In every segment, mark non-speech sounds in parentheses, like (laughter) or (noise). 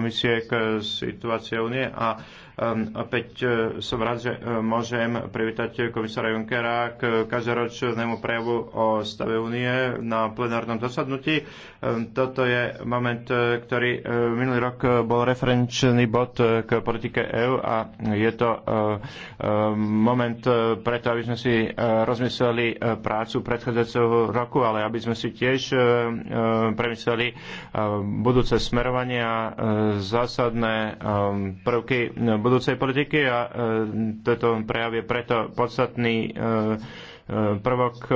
komisie k situácii únie a um, opäť e, som rád, že e, môžem privítať komisára Junckera k každoročnému prejavu o stave únie na plenárnom zasadnutí. E, toto je moment, ktorý minulý rok bol referenčný bod k politike EÚ a je to moment preto, aby sme si rozmysleli prácu predchádzajúceho roku, ale aby sme si tiež premysleli budúce smerovanie a zásadné um, prvky budúcej politiky a um, toto prejav je preto podstatný um, prvok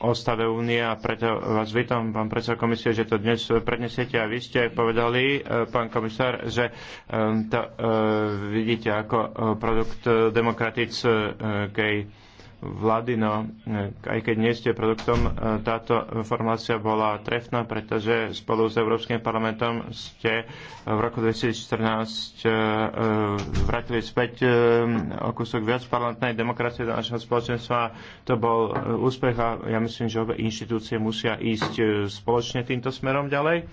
o stave únie a preto vás vítam, pán predseda komisie, že to dnes prednesiete a vy ste povedali, uh, pán komisár, že to uh, vidíte ako uh, produkt demokratickej vlády, no e, aj keď nie ste produktom, e, táto formácia bola trefná, pretože spolu s Európskym parlamentom ste v roku 2014 e, vrátili späť o kúsok viac parlamentnej demokracie do našeho spoločenstva. To bol úspech a ja myslím, že obe inštitúcie musia ísť spoločne týmto smerom ďalej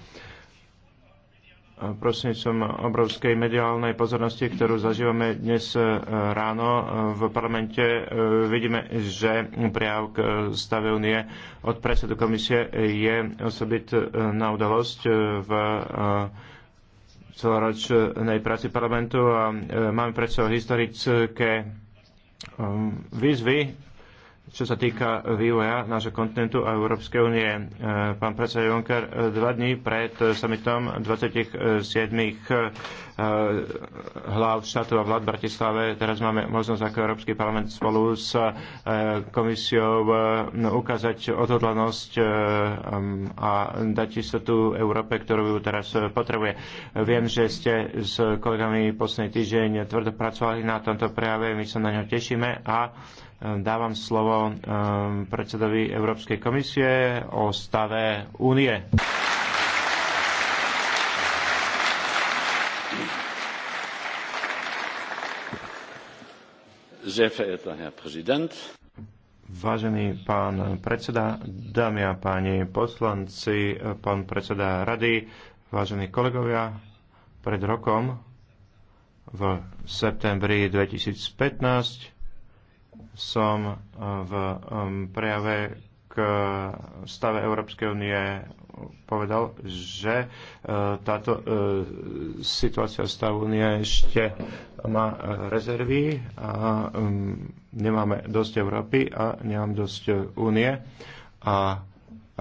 prostredníctvom obrovskej mediálnej pozornosti, ktorú zažívame dnes e, ráno e, v parlamente, e, vidíme, že prijav k stave únie od predsedu komisie je osobitná udalosť v celoročnej práci parlamentu a máme predsa historické výzvy čo sa týka vývoja e nášho kontinentu a Európskej únie. E, pán predseda Juncker, e, dva dní pred summitom 27 hlav štátov a vlád v Bratislave teraz máme možnosť ako Európsky parlament spolu s komisiou ukázať odhodlanosť a dať istotu Európe, ktorú ju teraz potrebuje. Viem, že ste s kolegami posledný týždeň tvrdo pracovali na tomto prejave, my sa na ňo tešíme a Dávam slovo um, predsedovi Európskej komisie o stave únie. Vážený pán predseda, dámy a páni poslanci, pán predseda rady, vážení kolegovia, pred rokom v septembri 2015 som eh, v prejave k eh, stave Európskej únie povedal, že eh, táto situácia stavu únie ešte má rezervy a nemáme dosť Európy a nemám dosť únie. A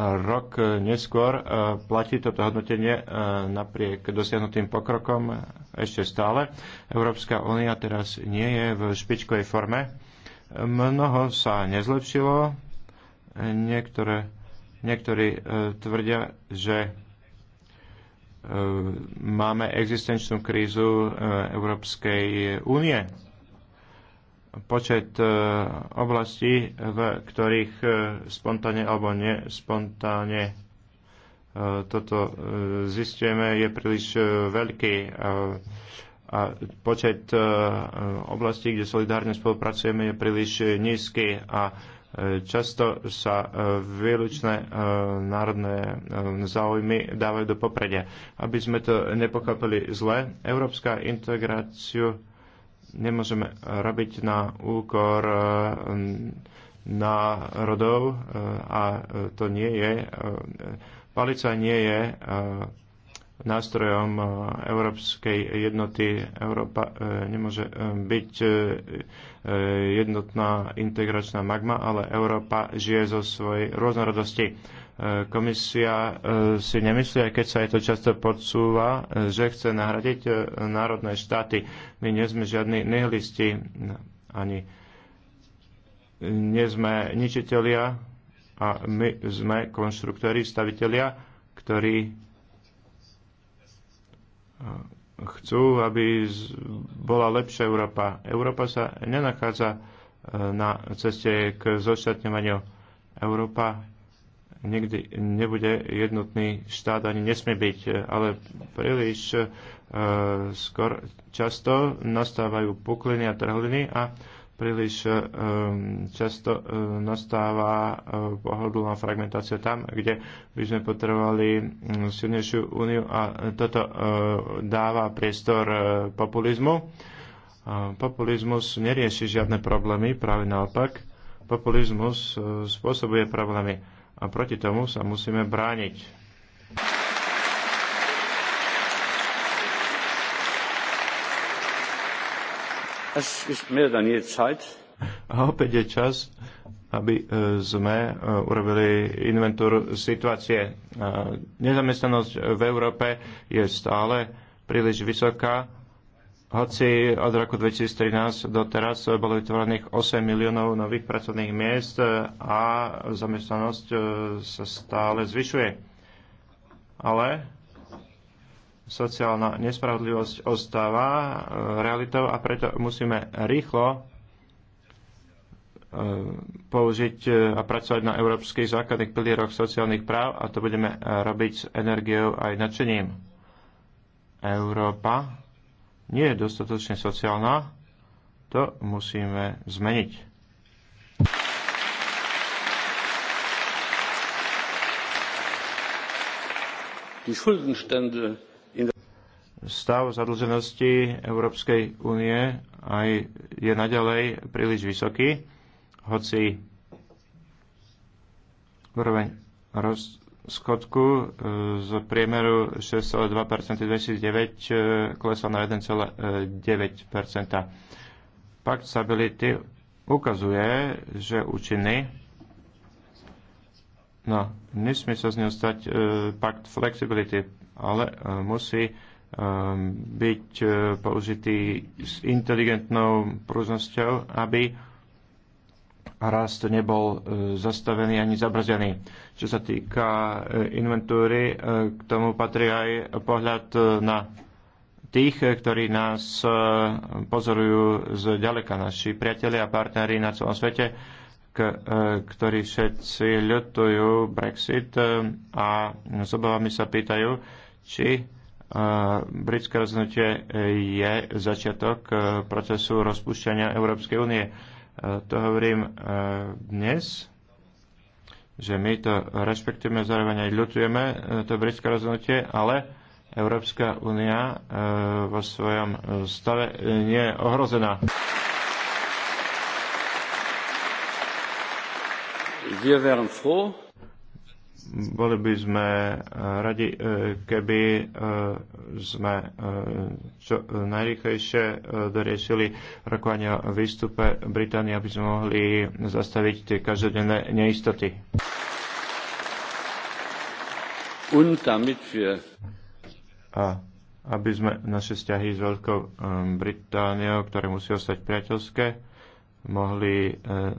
rok neskôr platí toto hodnotenie napriek dosiahnutým pokrokom ešte stále. Európska únia teraz nie je v špičkovej forme Mnoho sa nezlepšilo. Niektoré, niektorí e, tvrdia, že e, máme existenčnú krízu e, Európskej únie. Počet oblastí, v ktorých spontánne alebo nespontánne toto zistujeme, je príliš veľký a počet e, oblastí, kde solidárne spolupracujeme, je príliš nízky a e, často sa e, výlučné národné záujmy dávajú do popredia. Aby sme to nepochopili zle, európska integráciu nemôžeme robiť na úkor národov a to nie je, palica nie je nástrojom e, európskej jednoty. Európa e, nemôže e, byť jednotná integračná magma, ale Európa žije zo svojej rôznorodosti. Komisia si nemyslí, aj keď sa je to často podsúva, že chce nahradiť národné štáty. My nie sme žiadni nihilisti, ani nie sme ničitelia a my sme konštruktori, stavitelia, ktorí chcú, aby bola lepšia Európa. Európa sa nenachádza e, na ceste k zošťatňovaniu. Európa nikdy nebude jednotný štát, ani nesmie byť, e, ale príliš e, skor často nastávajú pukliny a trhliny a príliš eh, často eh, nastáva eh, pohodlná fragmentácia tam, kde by sme potrebovali mm, silnejšiu úniu a toto dáva priestor populizmu. Populizmus nerieši žiadne problémy, práve naopak. Populizmus spôsobuje problémy a proti tomu sa musíme brániť. A opäť je čas, aby e, sme e, urobili inventúru situácie. E, nezamestnanosť v Európe je stále príliš vysoká, hoci od roku 2013 do teraz bolo vytvorených 8 miliónov nových pracovných miest a zamestnanosť sa stále zvyšuje. Ale sociálna nespravodlivosť ostáva e, realitou a preto musíme rýchlo e, použiť e, a pracovať na európskych základných pilieroch sociálnych práv a to budeme robiť s energiou aj nadšením. Európa nie je dostatočne sociálna, to musíme zmeniť. Die Schuldenstände stav zadlženosti Európskej únie aj je naďalej príliš vysoký, hoci úroveň rozchodku e, z priemeru 6,2% 2009 e, klesla na 1,9%. Pakt stability ukazuje, že účinný No, nesmie sa z neho stať e, pakt flexibility, ale e, musí Ehm, byť e, použitý s inteligentnou prúznosťou, aby rast nebol e, zastavený ani zabrzený. Čo sa týka e, inventúry, k tomu patrí aj pohľad na tých, ktorí nás pozorujú z ďaleka, naši priatelia a partneri na celom svete, ktorí všetci ľutujú Brexit a s obavami sa pýtajú, či britské rozhodnutie je začiatok e, procesu rozpúšťania Európskej únie. E, to hovorím e, dnes, že my to rešpektujeme, zároveň aj ľutujeme to britské rozhodnutie, ale Európska únia vo svojom stave nie je ohrozená. Wir wären froh, boli by sme e, radi, e, keby e, sme čo najrychlejšie doriešili rokovania o výstupe Británie, aby sme mohli zastaviť tie každodenné neistoty. A aby sme naše vzťahy s Veľkou Britániou, ktoré musí ostať priateľské, mohli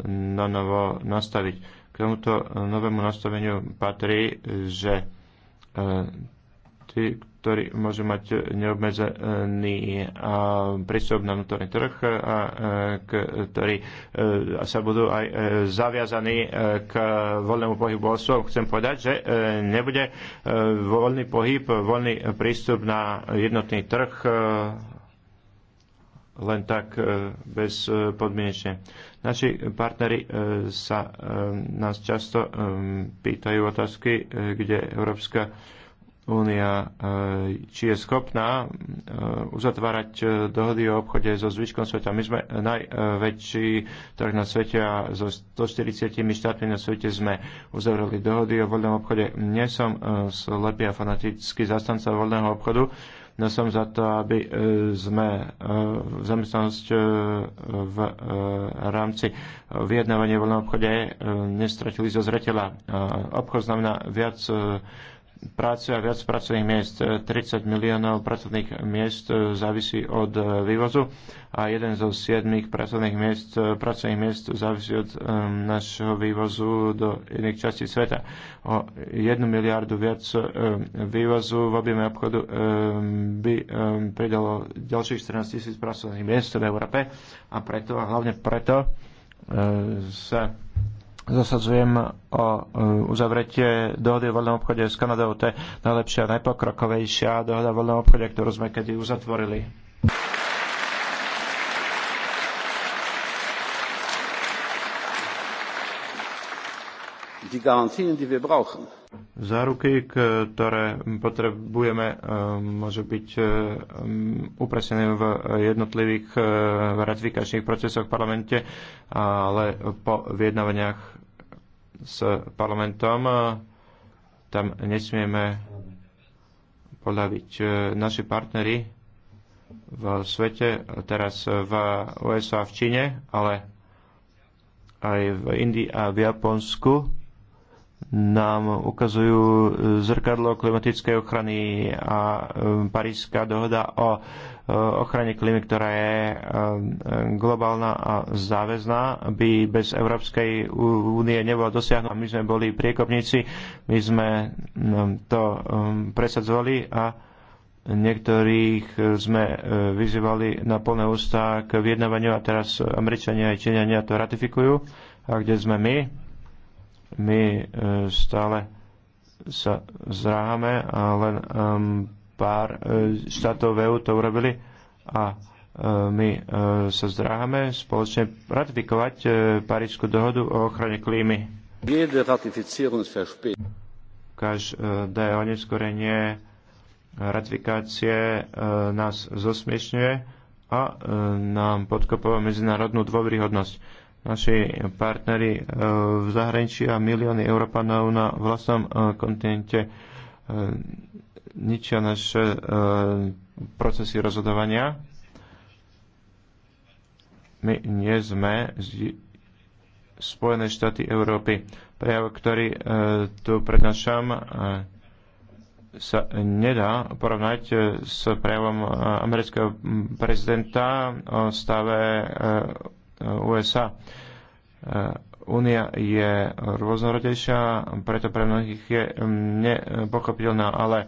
na novo nastaviť k tomuto e, novému nastaveniu patrí, že e, tí, ktorí môžu mať neobmedzený prístup na vnútorný trh a e, ktorí sa budú aj zaviazaní k voľnému pohybu osôb. Chcem povedať, že nebude voľný pohyb, voľný prístup na jednotný trh len tak bezpodmienečne. Naši partneri e, sa e, nás často e, pýtajú otázky, kde Európska únia či je schopná uzatvárať dohody o obchode so zvyškom sveta. My sme najväčší trh na svete a so 140 štátmi na svete sme uzavreli dohody o voľnom obchode. Nie som slepý a fanatický zastanca voľného obchodu, No som za to, aby e, sme e, e, v zamestnanosť v rámci vyjednávania voľného obchode nestratili zo zreteľa. Obchod znamená viac práce a viac pracovných miest. 30 e, miliónov pracovných miest e, závisí od e, vývozu a jeden zo siedmých pracovných miest, pracovných miest závisí od um, našho vývozu do iných častí sveta. O 1 miliardu viac um, vývozu v objeme obchodu um, by um, pridalo ďalších 14 tisíc pracovných miest v Európe a preto, a hlavne preto, uh, sa zasadzujem o e, uzavretie dohody o voľnom obchode s Kanadou. To je najlepšia, najpokrokovejšia dohoda o voľnom obchode, ktorú sme kedy uzatvorili. Die Garantien, die wir brauchen. Záruky, ktoré potrebujeme, e, môžu byť e, upresnené v jednotlivých ratifikačných procesoch v parlamente, ale po vyjednávaniach s parlamentom. E, tam nesmieme podaviť e, naši partnery v svete, teraz v USA, v Číne, ale aj v Indii a v Japonsku nám ukazujú zrkadlo klimatickej ochrany a e, Paríska dohoda o ochrane klímy, ktorá je eh, globálna a záväzná, by bez Európskej únie nebola dosiahnutá. My sme boli priekopníci, my sme mm, to mm, presadzovali a niektorých eh, sme eh, vyzývali na plné ústa k vyjednávaniu a teraz Američania aj Číňania to ratifikujú. A kde sme my? My stále sa zráhame a len um, pár e, štátov EU to urobili a e, my e, sa zdráhame spoločne ratifikovať Parížskú dohodu o ochrane klímy. Každé oneskorenie ratifikácie nás zosmiešňuje a nám podkopáva medzinárodnú dôveryhodnosť naši partneri v zahraničí a milióny Európanov na vlastnom kontinente ničia naše e, procesy rozhodovania. My nie sme Spojené štáty Európy. Prejav, ktorý e, tu prednášam, e, sa nedá porovnať s prejavom amerického prezidenta o stave USA Únia je rôznorodejšia, preto pre mnohých je mm, nepochopiteľná, ale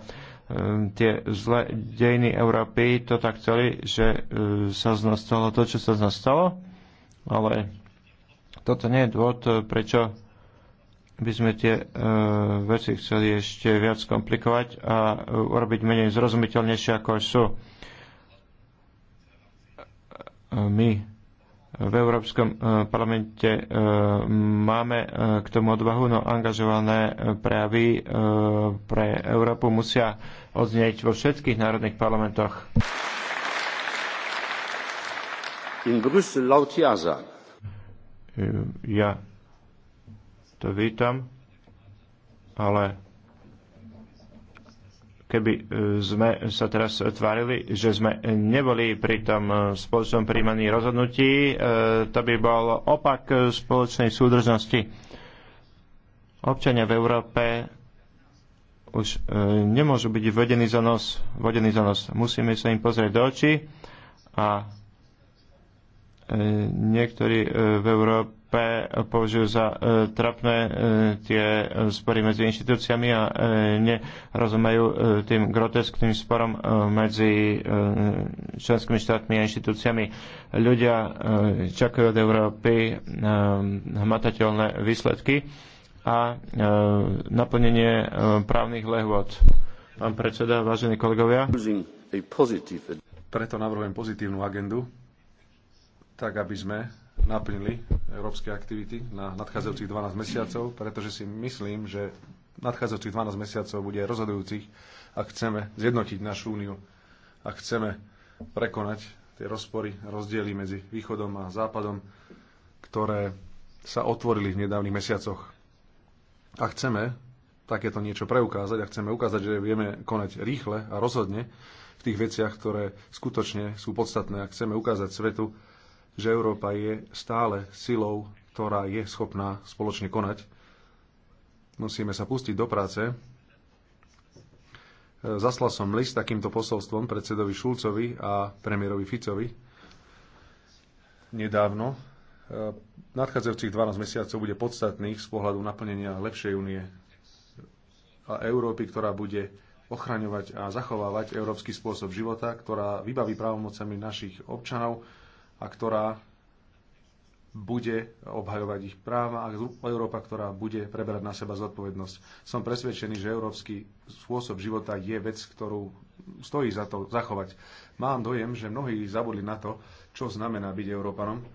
mm, tie zlé dejiny Európy to tak chceli, že mm, sa z nás stalo to, čo sa z nás stalo, ale toto nie je dôvod, prečo by sme tie e, veci chceli ešte viac komplikovať a urobiť menej zrozumiteľnejšie, ako sú. E, my v Európskom e, parlamente e, máme e, k tomu odvahu, no angažované prejavy pre Európu musia odznieť vo všetkých národných parlamentoch. In Brüssel laut ja sagen. Ja to vítam, ale keby e, sme sa teraz tvárili, že sme neboli pri tom e, spoločnom príjmaní rozhodnutí, e, to by bol opak spoločnej súdržnosti. Občania v Európe už nemôžu byť vedení za nos, vodený za nos. Musíme sa im pozrieť do očí a niektorí v Európe EPP považujú za e, trapné e, tie spory medzi inštitúciami a e, nerozumejú e, tým groteskným sporom e, medzi e, členskými štátmi a inštitúciami. Ľudia e, čakajú od Európy e, hmatateľné výsledky a e, naplnenie e, právnych lehôd. Pán predseda, vážení kolegovia. Preto navrhujem pozitívnu agendu, tak aby sme naplnili európske aktivity na nadchádzajúcich 12 mesiacov, pretože si myslím, že nadchádzajúcich 12 mesiacov bude rozhodujúcich, ak chceme zjednotiť našu úniu, a chceme prekonať tie rozpory, rozdiely medzi východom a západom, ktoré sa otvorili v nedávnych mesiacoch. A chceme takéto niečo preukázať a chceme ukázať, že vieme konať rýchle a rozhodne v tých veciach, ktoré skutočne sú podstatné a chceme ukázať svetu, že Európa je stále silou, ktorá je schopná spoločne konať. Musíme sa pustiť do práce. Zaslal som list takýmto posolstvom predsedovi Šulcovi a premiérovi Ficovi nedávno. Nadchádzajúcich 12 mesiacov bude podstatných z pohľadu naplnenia lepšej únie a Európy, ktorá bude ochraňovať a zachovávať európsky spôsob života, ktorá vybaví právomocami našich občanov, a ktorá bude obhajovať ich práva a Európa, ktorá bude preberať na seba zodpovednosť. Som presvedčený, že európsky spôsob života je vec, ktorú stojí za to zachovať. Mám dojem, že mnohí zabudli na to, čo znamená byť Európanom.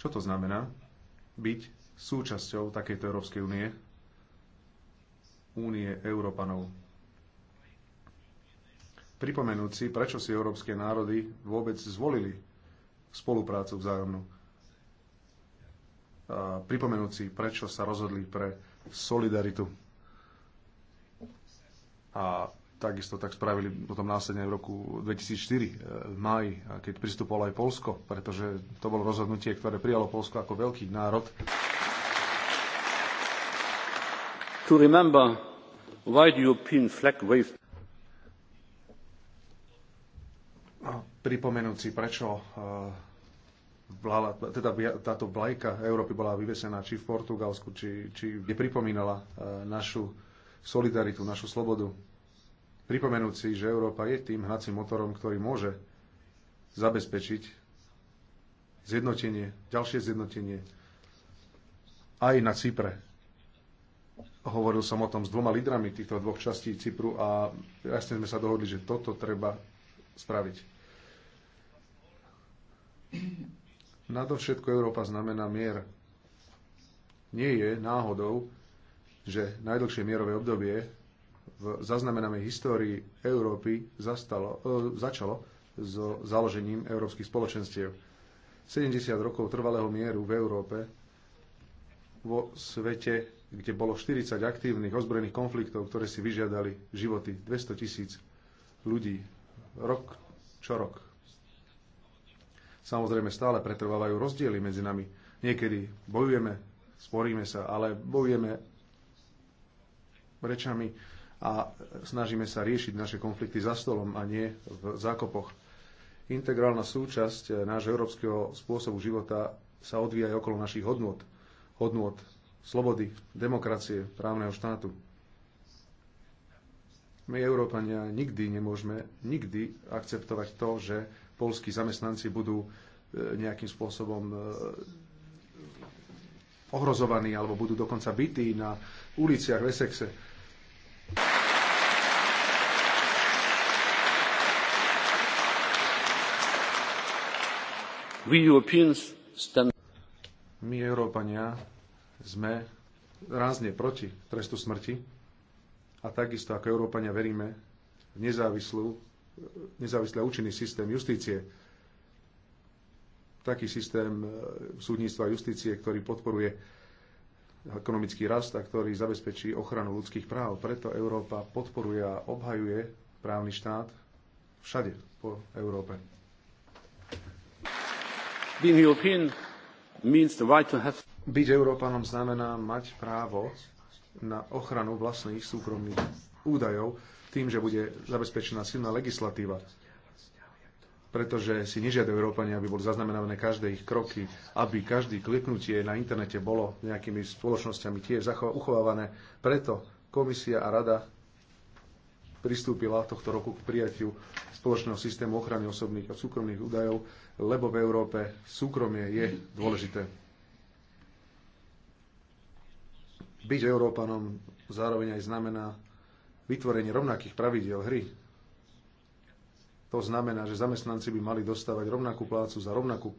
Čo to znamená? Byť súčasťou takejto Európskej únie. Únie Európanov. Pripomenúci, prečo si európske národy vôbec zvolili spoluprácu vzájomnú. A pripomenúci, prečo sa rozhodli pre solidaritu. A takisto tak spravili potom následne v roku 2004 e, v maji, keď pristupovalo aj Polsko, pretože to bolo rozhodnutie, ktoré prijalo Polsko ako veľký národ. To remember why the European flag waved. pripomenúť si, prečo e, teda táto vlajka Európy bola vyvesená či v Portugalsku, či, či kde pripomínala e, našu solidaritu, našu slobodu. Pripomenúť si, že Európa je tým hnacím motorom, ktorý môže zabezpečiť zjednotenie, ďalšie zjednotenie aj na Cypre. Hovoril som o tom s dvoma lídrami týchto dvoch častí Cypru a jasne sme sa dohodli, že toto treba spraviť. Nadovšetko Európa znamená mier. Nie je náhodou, že najdlhšie mierové obdobie v zaznamenanej histórii Európy zastalo, e, začalo so založením európskych spoločenstiev. 70 rokov trvalého mieru v Európe, vo svete, kde bolo 40 aktívnych ozbrojených konfliktov, ktoré si vyžiadali životy 200 tisíc ľudí rok čo rok. Samozrejme, stále pretrvávajú rozdiely medzi nami. Niekedy bojujeme, sporíme sa, ale bojujeme rečami a snažíme sa riešiť naše konflikty za stolom a nie v zákopoch. Integrálna súčasť nášho európskeho spôsobu života sa odvíja aj okolo našich hodnot. Hodnot slobody, demokracie, právneho štátu. My, Európania, nikdy nemôžeme nikdy akceptovať to, že polskí zamestnanci budú e, nejakým spôsobom e, ohrozovaní alebo budú dokonca bytí na uliciach v My, Európania, sme rázne proti trestu smrti a takisto ako Európania veríme v nezávislú nezávislý a účinný systém justície. Taký systém e, súdnictva a justície, ktorý podporuje ekonomický rast a ktorý zabezpečí ochranu ľudských práv. Preto Európa podporuje a obhajuje právny štát všade po Európe. Byť Európanom znamená mať právo na ochranu vlastných súkromných údajov, tým, že bude zabezpečená silná legislatíva, pretože si nežiadajú Európania, aby boli zaznamenávané každé ich kroky, aby každý kliknutie na internete bolo nejakými spoločnosťami tiež uchovávané. Preto komisia a rada pristúpila tohto roku k prijatiu spoločného systému ochrany osobných a súkromných údajov, lebo v Európe súkromie je dôležité. Byť Európanom zároveň aj znamená vytvorenie rovnakých pravidiel hry. To znamená, že zamestnanci by mali dostávať rovnakú plácu za rovnakú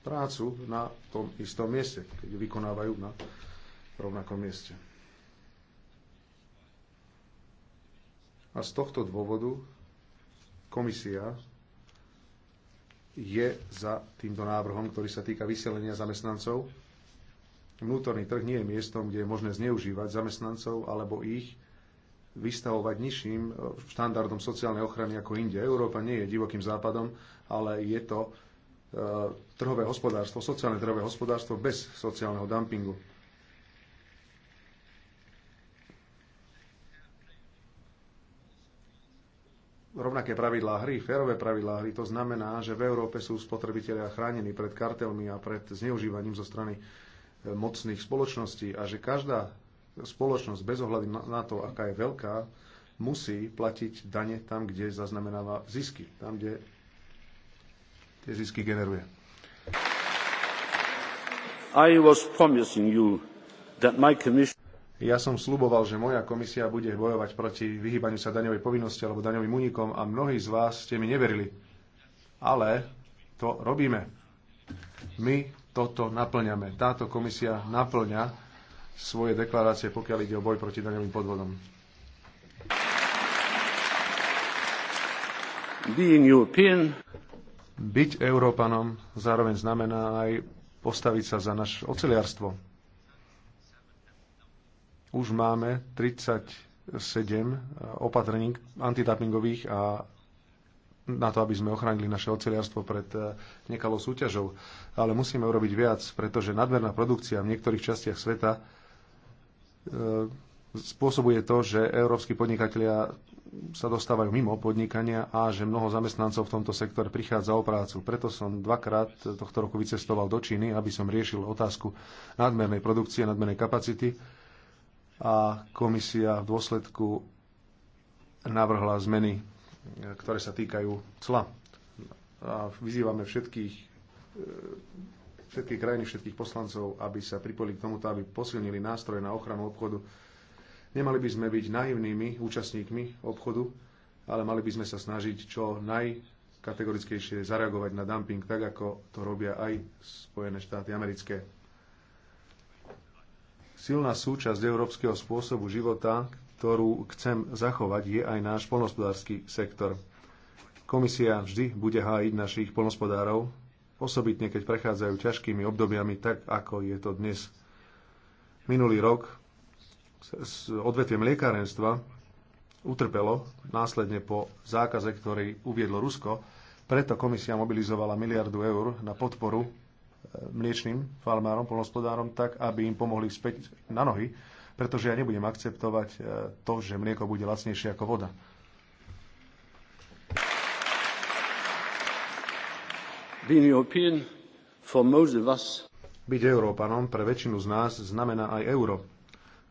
prácu na tom istom mieste, keď vykonávajú na rovnakom mieste. A z tohto dôvodu komisia je za týmto návrhom, ktorý sa týka vyselenia zamestnancov. Vnútorný trh nie je miestom, kde je možné zneužívať zamestnancov alebo ich vystavovať nižším e, štandardom sociálnej ochrany ako inde. Európa nie je divokým západom, ale je to e, trhové hospodárstvo, sociálne trhové hospodárstvo bez sociálneho dumpingu. rovnaké pravidlá hry, férové pravidlá hry, to znamená, že v Európe sú spotrebitelia chránení pred kartelmi a pred zneužívaním zo strany e, mocných spoločností a že každá spoločnosť bez ohľadu na to, aká je veľká, musí platiť dane tam, kde zaznamenáva zisky, tam, kde tie zisky generuje. I was promising you that my commission... Ja som sluboval, že moja komisia bude bojovať proti vyhýbaniu sa daňovej povinnosti alebo daňovým únikom a mnohí z vás ste mi neverili. Ale to robíme. My toto naplňame. Táto komisia naplňa svoje deklarácie, pokiaľ ide o boj proti daňovým podvodom. Being European. Byť Európanom zároveň znamená aj postaviť sa za naše oceliarstvo. Už máme 37 eh, opatrení antidumpingových a na to, aby sme ochránili naše oceliarstvo pred eh, nekalou súťažou. Ale musíme urobiť viac, pretože nadmerná produkcia v niektorých častiach sveta E, spôsobuje to, že európsky podnikatelia sa dostávajú mimo podnikania a že mnoho zamestnancov v tomto sektore prichádza o prácu. Preto som dvakrát tohto roku vycestoval do Číny, aby som riešil otázku nadmernej produkcie, nadmernej kapacity a komisia v dôsledku navrhla zmeny, ktoré sa týkajú cla. A vyzývame všetkých e, všetky krajiny, všetkých poslancov, aby sa pripojili k tomuto, aby posilnili nástroje na ochranu obchodu. Nemali by sme byť naivnými účastníkmi obchodu, ale mali by sme sa snažiť čo najkategorickejšie zareagovať na dumping, tak ako to robia aj Spojené štáty americké. Silná súčasť európskeho spôsobu života, ktorú chcem zachovať, je aj náš polnospodársky sektor. Komisia vždy bude hájiť našich polnospodárov osobitne keď prechádzajú ťažkými obdobiami, tak ako je to dnes. Minulý rok s odvetvie liekárenstva utrpelo následne po zákaze, ktorý uviedlo Rusko. Preto komisia mobilizovala miliardu eur na podporu e, mliečným farmárom, polnospodárom, tak, aby im pomohli späť na nohy, pretože ja nebudem akceptovať e, to, že mlieko bude lacnejšie ako voda. Byť Európanom pre väčšinu z nás znamená aj euro.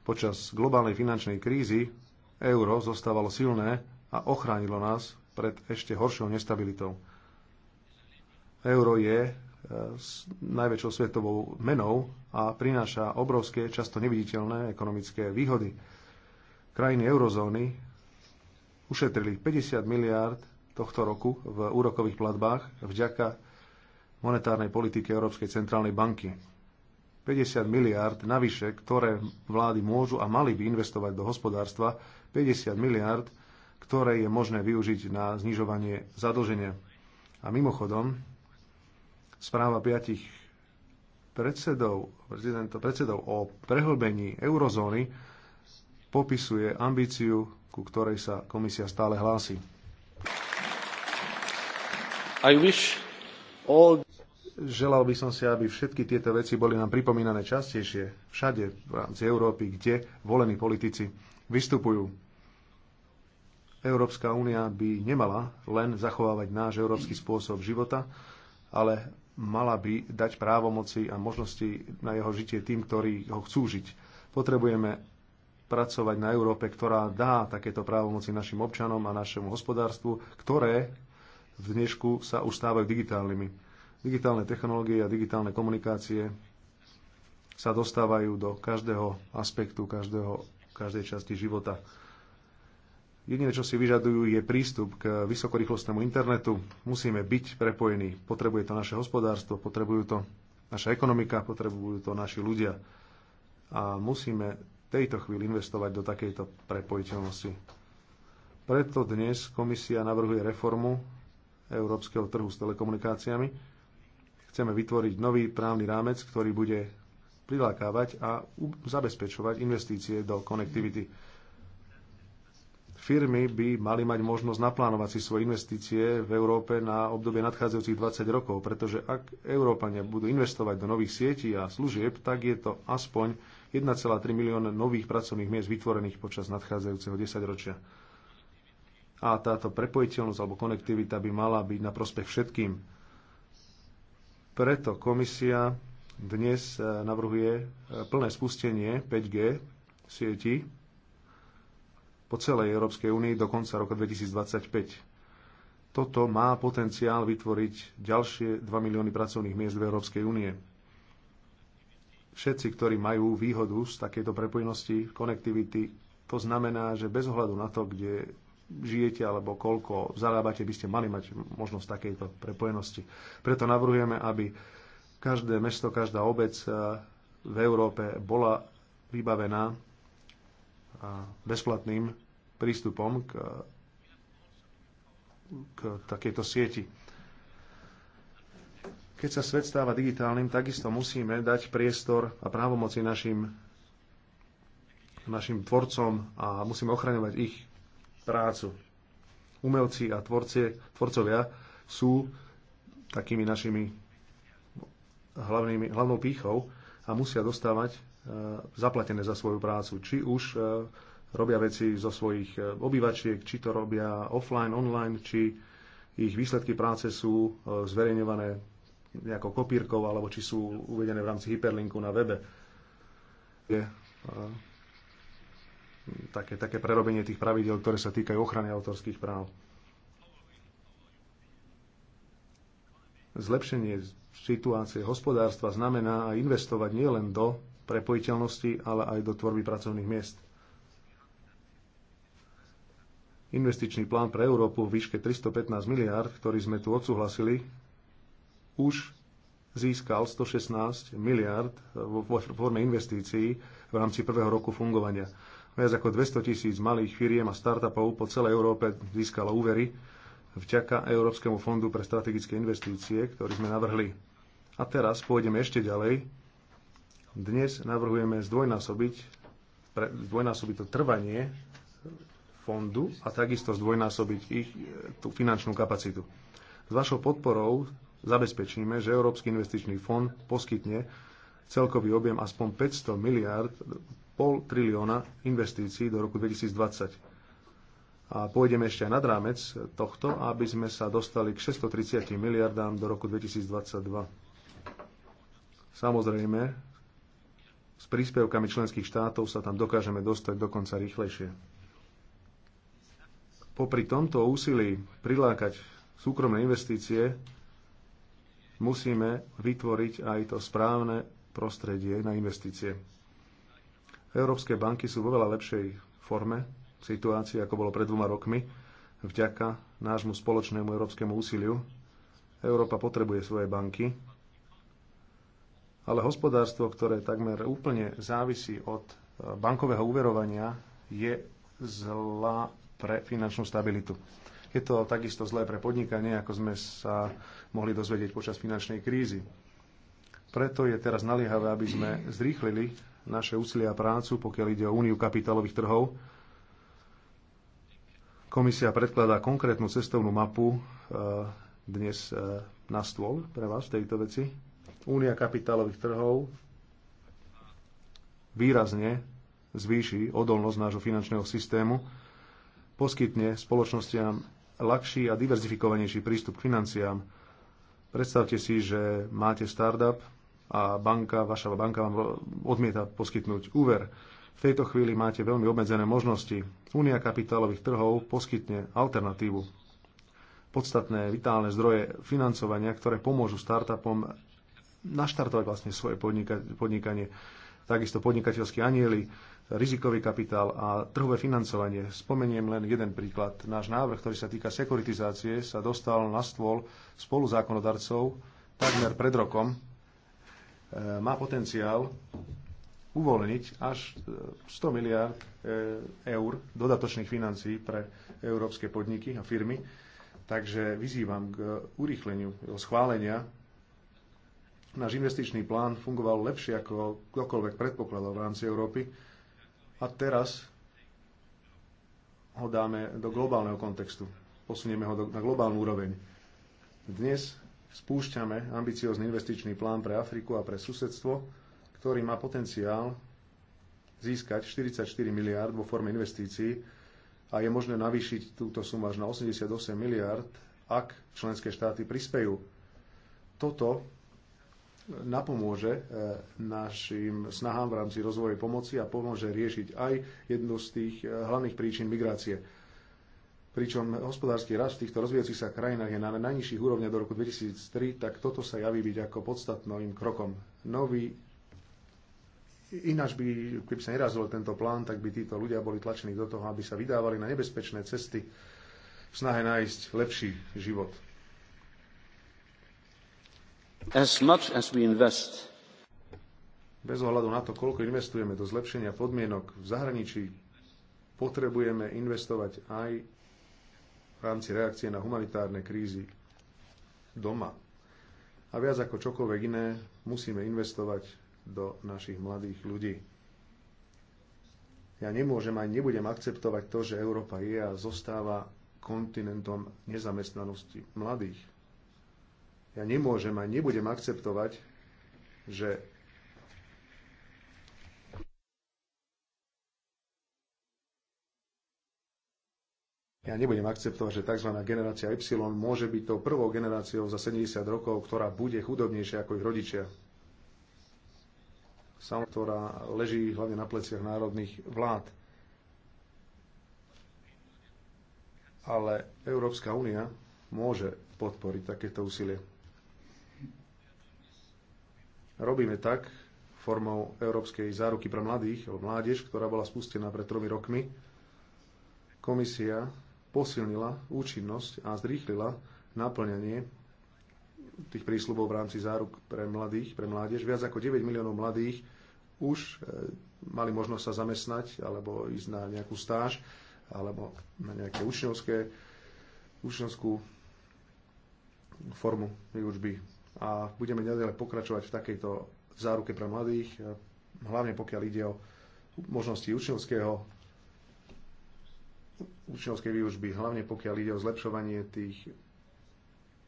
Počas globálnej finančnej krízy euro zostávalo silné a ochránilo nás pred ešte horšou nestabilitou. Euro je e, s najväčšou svetovou menou a prináša obrovské, často neviditeľné ekonomické výhody. Krajiny eurozóny ušetrili 50 miliárd tohto roku v úrokových platbách vďaka monetárnej politike Európskej centrálnej banky. 50 miliárd navyše, ktoré vlády môžu a mali by investovať do hospodárstva, 50 miliárd, ktoré je možné využiť na znižovanie zadlženia. A mimochodom, správa piatich predsedov, predsedov o prehlbení eurozóny popisuje ambíciu, ku ktorej sa komisia stále hlási. I wish Želal by som si, aby všetky tieto veci boli nám pripomínané častejšie všade v rámci Európy, kde volení politici vystupujú. Európska únia by nemala len zachovávať náš európsky spôsob života, ale mala by dať právomoci a možnosti na jeho žitie tým, ktorí ho chcú žiť. Potrebujeme pracovať na Európe, ktorá dá takéto právomoci našim občanom a našemu hospodárstvu, ktoré v dnešku sa už stávajú digitálnymi. Digitálne technológie a digitálne komunikácie sa dostávajú do každého aspektu, každého, každej časti života. Jediné, čo si vyžadujú, je prístup k vysokorýchlostnému internetu. Musíme byť prepojení. Potrebuje to naše hospodárstvo, potrebujú to naša ekonomika, potrebujú to naši ľudia. A musíme tejto chvíli investovať do takejto prepojiteľnosti. Preto dnes komisia navrhuje reformu európskeho trhu s telekomunikáciami. Chceme vytvoriť nový právny rámec, ktorý bude prilákávať a zabezpečovať investície do konektivity. Firmy by mali mať možnosť naplánovať si svoje investície v Európe na obdobie nadchádzajúcich 20 rokov, pretože ak Európania budú investovať do nových sietí a služieb, tak je to aspoň 1,3 milióna nových pracovných miest vytvorených počas nadchádzajúceho desaťročia. ročia a táto prepojiteľnosť alebo konektivita by mala byť na prospech všetkým. Preto komisia dnes e, navrhuje e, plné spustenie 5G sieti po celej Európskej únii do konca roka 2025. Toto má potenciál vytvoriť ďalšie 2 milióny pracovných miest v Európskej únie. Všetci, ktorí majú výhodu z takejto prepojenosti, konektivity, to znamená, že bez ohľadu na to, kde žijete alebo koľko zarábate, by ste mali mať možnosť takejto prepojenosti. Preto navrhujeme, aby každé mesto, každá obec eh, v Európe bola vybavená eh, bezplatným prístupom k, k takejto sieti. Keď sa svet stáva digitálnym, takisto musíme dať priestor a právomoci našim, našim tvorcom a musíme ochraňovať ich prácu. Umelci a tvorcie, tvorcovia sú takými našimi hlavnými, hlavnou pýchou a musia dostávať e, zaplatené za svoju prácu. Či už e, robia veci zo svojich e, obývačiek, či to robia offline, online, či ich výsledky práce sú zverejňované nejakou kopírkou, alebo či sú uvedené v rámci hyperlinku na webe. Je také, také prerobenie tých pravidel, ktoré sa týkajú ochrany autorských práv. Zlepšenie situácie hospodárstva znamená aj investovať nielen do prepojiteľnosti, ale aj do tvorby pracovných miest. Investičný plán pre Európu v výške 315 miliárd, ktorý sme tu odsúhlasili, už získal 116 miliard vo forme investícií v rámci prvého roku fungovania. Viac ako 200 tisíc malých firiem a startupov po celej Európe získalo úvery vďaka Európskemu fondu pre strategické investície, ktorý sme navrhli. A teraz pôjdeme ešte ďalej. Dnes navrhujeme zdvojnásobiť, pre, zdvojnásobiť to trvanie fondu a takisto zdvojnásobiť ich e, tú finančnú kapacitu. S vašou podporou zabezpečíme, že Európsky investičný fond poskytne celkový objem aspoň 500 miliárd pol trilióna investícií do roku 2020. A pôjdeme ešte aj nad rámec tohto, aby sme sa dostali k 630 miliardám do roku 2022. Samozrejme, s príspevkami členských štátov sa tam dokážeme dostať dokonca rýchlejšie. Popri tomto úsilí prilákať súkromné investície musíme vytvoriť aj to správne prostredie na investície. Európske banky sú vo veľa lepšej forme situácie, ako bolo pred dvoma rokmi, vďaka nášmu spoločnému európskemu úsiliu. Európa potrebuje svoje banky, ale hospodárstvo, ktoré takmer úplne závisí od eh, bankového úverovania, je zlá pre finančnú stabilitu. Je to takisto zlé pre podnikanie, ako sme sa mohli dozvedieť počas finančnej krízy. Preto je teraz naliehavé, aby sme zrýchlili naše úsilie a prácu, pokiaľ ide o úniu kapitálových trhov. Komisia predkladá konkrétnu cestovnú mapu e, dnes e, na stôl pre vás v tejto veci. Únia kapitálových trhov výrazne zvýši odolnosť nášho finančného systému, poskytne spoločnostiam ľahší a diverzifikovanejší prístup k financiám. Predstavte si, že máte startup, a banka, vaša banka vám odmieta poskytnúť úver. V tejto chvíli máte veľmi obmedzené možnosti. Únia kapitálových trhov poskytne alternatívu. Podstatné vitálne zdroje financovania, ktoré pomôžu startupom naštartovať vlastne svoje podnika- podnikanie. Takisto podnikateľskí anieli, rizikový kapitál a trhové financovanie. Spomeniem len jeden príklad. Náš návrh, ktorý sa týka sekuritizácie, sa dostal na stôl spolu zákonodarcov takmer pred rokom Eh, má potenciál uvoľniť až 100 eh, miliard eh, eur dodatočných financií pre európske podniky a firmy. Takže vyzývam k urýchleniu jeho schválenia. Náš investičný plán fungoval lepšie ako kdokoľvek predpokladal v rámci Európy a teraz ho dáme do globálneho kontextu. Posunieme ho do, na globálnu úroveň. Dnes spúšťame ambiciózny investičný plán pre Afriku a pre susedstvo, ktorý má potenciál získať 44 miliárd vo forme investícií a je možné navýšiť túto sumu až na 88 miliárd, ak členské štáty prispejú. Toto napomôže e, našim snahám v rámci rozvoje pomoci a pomôže riešiť aj jednu z tých e, hlavných príčin migrácie pričom hospodársky rast v týchto rozvíjacích sa krajinách je na najnižších úrovniach do roku 2003, tak toto sa javí byť ako podstatným krokom. Nový Ináč by, keby sa nerazil tento plán, tak by títo ľudia boli tlačení do toho, aby sa vydávali na nebezpečné cesty v snahe nájsť lepší život. As much as we invest. Bez ohľadu na to, koľko investujeme do zlepšenia podmienok v zahraničí, potrebujeme investovať aj v rámci reakcie na humanitárne krízy doma. A viac ako čokoľvek iné musíme investovať do našich mladých ľudí. Ja nemôžem aj nebudem akceptovať to, že Európa je a zostáva kontinentom nezamestnanosti mladých. Ja nemôžem aj nebudem akceptovať, že Ja nebudem akceptovať, že tzv. generácia Y môže byť tou prvou generáciou za 70 rokov, ktorá bude chudobnejšia ako ich rodičia. Sam, ktorá leží hlavne na pleciach národných vlád. Ale Európska únia môže podporiť takéto úsilie. Robíme tak formou Európskej záruky pre mladých, alebo mládež, ktorá bola spustená pred tromi rokmi. Komisia posilnila účinnosť a zrýchlila naplňanie tých prísľubov v rámci záruk pre mladých, pre mládež. Viac ako 9 miliónov mladých už e, mali možnosť sa zamestnať alebo ísť na nejakú stáž alebo na nejaké učňovské, učňovskú formu výučby. A budeme ďalej pokračovať v takejto záruke pre mladých, e, hlavne pokiaľ ide o možnosti učňovského učňovskej výučby, hlavne pokiaľ ide o zlepšovanie tých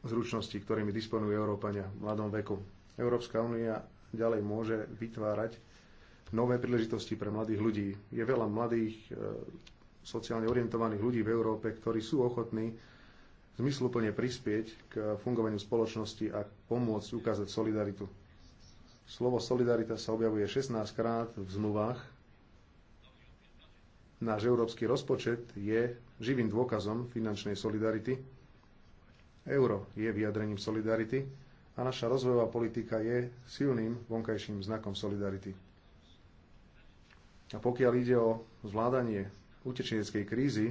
zručností, ktorými disponujú Európania v mladom veku. Európska únia ďalej môže vytvárať nové príležitosti pre mladých ľudí. Je veľa mladých, e, sociálne orientovaných ľudí v Európe, ktorí sú ochotní zmysluplne prispieť k fungovaniu spoločnosti a pomôcť ukázať solidaritu. Slovo solidarita sa objavuje 16 krát v zmluvách Náš európsky rozpočet je živým dôkazom finančnej solidarity. Euro je vyjadrením solidarity a naša rozvojová politika je silným vonkajším znakom solidarity. A pokiaľ ide o zvládanie utečeneckej krízy,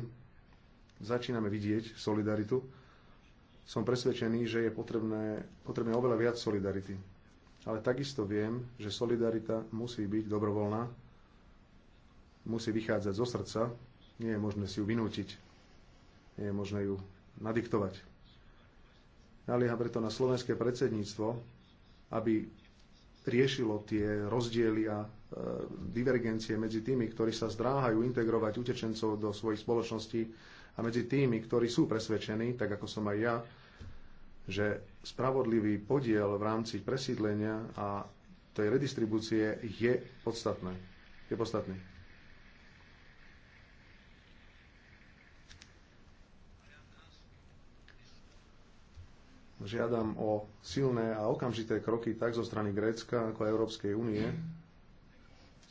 začíname vidieť solidaritu. Som presvedčený, že je potrebné, potrebné oveľa viac solidarity. Ale takisto viem, že solidarita musí byť dobrovoľná musí vychádzať zo srdca, nie je možné si ju vynútiť, nie je možné ju nadiktovať. Nalieha preto na slovenské predsedníctvo, aby riešilo tie rozdiely a e, divergencie medzi tými, ktorí sa zdráhajú integrovať utečencov do svojich spoločností a medzi tými, ktorí sú presvedčení, tak ako som aj ja, že spravodlivý podiel v rámci presídlenia a tej redistribúcie je podstatné. Je podstatný. Žiadam o silné a okamžité kroky tak zo strany Grécka ako Európskej únie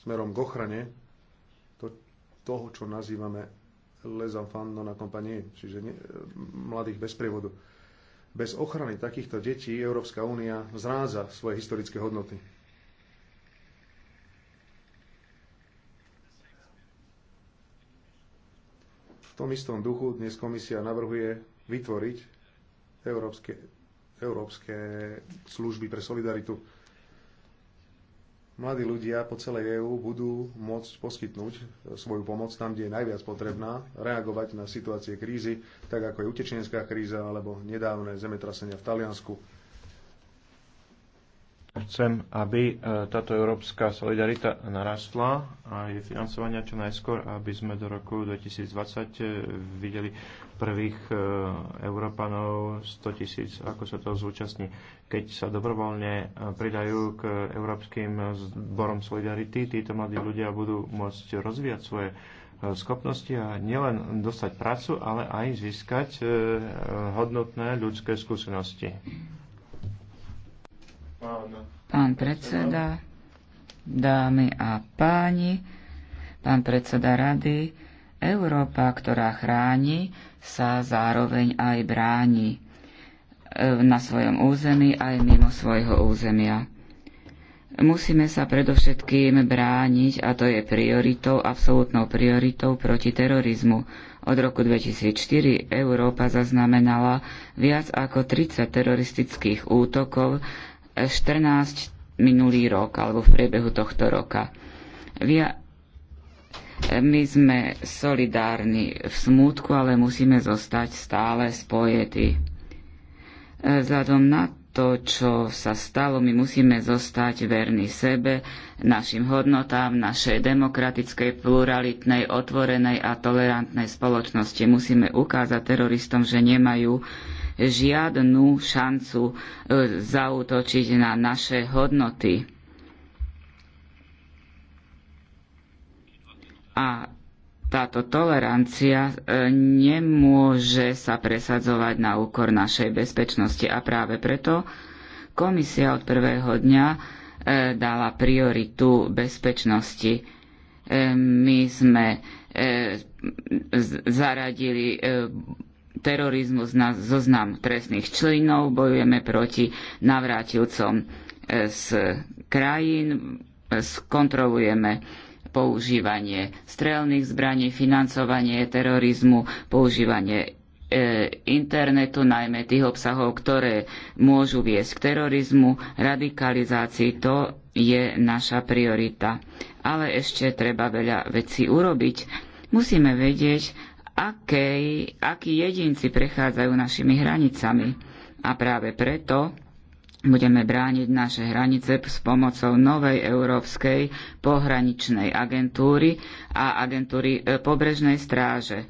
smerom k ochrane to, toho, čo nazývame les enfants non accompagnés, čiže ne, mladých bez prievodu. Bez ochrany takýchto detí Európska únia zráza svoje historické hodnoty. V tom istom duchu dnes komisia navrhuje vytvoriť Európske európske služby pre solidaritu. Mladí ľudia po celej EÚ budú môcť poskytnúť e, svoju pomoc tam, kde je najviac potrebná, reagovať na situácie krízy, tak ako je utečenská kríza alebo nedávne zemetrasenia v Taliansku Chcem, aby e, táto európska solidarita narastla a je financovania čo najskôr, aby sme do roku 2020 e, videli prvých e, Európanov 100 tisíc, ako sa to zúčastní. Keď sa dobrovoľne pridajú k Európskym zborom Solidarity, títo mladí ľudia budú môcť rozvíjať svoje schopnosti a nielen dostať prácu, ale aj získať hodnotné ľudské skúsenosti. Pán predseda, dámy a páni, pán predseda rady, Európa, ktorá chráni, sa zároveň aj bráni e, na svojom území aj mimo svojho územia. Musíme sa predovšetkým brániť, a to je prioritou, absolútnou prioritou proti terorizmu. Od roku 2004 Európa zaznamenala viac ako 30 teroristických útokov 14 minulý rok alebo v priebehu tohto roka. Via, my sme solidárni v smutku, ale musíme zostať stále spojetí. E, vzhľadom na to, čo sa stalo, my musíme zostať verní sebe, našim hodnotám, našej demokratickej, pluralitnej, otvorenej a tolerantnej spoločnosti. Musíme ukázať teroristom, že nemajú žiadnu šancu e, zautočiť na naše hodnoty. A táto tolerancia e, nemôže sa presadzovať na úkor našej bezpečnosti a práve preto komisia od prvého dňa e, dala prioritu bezpečnosti. E, my sme zaradili terorizmus na zoznam trestných členov, bojujeme proti navrátilcom z krajín, skontrolujeme používanie strelných zbraní, financovanie terorizmu, používanie e, internetu, najmä tých obsahov, ktoré môžu viesť k terorizmu, radikalizácii, to je naša priorita. Ale ešte treba veľa vecí urobiť. Musíme vedieť, akí jedinci prechádzajú našimi hranicami. A práve preto Budeme brániť naše hranice s pomocou novej európskej pohraničnej agentúry a agentúry e, pobrežnej stráže.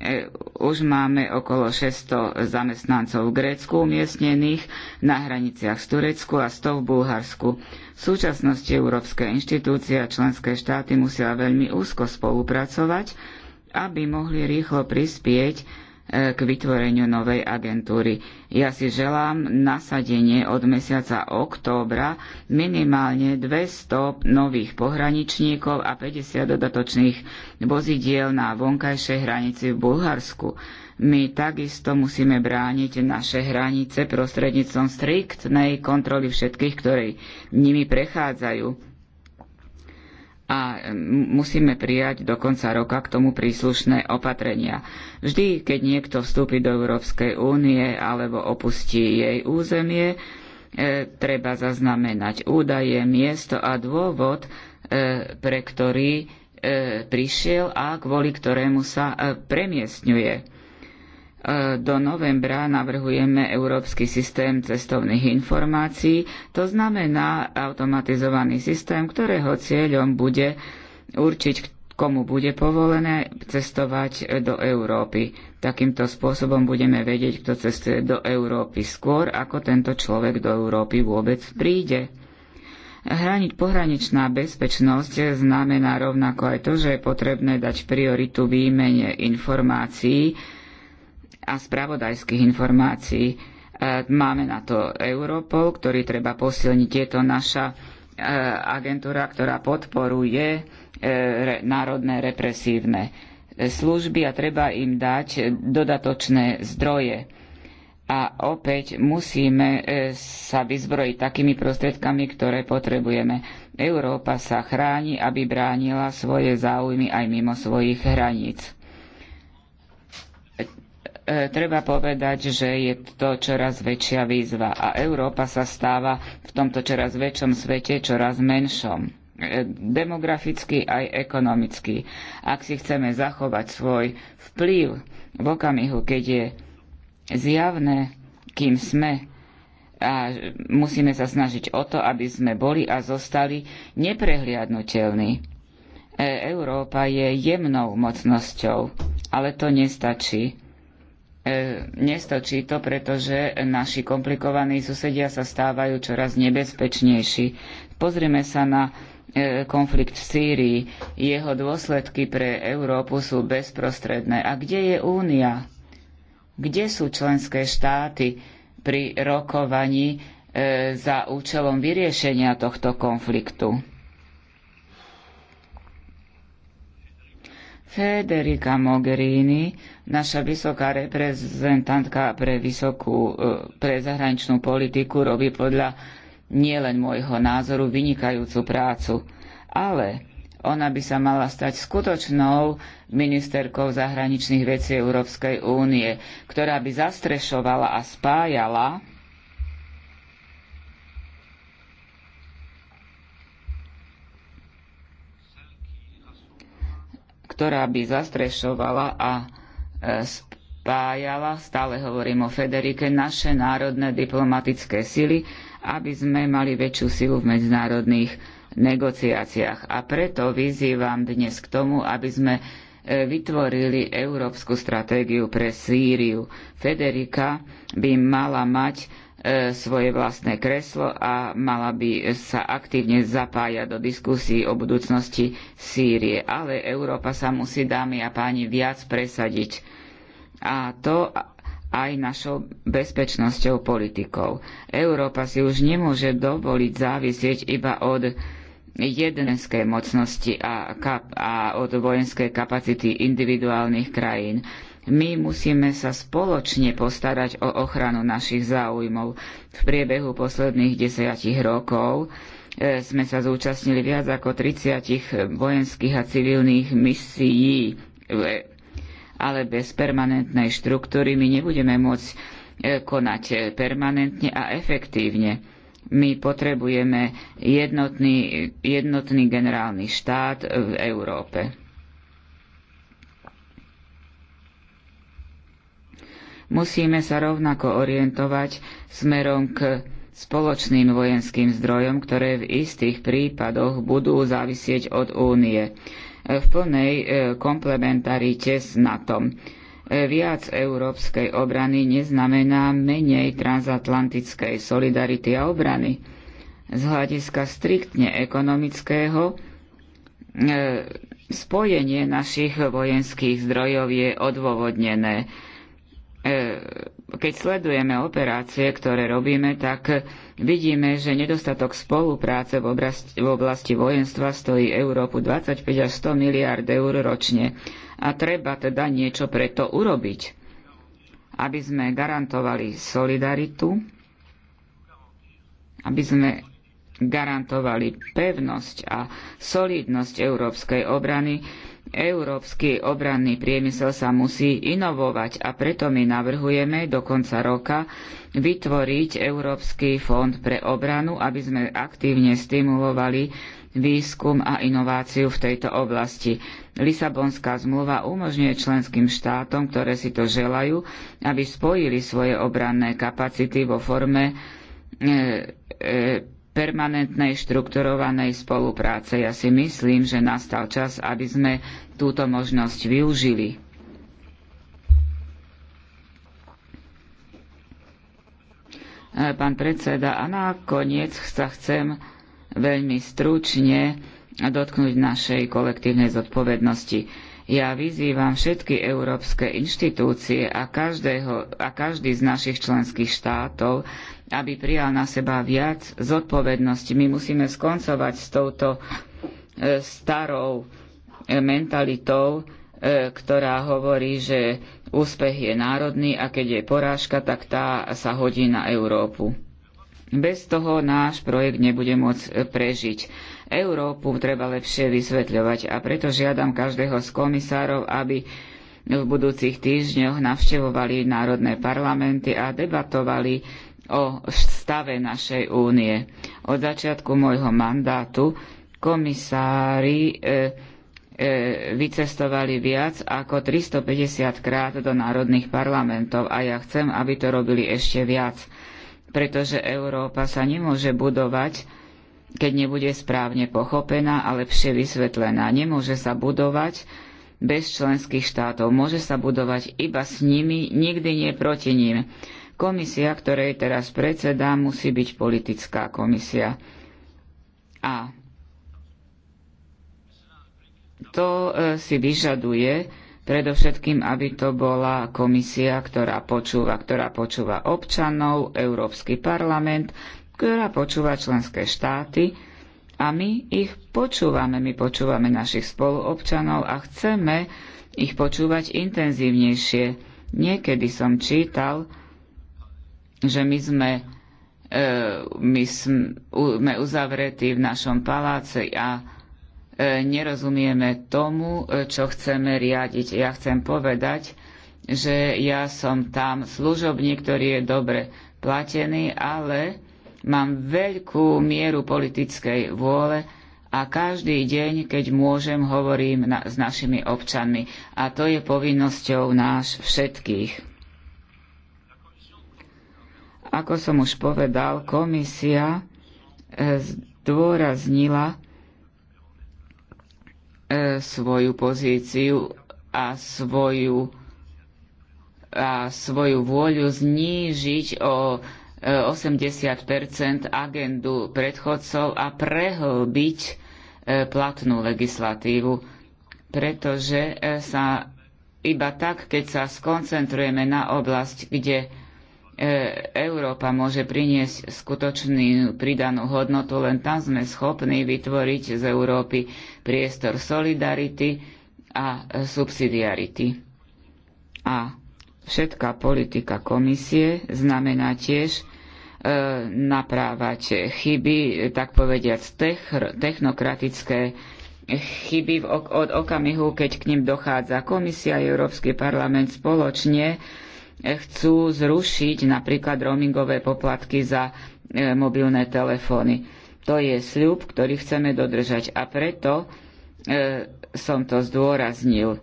E, už máme okolo 600 zamestnancov v Grécku umiestnených, na hraniciach z Turecku a 100 v Bulharsku. V súčasnosti európske inštitúcie a členské štáty musia veľmi úzko spolupracovať, aby mohli rýchlo prispieť k vytvoreniu novej agentúry. Ja si želám nasadenie od mesiaca októbra minimálne 200 nových pohraničníkov a 50 dodatočných vozidiel na vonkajšej hranici v Bulharsku. My takisto musíme brániť naše hranice prostredníctvom striktnej kontroly všetkých, ktorí nimi prechádzajú a musíme prijať do konca roka k tomu príslušné opatrenia. Vždy, keď niekto vstúpi do Európskej únie alebo opustí jej územie, e, treba zaznamenať údaje, miesto a dôvod, e, pre ktorý e, prišiel a kvôli ktorému sa e, premiestňuje. E, do novembra navrhujeme Európsky systém cestovných informácií, to znamená automatizovaný systém, ktorého cieľom bude určiť, komu bude povolené cestovať do Európy. Takýmto spôsobom budeme vedieť, kto cestuje do Európy skôr, ako tento človek do Európy vôbec príde. Hraniť pohraničná bezpečnosť znamená rovnako aj to, že je potrebné dať prioritu výmene informácií, a spravodajských informácií. E, máme na to Europol, ktorý treba posilniť. Je to naša e, agentúra, ktorá podporuje e, národné represívne služby a treba im dať dodatočné zdroje. A opäť musíme sa vyzbrojiť takými prostriedkami, ktoré potrebujeme. Európa sa chráni, aby bránila svoje záujmy aj mimo svojich hraníc E, treba povedať, že je to čoraz väčšia výzva a Európa sa stáva v tomto čoraz väčšom svete čoraz menšom e, Demograficky aj ekonomicky. Ak si chceme zachovať svoj vplyv v okamihu, keď je zjavné, kým sme a musíme sa snažiť o to, aby sme boli a zostali neprehliadnutelní. E, Európa je jemnou mocnosťou, ale to nestačí. E, nestačí to, pretože naši komplikovaní susedia sa stávajú čoraz nebezpečnejší. Pozrime sa na e, konflikt v Sýrii. Jeho dôsledky pre Európu sú bezprostredné. A kde je Únia? Kde sú členské štáty pri rokovaní e, za účelom vyriešenia tohto konfliktu? Federica Mogherini, naša vysoká reprezentantka pre, vysokú, e, pre zahraničnú politiku, robí podľa nielen môjho názoru vynikajúcu prácu, ale ona by sa mala stať skutočnou ministerkou zahraničných vecí Európskej únie, ktorá by zastrešovala a spájala ktorá by zastrešovala a e, spájala, stále hovorím o Federike, naše národné diplomatické sily, aby sme mali väčšiu silu v medzinárodných negociáciách. A preto vyzývam dnes k tomu, aby sme e, vytvorili európsku stratégiu pre Sýriu. Federika by mala mať E, svoje vlastné kreslo a mala by sa aktívne zapájať do diskusí o budúcnosti Sýrie. Ale Európa sa musí, dámy a páni, viac presadiť. A to aj našou bezpečnosťou politikou. Európa si už nemôže dovoliť závisieť iba od jedenskej mocnosti a, kap- a od vojenskej kapacity individuálnych krajín. My musíme sa spoločne postarať o ochranu našich záujmov. V priebehu posledných desiatich rokov e, sme sa zúčastnili viac ako 30 vojenských a civilných misií, e, ale bez permanentnej štruktúry my nebudeme môcť e, konať permanentne a efektívne. My potrebujeme jednotný, jednotný generálny štát v Európe. Musíme sa rovnako orientovať smerom k spoločným vojenským zdrojom, ktoré v istých prípadoch budú závisieť od únie v plnej e, komplementarite s NATO. E, viac európskej obrany neznamená menej transatlantickej solidarity a obrany. Z hľadiska striktne ekonomického e, spojenie našich vojenských zdrojov je odôvodnené E, keď sledujeme operácie, ktoré robíme, tak vidíme, že nedostatok spolupráce v oblasti, v oblasti vojenstva stojí Európu 25 až 100 miliard eur ročne. A treba teda niečo preto urobiť, aby sme garantovali solidaritu, aby sme garantovali pevnosť a solidnosť európskej obrany, Európsky obranný priemysel sa musí inovovať a preto my navrhujeme do konca roka vytvoriť Európsky fond pre obranu, aby sme aktívne stimulovali výskum a inováciu v tejto oblasti. Lisabonská zmluva umožňuje členským štátom, ktoré si to želajú, aby spojili svoje obranné kapacity vo forme e, e, permanentnej štrukturovanej spolupráce. Ja si myslím, že nastal čas, aby sme túto možnosť využili. E, pán predseda, a nakoniec sa chcem veľmi stručne dotknúť našej kolektívnej zodpovednosti. Ja vyzývam všetky európske inštitúcie a, každého, a každý z našich členských štátov, aby prijal na seba viac zodpovednosti. My musíme skoncovať s touto e, starou e, mentalitou, e, ktorá hovorí, že úspech je národný a keď je porážka, tak tá sa hodí na Európu. Bez toho náš projekt nebude môcť prežiť. Európu treba lepšie vysvetľovať a preto žiadam každého z komisárov, aby v budúcich týždňoch navštevovali národné parlamenty a debatovali o stave našej únie. Od začiatku môjho mandátu komisári e, e, vycestovali viac ako 350 krát do národných parlamentov a ja chcem, aby to robili ešte viac, pretože Európa sa nemôže budovať, keď nebude správne pochopená a lepšie vysvetlená. Nemôže sa budovať, bez členských štátov. Môže sa budovať iba s nimi, nikdy nie proti ním. Komisia, ktorej teraz predseda, musí byť politická komisia. A to e, si vyžaduje predovšetkým, aby to bola komisia, ktorá počúva, ktorá počúva občanov, Európsky parlament, ktorá počúva členské štáty a my ich počúvame, my počúvame našich spoluobčanov a chceme ich počúvať intenzívnejšie. Niekedy som čítal, že my sme, e, my sme uzavretí v našom paláci a e, nerozumieme tomu, e, čo chceme riadiť. Ja chcem povedať, že ja som tam služobník, ktorý je dobre platený, ale mám veľkú mieru politickej vôle a každý deň, keď môžem, hovorím na, s našimi občanmi. A to je povinnosťou náš všetkých. Ako som už povedal, komisia eh, zdôraznila eh, svoju pozíciu a svoju, a svoju vôľu znížiť o 80 eh, agendu predchodcov a prehlbiť platnú legislatívu, pretože sa iba tak, keď sa skoncentrujeme na oblasť, kde E, Európa môže priniesť skutočnú pridanú hodnotu, len tam sme schopní vytvoriť z Európy priestor solidarity a subsidiarity. A všetká politika komisie znamená tiež e, naprávať chyby, tak povediať, technokratické chyby od okamihu, keď k ním dochádza. Komisia a Európsky parlament spoločne chcú zrušiť napríklad roamingové poplatky za e, mobilné telefóny. To je sľub, ktorý chceme dodržať a preto e, som to zdôraznil.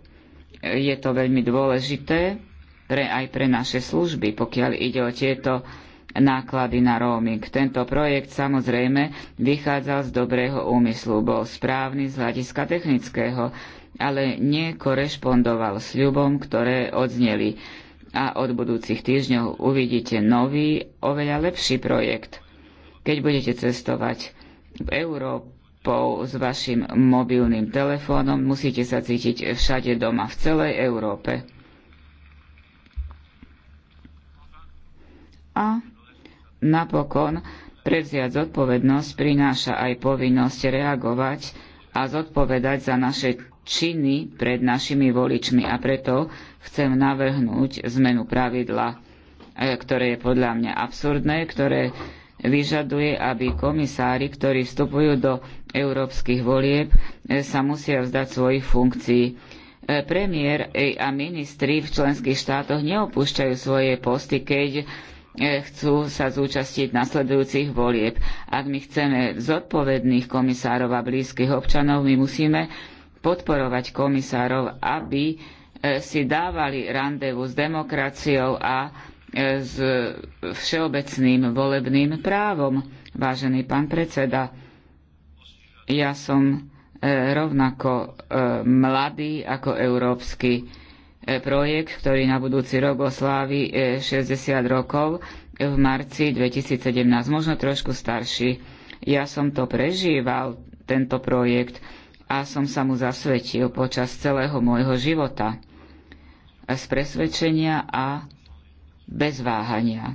Je to veľmi dôležité pre, aj pre naše služby, pokiaľ ide o tieto náklady na roaming. Tento projekt samozrejme vychádzal z dobrého úmyslu, bol správny z hľadiska technického, ale nekorešpondoval sľubom, ktoré odzneli a od budúcich týždňov uvidíte nový, oveľa lepší projekt. Keď budete cestovať v Európou s vašim mobilným telefónom, musíte sa cítiť všade doma, v celej Európe. A napokon prevziať zodpovednosť prináša aj povinnosť reagovať a zodpovedať za naše činy pred našimi voličmi a preto chcem navrhnúť zmenu pravidla, e, ktoré je podľa mňa absurdné, ktoré vyžaduje, aby komisári, ktorí vstupujú do európskych volieb, e, sa musia vzdať svojich funkcií. E, premiér a ministri v členských štátoch neopúšťajú svoje posty, keď chcú sa zúčastiť nasledujúcich volieb. Ak my chceme zodpovedných komisárov a blízkych občanov, my musíme podporovať komisárov, aby e, si dávali randevu s demokraciou a e, s všeobecným volebným právom. Vážený pán predseda, ja som e, rovnako mladý ako európsky projekt, ktorý na budúci rok oslávi 60 rokov v marci 2017, možno trošku starší. Ja som to prežíval, tento projekt a som sa mu zasvetil počas celého môjho života z presvedčenia a bez váhania.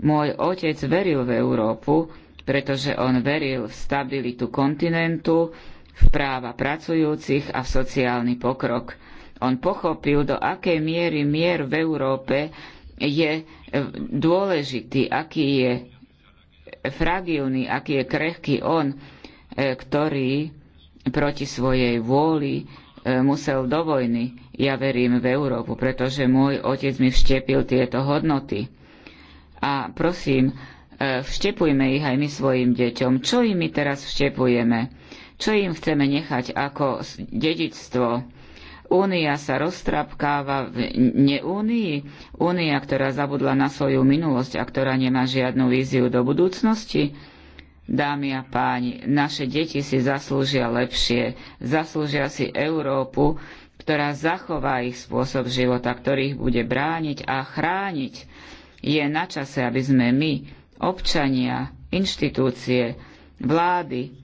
Môj otec veril v Európu, pretože on veril v stabilitu kontinentu, v práva pracujúcich a v sociálny pokrok. On pochopil, do akej miery mier v Európe je dôležitý, aký je fragilný, aký je krehký on, e, ktorý proti svojej vôli e, musel do vojny. Ja verím v Európu, pretože môj otec mi vštepil tieto hodnoty. A prosím, e, vštepujme ich aj my svojim deťom. Čo im my teraz vštepujeme? Čo im chceme nechať ako dedictvo? Únia sa roztrapkáva v neúnii. Únia, ktorá zabudla na svoju minulosť a ktorá nemá žiadnu víziu do budúcnosti. Dámy a páni, naše deti si zaslúžia lepšie, zaslúžia si Európu, ktorá zachová ich spôsob života, ktorý ich bude brániť a chrániť. Je na čase, aby sme my, občania, inštitúcie, vlády,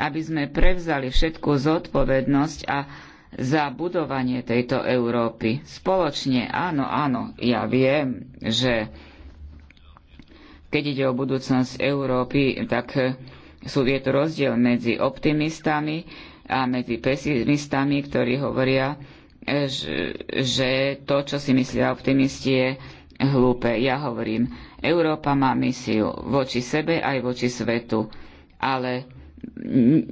aby sme prevzali všetku zodpovednosť a za budovanie tejto Európy. Spoločne, áno, áno, ja viem, že keď ide o budúcnosť Európy, tak e, sú je tu rozdiel medzi optimistami a medzi pesimistami, ktorí hovoria, e, že to, čo si myslia optimisti, je hlúpe. Ja hovorím, Európa má misiu voči sebe aj voči svetu, ale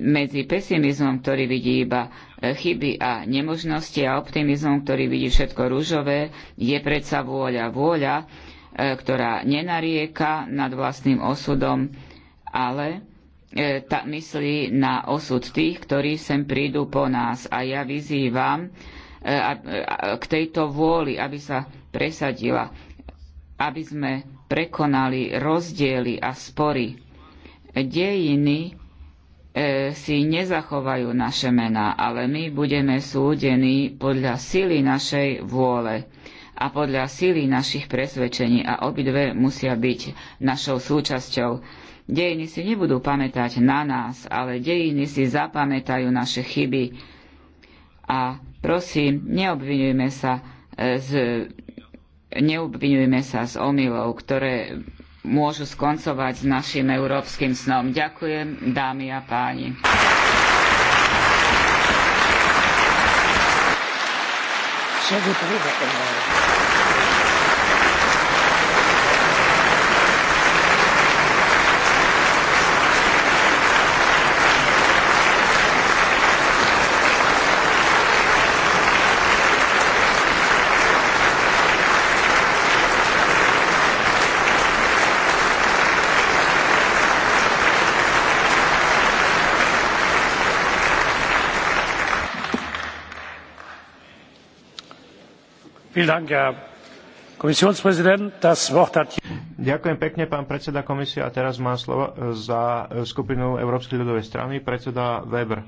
medzi pesimizmom, ktorý vidí iba e, chyby a nemožnosti a optimizmom, ktorý vidí všetko rúžové, je predsa vôľa. Vôľa E, ktorá nenarieka nad vlastným osudom, ale e, myslí na osud tých, ktorí sem prídu po nás. A ja vyzývam e, k tejto vôli, aby sa presadila, aby sme prekonali rozdiely a spory. Dejiny si nezachovajú naše mená, ale my budeme súdení podľa sily našej vôle a podľa síly našich presvedčení a obidve musia byť našou súčasťou. Dejiny si nebudú pamätať na nás, ale dejiny si zapamätajú naše chyby. A prosím, neobvinujme sa e, z, neobvinujme sa z omylov, ktoré môžu skoncovať s našim európskym snom. Ďakujem, dámy a páni. je vous prie de Ďakujem pekne, pán predseda komisie. A teraz má slovo e, za e, skupinu Európskej ľudovej strany predseda Weber.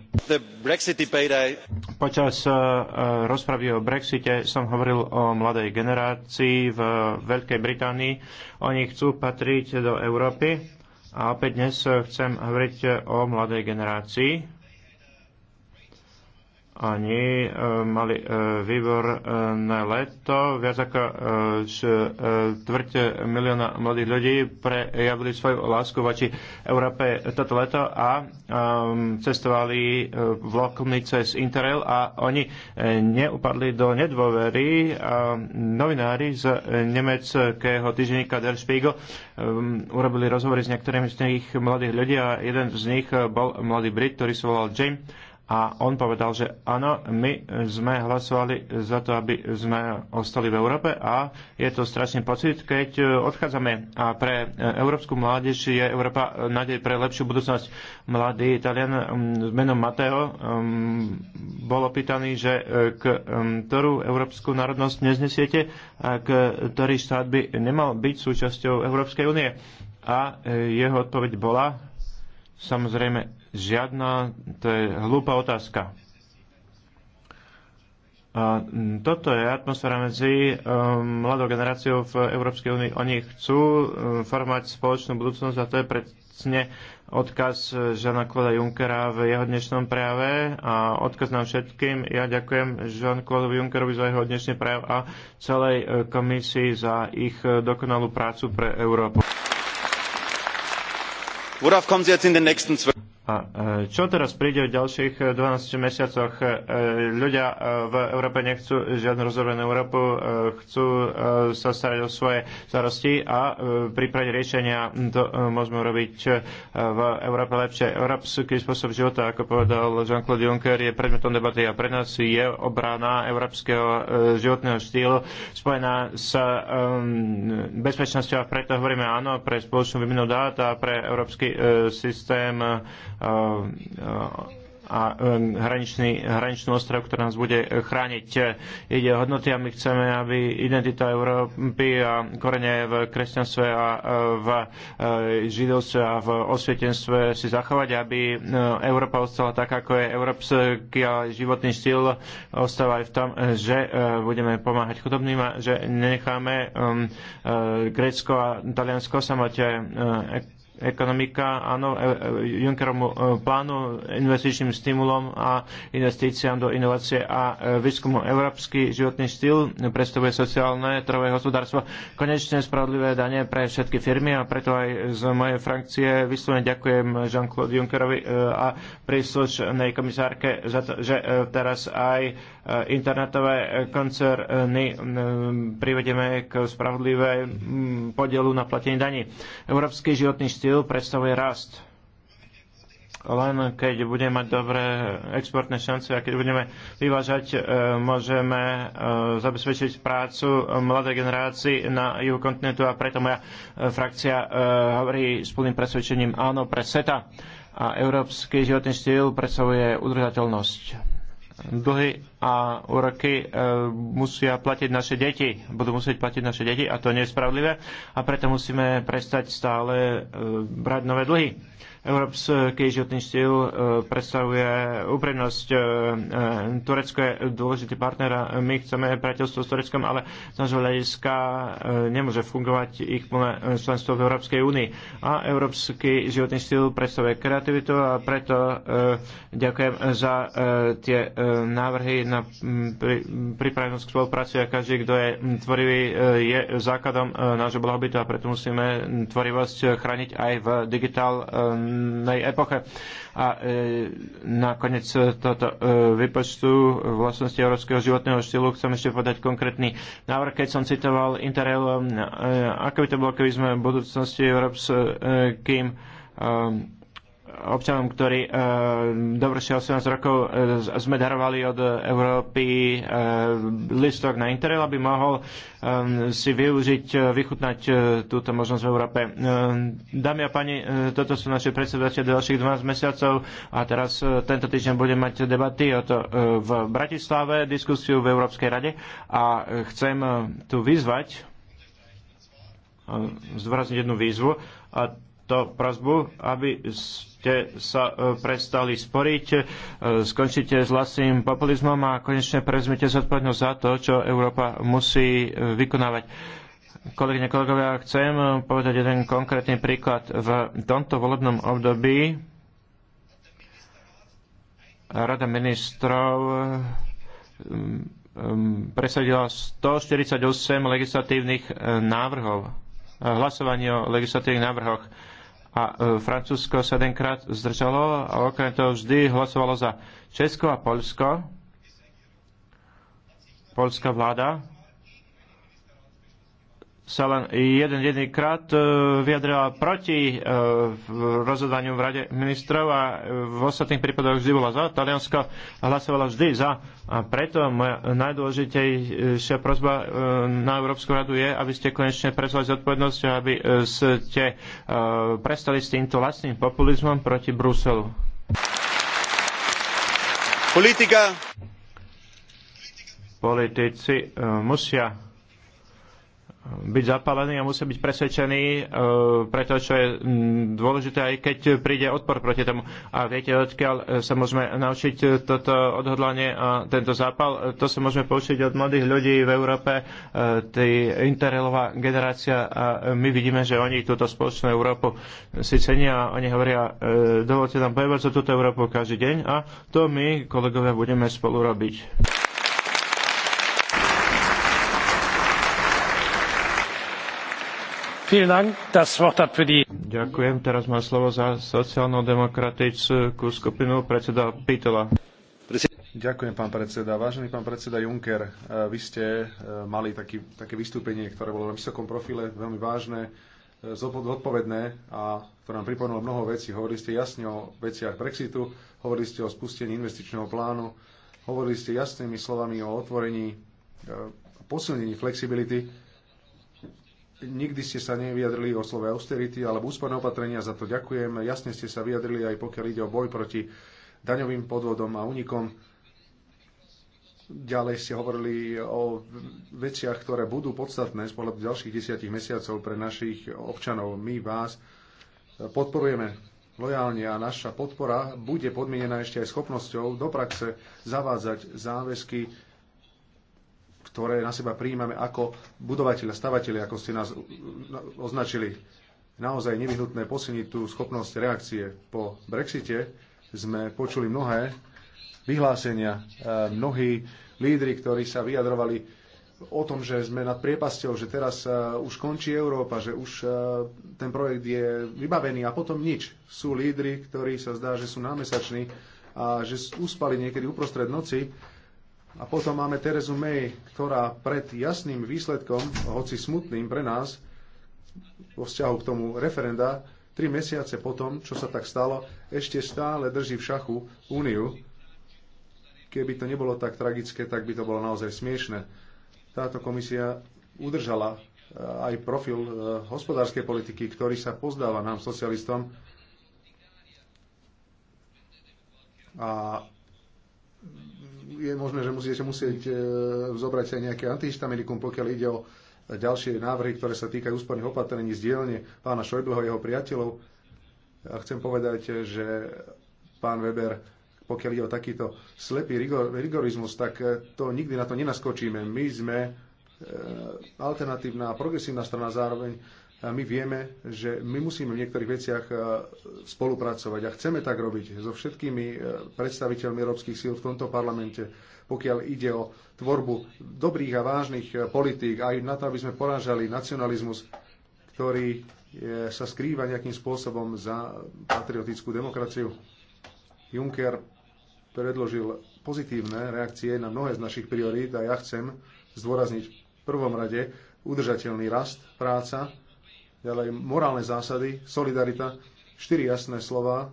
Počas e, rozpravy o Brexite som hovoril o mladej generácii v Veľkej Británii. Oni chcú patriť do Európy. A opäť dnes chcem hovoriť o mladej generácii oni e, mali e, e, na leto, viac ako tvrte milióna mladých ľudí prejavili svoju lásku voči Európe toto leto a cestovali vlakmi cez Interrail a oni neupadli do nedôvery. A novinári z nemeckého týždenníka Der Spiegel urobili rozhovory s niektorými z tých mladých ľudí a jeden z nich bol mladý Brit, ktorý sa volal James a on povedal, že áno, my sme hlasovali za to, aby sme ostali v Európe a je to strašný pocit, keď e, odchádzame. A pre e, európsku mládež je Európa nádej pre lepšiu budúcnosť. Mladý Italian s menom Mateo bol opýtaný, že e, k ktorú európsku národnosť neznesiete a ktorý štát by nemal byť súčasťou Európskej únie. A jeho odpoveď bola, samozrejme, Žiadna, to je hlúpa otázka. A toto je atmosféra medzi um, mladou generáciou v Európskej únii. Oni chcú um, formovať spoločnú budúcnosť a to je presne odkaz e, Žana Kloda Junckera v jeho dnešnom prejave a odkaz nám všetkým. Ja ďakujem Žan Klodovi Junckerovi za jeho dnešný prejav a celej e, komisii za ich e, dokonalú prácu pre Európu. A e, čo teraz príde v ďalších 12 mesiacoch? E, ľudia e, v Európe nechcú žiadnu rozhodnú Európu, chcú sa starať o svoje starosti a pripraviť riešenia. To môžeme robiť v Európe lepšie. Európsky spôsob života, ako povedal Jean-Claude Juncker, je predmetom debaty a pre nás je obrana európskeho životného štýlu spojená s bezpečnosťou a preto hovoríme áno pre spoločnú výmenu dát a pre európsky systém a hraničný, hraničnú ostrov, ktorá nás bude chrániť. Ide o hodnoty a my chceme, aby identita Európy a korene v kresťanstve a v židovstve a v osvietenstve si zachovať, aby e, Európa ostala taká, ako je európsky a životný štýl ostáva aj v tom, že e, budeme pomáhať chudobným a že nenecháme e, Grécko a Taliansko samote ekonomika, áno, e, e, Junckerovmu e, plánu, investičným stimulom a investíciám do inovácie a výskumu. Európsky životný štýl predstavuje sociálne trhové hospodárstvo, konečne spravodlivé dane pre všetky firmy a preto aj z mojej frakcie vyslovene ďakujem Jean-Claude Junckerovi a príslušnej komisárke za to, že teraz aj internetové koncerny privedeme k spravodlivé podielu na platení daní. Európsky životný štýl mzdil predstavuje rast. Len keď budeme mať dobré exportné šance a keď budeme vyvážať, e, môžeme e, zabezpečiť prácu mladej generácii na juhu kontinentu a preto moja e, frakcia hovorí s plným presvedčením áno pre SETA a európsky životný štýl predstavuje udržateľnosť dlhy a úroky e, musia platiť naše deti, budú musieť platiť naše deti a to nie je spravodlivé a preto musíme prestať stále e, brať nové dlhy. Európsky životný štýl e, predstavuje úprednosť. E, e, Turecko je dôležitý partner a my chceme priateľstvo s Tureckom, ale z nášho hľadiska nemôže fungovať ich plné členstvo v Európskej únii. A Európsky životný štýl predstavuje kreativitu a preto ďakujem za tie návrhy na pripravenosť k spolupráci a každý, kto je tvorivý, je základom nášho blahobytu a preto musíme tvorivosť chrániť aj v digitálnom modernej epoche. A e, nakoniec toto e, vypočtu vlastnosti európskeho životného štýlu chcem ešte podať konkrétny návrh, keď som citoval Interrail, e, ako by to bolo, keby sme v budúcnosti európskym e, občanom, ktorí e, dovršia 18 rokov, e, sme darovali od Európy e, listok na Interrail, aby mohol e, si využiť, e, vychutnať e, túto možnosť v Európe. E, dámy a pani, e, toto sú naše predsedačia ďalších 12 mesiacov a teraz e, tento týždeň budeme mať debaty o to e, v Bratislave, diskusiu v Európskej rade a e, chcem e, tu vyzvať, e, zdôrazniť jednu výzvu, a to prozbu, aby ste sa e, prestali sporiť, e, skončite s vlastným populizmom a konečne prezmite zodpovednosť za to, čo Európa musí e, vykonávať. Kolegyne, kolegovia, chcem povedať jeden konkrétny príklad. V tomto volebnom období Rada ministrov presadila 148 legislatívnych návrhov, hlasovanie o legislatívnych návrhoch a e, Francúzsko sa jedenkrát zdržalo a okrem toho vždy hlasovalo za Česko a Polsko. Polská vláda sa len jeden jediný krát e, vyjadrila proti e, rozhodaniu v Rade ministrov a e, v ostatných prípadoch vždy bola za. Taliansko hlasovala vždy za. A preto moja najdôležitejšia prozba na Európsku radu je, aby ste konečne prezvali zodpovednosť a aby ste prestali s týmto vlastným populizmom proti Bruselu. Politika. Politici musia byť zapálený a musí byť presvedčení e, pre to, čo je dôležité, aj keď príde odpor proti tomu. A viete, odkiaľ e, sa môžeme naučiť e, toto odhodlanie a tento zápal, to sa môžeme poučiť od mladých ľudí v Európe, tí interelová generácia a my vidíme, že oni túto spoločnú Európu si cenia a oni hovoria, dovolte nám bojovať za túto Európu každý deň a to my, kolegovia, budeme spolu robiť. Ďakujem. Teraz má slovo za sociálno-demokratickú skupinu predseda Ďakujem, pán predseda. Vážený pán predseda Juncker, eh, vy ste eh, mali taký, také vystúpenie, ktoré bolo na vysokom profile, veľmi vážne, eh, zodpovedné a ktoré nám pripomenulo mnoho vecí. Hovorili ste jasne o veciach Brexitu, hovorili ste o spustení investičného plánu, hovorili ste jasnými slovami o otvorení, posilnení flexibility Nikdy ste sa nevyjadrili o slove austerity alebo úsporné opatrenia, za to ďakujem. Jasne ste sa vyjadrili aj pokiaľ ide o boj proti daňovým podvodom a únikom. Ďalej ste hovorili o veciach, ktoré budú podstatné z pohľadu ďalších desiatich mesiacov pre našich občanov. My vás podporujeme lojálne a naša podpora bude podmienená ešte aj schopnosťou do praxe zavádzať záväzky ktoré na seba prijímame ako budovateľa, stavateľi, ako ste nás označili. Naozaj nevyhnutné posilniť tú schopnosť reakcie. Po Brexite sme počuli mnohé vyhlásenia, e, mnohí lídry, ktorí sa vyjadrovali o tom, že sme nad priepasťou, že teraz e, už končí Európa, že už e, ten projekt je vybavený a potom nič. Sú lídry, ktorí sa zdá, že sú námesační a že uspali niekedy uprostred noci a potom máme Terezu May, ktorá pred jasným výsledkom, hoci smutným pre nás, vo vzťahu k tomu referenda, tri mesiace potom, čo sa tak stalo, ešte stále drží v šachu úniu. Keby to nebolo tak tragické, tak by to bolo naozaj smiešne. Táto komisia udržala eh, aj profil eh, hospodárskej politiky, ktorý sa pozdáva nám, socialistom. A je možné, že musíte musieť e, zobrať aj nejaké antihistaminikum, pokiaľ ide o ďalšie návrhy, ktoré sa týkajú úsporných opatrení z dielne pána Šojbleho a jeho priateľov. A chcem povedať, že pán Weber, pokiaľ ide o takýto slepý rigor, rigorizmus, tak e, to nikdy na to nenaskočíme. My sme e, alternatívna, progresívna strana zároveň my vieme, že my musíme v niektorých veciach e, spolupracovať a chceme tak robiť so všetkými e, predstaviteľmi európskych síl v tomto parlamente, pokiaľ ide o tvorbu dobrých a vážnych e, politík, aj na to, aby sme porážali nacionalizmus, ktorý sa skrýva nejakým spôsobom za patriotickú demokraciu. Juncker predložil pozitívne reakcie na mnohé z našich priorít a ja chcem zdôrazniť v prvom rade udržateľný rast, práca, Ďalej morálne zásady, solidarita, štyri jasné slova,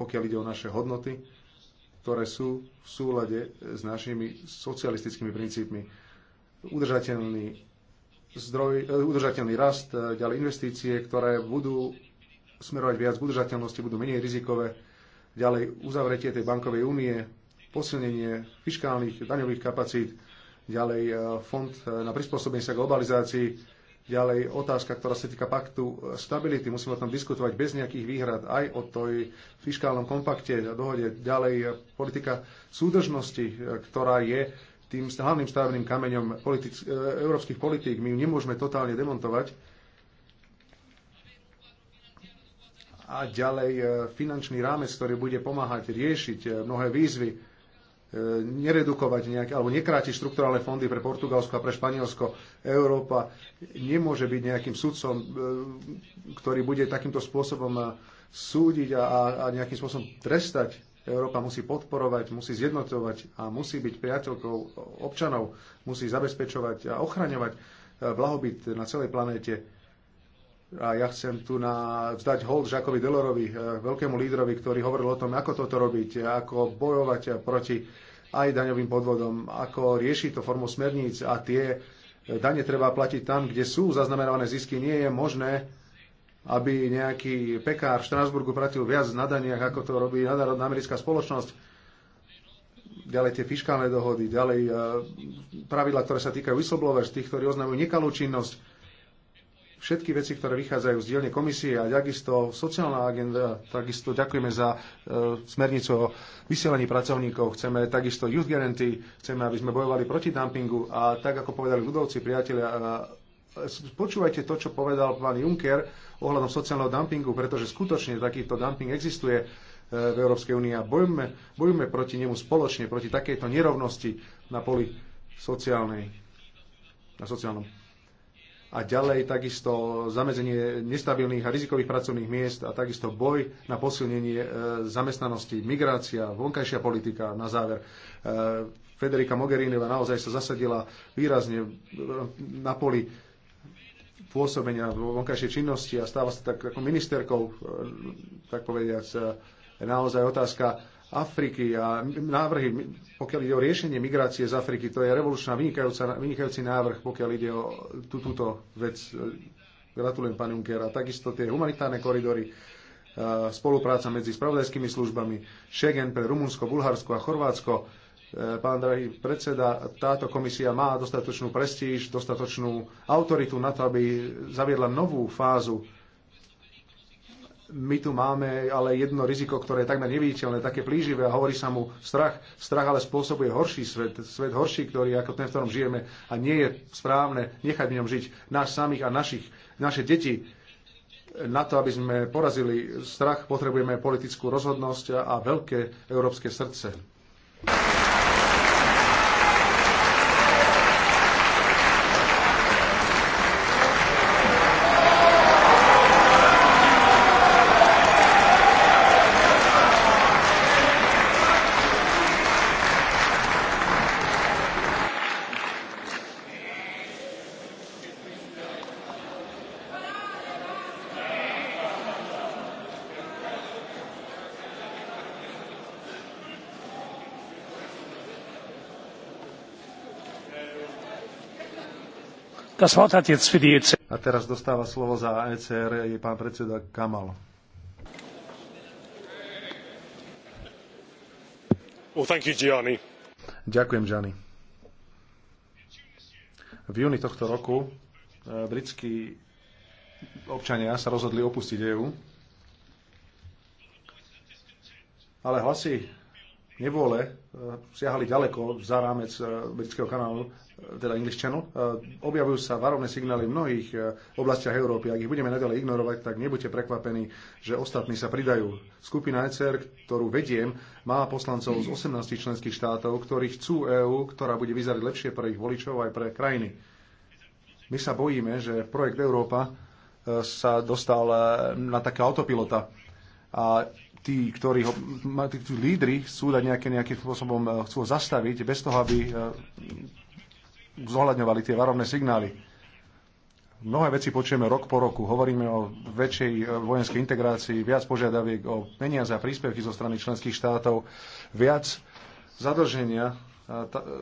pokiaľ ide o naše hodnoty, ktoré sú v súlade s našimi socialistickými princípmi. Udržateľný, zdroj, e, udržateľný rast, e, ďalej investície, ktoré budú smerovať viac k udržateľnosti, budú menej rizikové, ďalej uzavretie tej bankovej únie, posilnenie fiskálnych daňových kapacít, ďalej e, fond na prispôsobenie sa globalizácii, Ďalej otázka, ktorá sa týka paktu stability. Musíme o tom diskutovať bez nejakých výhrad aj o tej fiskálnom kompakte a dohode. Ďalej politika súdržnosti, ktorá je tým hlavným stavebným kameňom politic, e, európskych politík. My ju nemôžeme totálne demontovať. A ďalej e, finančný rámec, ktorý bude pomáhať riešiť e, mnohé výzvy neredukovať nejaké, alebo nekrátiť štrukturálne fondy pre Portugalsko a pre Španielsko. Európa nemôže byť nejakým sudcom, e, ktorý bude takýmto spôsobom e, súdiť a, a nejakým spôsobom trestať. Európa musí podporovať, musí zjednotovať a musí byť priateľkou občanov, musí zabezpečovať a ochraňovať e, blahobyt na celej planéte a ja chcem tu na, vzdať hold Žakovi Delorovi, eh, veľkému lídrovi, ktorý hovoril o tom, ako toto robiť, ako bojovať proti aj daňovým podvodom, ako riešiť to formu smerníc a tie eh, dane treba platiť tam, kde sú zaznamenované zisky. Nie je možné, aby nejaký pekár v Štrásburgu platil viac na daniach, ako to robí nadnárodná americká spoločnosť ďalej tie fiskálne dohody, ďalej eh, pravidla, ktoré sa týkajú whistleblowers, tých, ktorí oznamujú nekalú činnosť všetky veci, ktoré vychádzajú z dielne komisie a takisto sociálna agenda, takisto ďakujeme za e, smernicu o vysielaní pracovníkov, chceme takisto youth guarantee, chceme, aby sme bojovali proti dumpingu a tak, ako povedali ľudovci, priatelia, e, počúvajte to, čo povedal pán Juncker ohľadom sociálneho dumpingu, pretože skutočne takýto dumping existuje e, v Európskej únii a bojujeme, bojujeme proti nemu spoločne, proti takejto nerovnosti na poli sociálnej, na sociálnom a ďalej takisto zamedzenie nestabilných a rizikových pracovných miest a takisto boj na posilnenie e, zamestnanosti, migrácia, vonkajšia politika na záver. E, Federica Mogherinova naozaj sa zasadila výrazne e, na poli pôsobenia vonkajšej činnosti a stáva sa tak ako ministerkou, tak povediať, naozaj otázka Afriky a návrhy, pokiaľ ide o riešenie migrácie z Afriky, to je revolučná, vynikajúci návrh, pokiaľ ide o tú, túto vec. Gratulujem, pán Juncker. A takisto tie humanitárne koridory, spolupráca medzi spravodajskými službami, Schengen pre Rumunsko, Bulharsko a Chorvátsko. E, pán drahý predseda, táto komisia má dostatočnú prestíž, dostatočnú autoritu na to, aby zaviedla novú fázu my tu máme ale jedno riziko, ktoré je takmer neviditeľné, také plíživé a hovorí sa mu strach. Strach ale spôsobuje horší svet, svet horší, ktorý ako ten, v ktorom žijeme a nie je správne nechať v ňom žiť nás samých a našich, naše deti. Na to, aby sme porazili strach, potrebujeme politickú rozhodnosť a veľké európske srdce. E A teraz dostáva slovo za ECR je pán predseda Kamal. Well, you, Gianni. Ďakujem, Gianni. V júni tohto roku e, britskí občania sa rozhodli opustiť EÚ, ale hlasy nevôle e, siahali ďaleko za rámec britského e, kanálu, e, teda English Channel. Objavujú sa varovné signály v mnohých oblastiach Európy. Ak ich budeme nadalej ignorovať, tak nebuďte prekvapení, že ostatní sa pridajú. Skupina ECR, ktorú vediem, má poslancov z 18 členských štátov, ktorí chcú EÚ, ktorá bude vyzerať lepšie pre ich voličov aj pre krajiny. My sa bojíme, že projekt Európa sa dostal na taká autopilota a tí, ktorí ho, tí, tí lídry súda nejaké, nejakým spôsobom e, chcú ho zastaviť bez toho, aby e, zohľadňovali tie varovné signály. Mnohé veci počujeme rok po roku. Hovoríme o väčšej e, vojenskej integrácii, viac požiadaviek o peniaze a príspevky zo strany členských štátov, viac zadlženia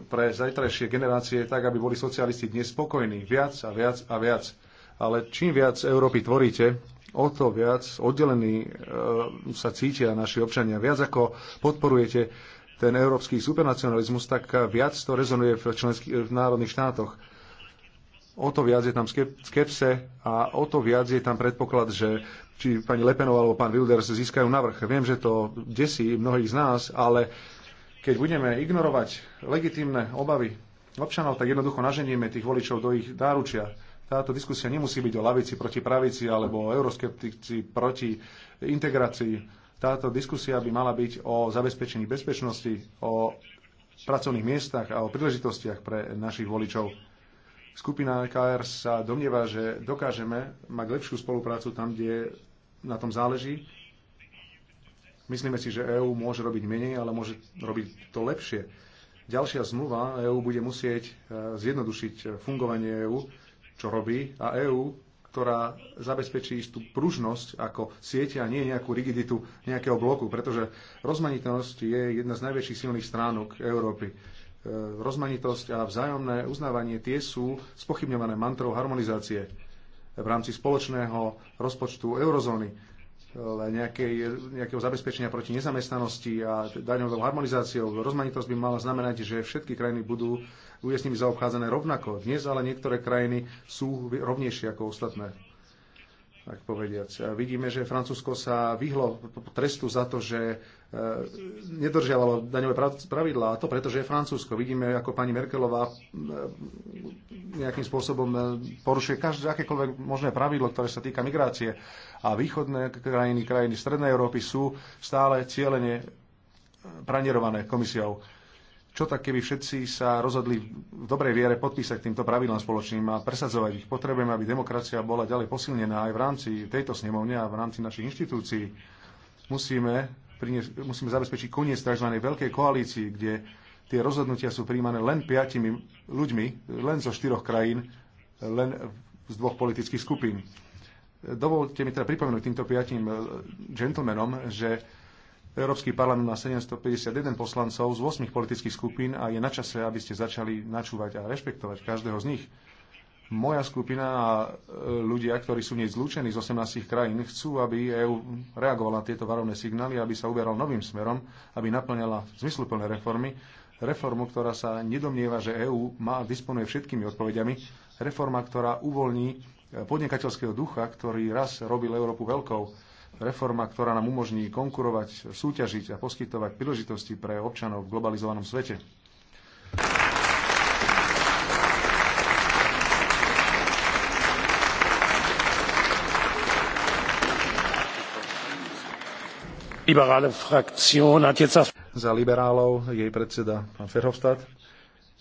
pre zajtrajšie generácie tak, aby boli socialisti dnes spokojní. Viac a viac a viac. Ale čím viac Európy tvoríte, o to viac oddelení e, sa cítia naši občania. Viac ako podporujete ten európsky supernacionalizmus, tak viac to rezonuje v, členských, v národných štátoch. O to viac je tam skepse a o to viac je tam predpoklad, že či pani Lepenová alebo pán Wilders získajú navrh. Viem, že to desí mnohých z nás, ale keď budeme ignorovať legitímne obavy občanov, tak jednoducho naženieme tých voličov do ich náručia táto diskusia nemusí byť o lavici proti pravici alebo o euroskeptici proti integrácii. Táto diskusia by mala byť o zabezpečení bezpečnosti, o pracovných miestach a o príležitostiach pre našich voličov. Skupina EKR sa domnieva, že dokážeme mať lepšiu spoluprácu tam, kde na tom záleží. Myslíme si, že EÚ môže robiť menej, ale môže robiť to lepšie. Ďalšia zmluva EÚ bude musieť e, zjednodušiť e, fungovanie EÚ čo robí, a EÚ, ktorá zabezpečí istú pružnosť ako siete a nie nejakú rigiditu nejakého bloku, pretože rozmanitosť je jedna z najväčších silných stránok Európy. E, rozmanitosť a vzájomné uznávanie tie sú spochybňované mantrou harmonizácie v rámci spoločného rozpočtu eurozóny nejakej, nejakého zabezpečenia proti nezamestnanosti a daňovou harmonizáciou. Rozmanitosť by mala znamenať, že všetky krajiny budú bude s nimi zaobchádzané rovnako. Dnes ale niektoré krajiny sú rovnejšie ako ostatné tak povediať. Vidíme, že Francúzsko sa vyhlo trestu za to, že e, nedržiavalo daňové pravidlá, a to preto, že je Francúzsko. Vidíme, ako pani Merkelová e, nejakým spôsobom e, porušuje každé akékoľvek možné pravidlo, ktoré sa týka migrácie. A východné krajiny, krajiny Strednej Európy sú stále cieľene pranierované komisiou čo tak, keby všetci sa rozhodli v dobrej viere podpísať týmto pravidlám spoločným a presadzovať ich? Potrebujeme, aby demokracia bola ďalej posilnená aj v rámci tejto snemovne a v rámci našich inštitúcií. Musíme, prinies, musíme zabezpečiť koniec tzv. veľkej koalícii, kde tie rozhodnutia sú príjmané len piatimi ľuďmi, len zo štyroch krajín, len z dvoch politických skupín. Dovolte mi teda pripomenúť týmto piatim džentlmenom, eh, že Európsky parlament má 751 poslancov z 8 politických skupín a je na čase, aby ste začali načúvať a rešpektovať každého z nich. Moja skupina a e, ľudia, ktorí sú nej zlúčení z 18 krajín, chcú, aby EÚ reagovala na tieto varovné signály, aby sa uberal novým smerom, aby naplňala zmysluplné reformy, reformu, ktorá sa nedomnieva, že EÚ má a disponuje všetkými odpovediami, reforma, ktorá uvoľní e, podnikateľského ducha, ktorý raz robil Európu veľkou reforma, ktorá nám umožní konkurovať, súťažiť a poskytovať príležitosti pre občanov v globalizovanom svete. Za liberálov jej predseda pán Ferhofstadt.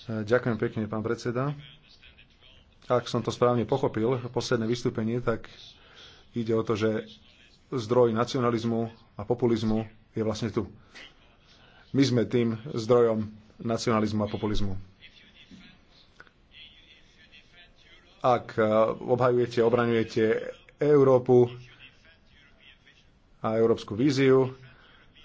Ďakujem pekne, pán predseda. Ak som to správne pochopil, posledné vystúpenie, tak ide o to, že zdroj nacionalizmu a populizmu je vlastne tu. My sme tým zdrojom nacionalizmu a populizmu. Ak e, obhajujete, obraňujete Európu a európsku víziu,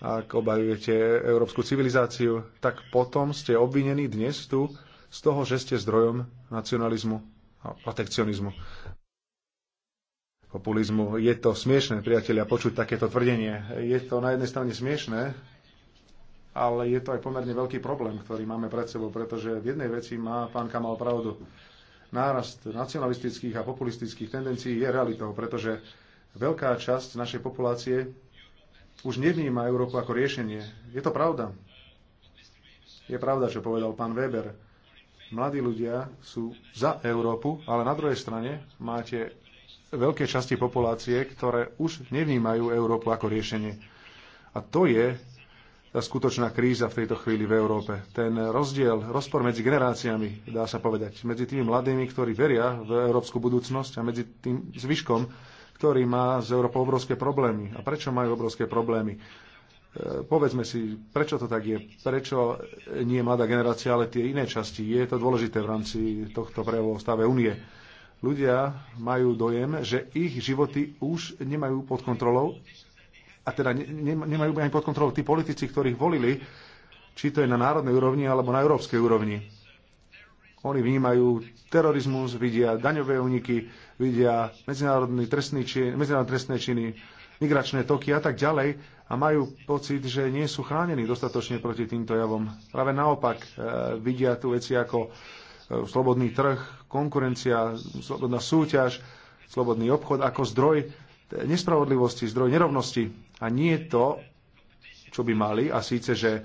ak obhajujete európsku civilizáciu, tak potom ste obvinení dnes tu z toho, že ste zdrojom nacionalizmu a protekcionizmu populizmu. Je to smiešne, priatelia, počuť takéto tvrdenie. Je to na jednej strane smiešné, ale je to aj pomerne veľký problém, ktorý máme pred sebou, pretože v jednej veci má pán Kamal pravdu. Nárast nacionalistických a populistických tendencií je realitou, pretože veľká časť našej populácie už nevníma Európu ako riešenie. Je to pravda. Je pravda, čo povedal pán Weber. Mladí ľudia sú za Európu, ale na druhej strane máte veľkej časti populácie, ktoré už nevnímajú Európu ako riešenie. A to je tá skutočná kríza v tejto chvíli v Európe. Ten rozdiel, rozpor medzi generáciami, dá sa povedať, medzi tými mladými, ktorí veria v európsku budúcnosť a medzi tým zvyškom, ktorý má z Európou obrovské problémy. A prečo majú obrovské problémy? E, povedzme si, prečo to tak je, prečo nie mladá generácia, ale tie iné časti. Je to dôležité v rámci tohto prejavu stave Unie ľudia majú dojem, že ich životy už nemajú pod kontrolou a teda ne, ne, nemajú ani pod kontrolou tí politici, ktorých volili, či to je na národnej úrovni alebo na európskej úrovni. Oni vnímajú terorizmus, vidia daňové úniky, vidia medzinárodný trestný čin, medzinárodné trestné činy, migračné toky a tak ďalej a majú pocit, že nie sú chránení dostatočne proti týmto javom. Práve naopak e, vidia tu veci ako slobodný trh, konkurencia, slobodná súťaž, slobodný obchod ako zdroj nespravodlivosti, zdroj nerovnosti. A nie to, čo by mali, a síce, že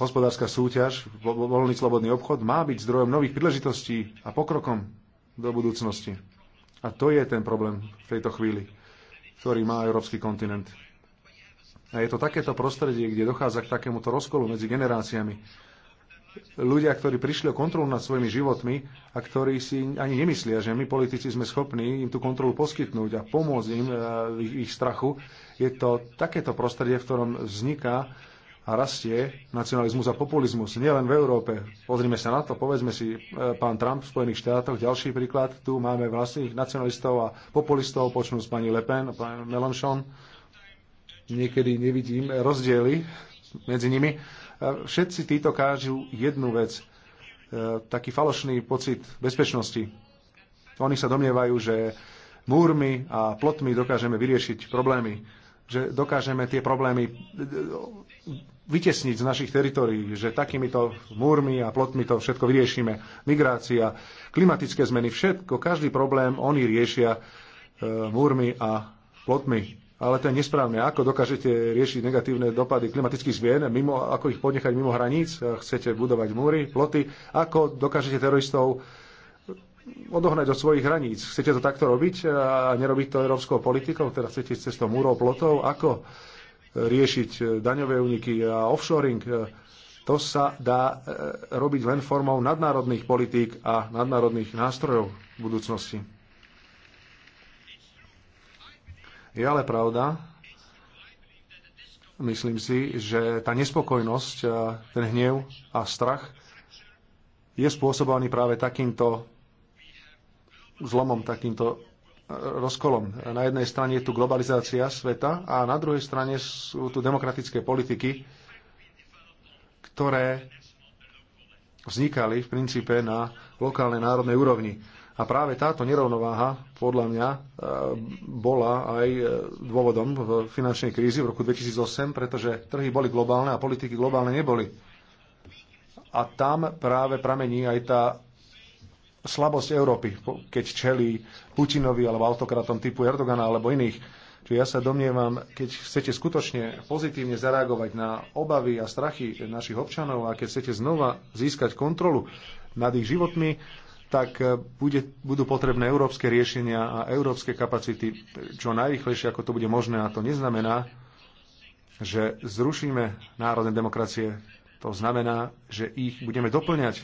hospodárska súťaž, voľný slobodný obchod má byť zdrojom nových príležitostí a pokrokom do budúcnosti. A to je ten problém v tejto chvíli, ktorý má európsky kontinent. A je to takéto prostredie, kde dochádza k takémuto rozkolu medzi generáciami ľudia, ktorí prišli o kontrolu nad svojimi životmi a ktorí si ani nemyslia, že my politici sme schopní im tú kontrolu poskytnúť a pomôcť im v eh, ich, ich strachu. Je to takéto prostredie, v ktorom vzniká a rastie nacionalizmus a populizmus nielen v Európe. Pozrime sa na to, povedzme si eh, pán Trump v Spojených štátoch, ďalší príklad, tu máme vlastných nacionalistov a populistov, počnú s pani Le Pen a pán Melanchon. Niekedy nevidím rozdiely medzi nimi Všetci títo kážu jednu vec, e, taký falošný pocit bezpečnosti. Oni sa domnievajú, že múrmi a plotmi dokážeme vyriešiť problémy, že dokážeme tie problémy e, e, vytesniť z našich teritorií, že takýmito múrmi a plotmi to všetko vyriešime. Migrácia, klimatické zmeny, všetko, každý problém oni riešia múrmi a plotmi ale to je nesprávne. Ako dokážete riešiť negatívne dopady klimatických zmien, mimo, ako ich podnechať mimo hraníc? Chcete budovať múry, ploty? Ako dokážete teroristov odohnať od svojich hraníc? Chcete to takto robiť a nerobiť to európskou politikou? Teda chcete ísť cestou múrov, plotov? Ako riešiť daňové úniky a offshoring? To sa dá e, robiť len formou nadnárodných politík a nadnárodných nástrojov v budúcnosti. Je ale pravda, myslím si, že tá nespokojnosť, ten hnev a strach je spôsobovaný práve takýmto zlomom, takýmto rozkolom. Na jednej strane je tu globalizácia sveta a na druhej strane sú tu demokratické politiky, ktoré vznikali v princípe na lokálnej národnej úrovni. A práve táto nerovnováha, podľa mňa, e, bola aj e, dôvodom v finančnej krízy v roku 2008, pretože trhy boli globálne a politiky globálne neboli. A tam práve pramení aj tá slabosť Európy, keď čelí Putinovi alebo autokratom typu Erdogana alebo iných. Čiže ja sa domnievam, keď chcete skutočne pozitívne zareagovať na obavy a strachy našich občanov a keď chcete znova získať kontrolu nad ich životmi, tak e, bude, budú potrebné európske riešenia a európske kapacity čo najrychlejšie, ako to bude možné. A to neznamená, že zrušíme národné demokracie. To znamená, že ich budeme doplňať.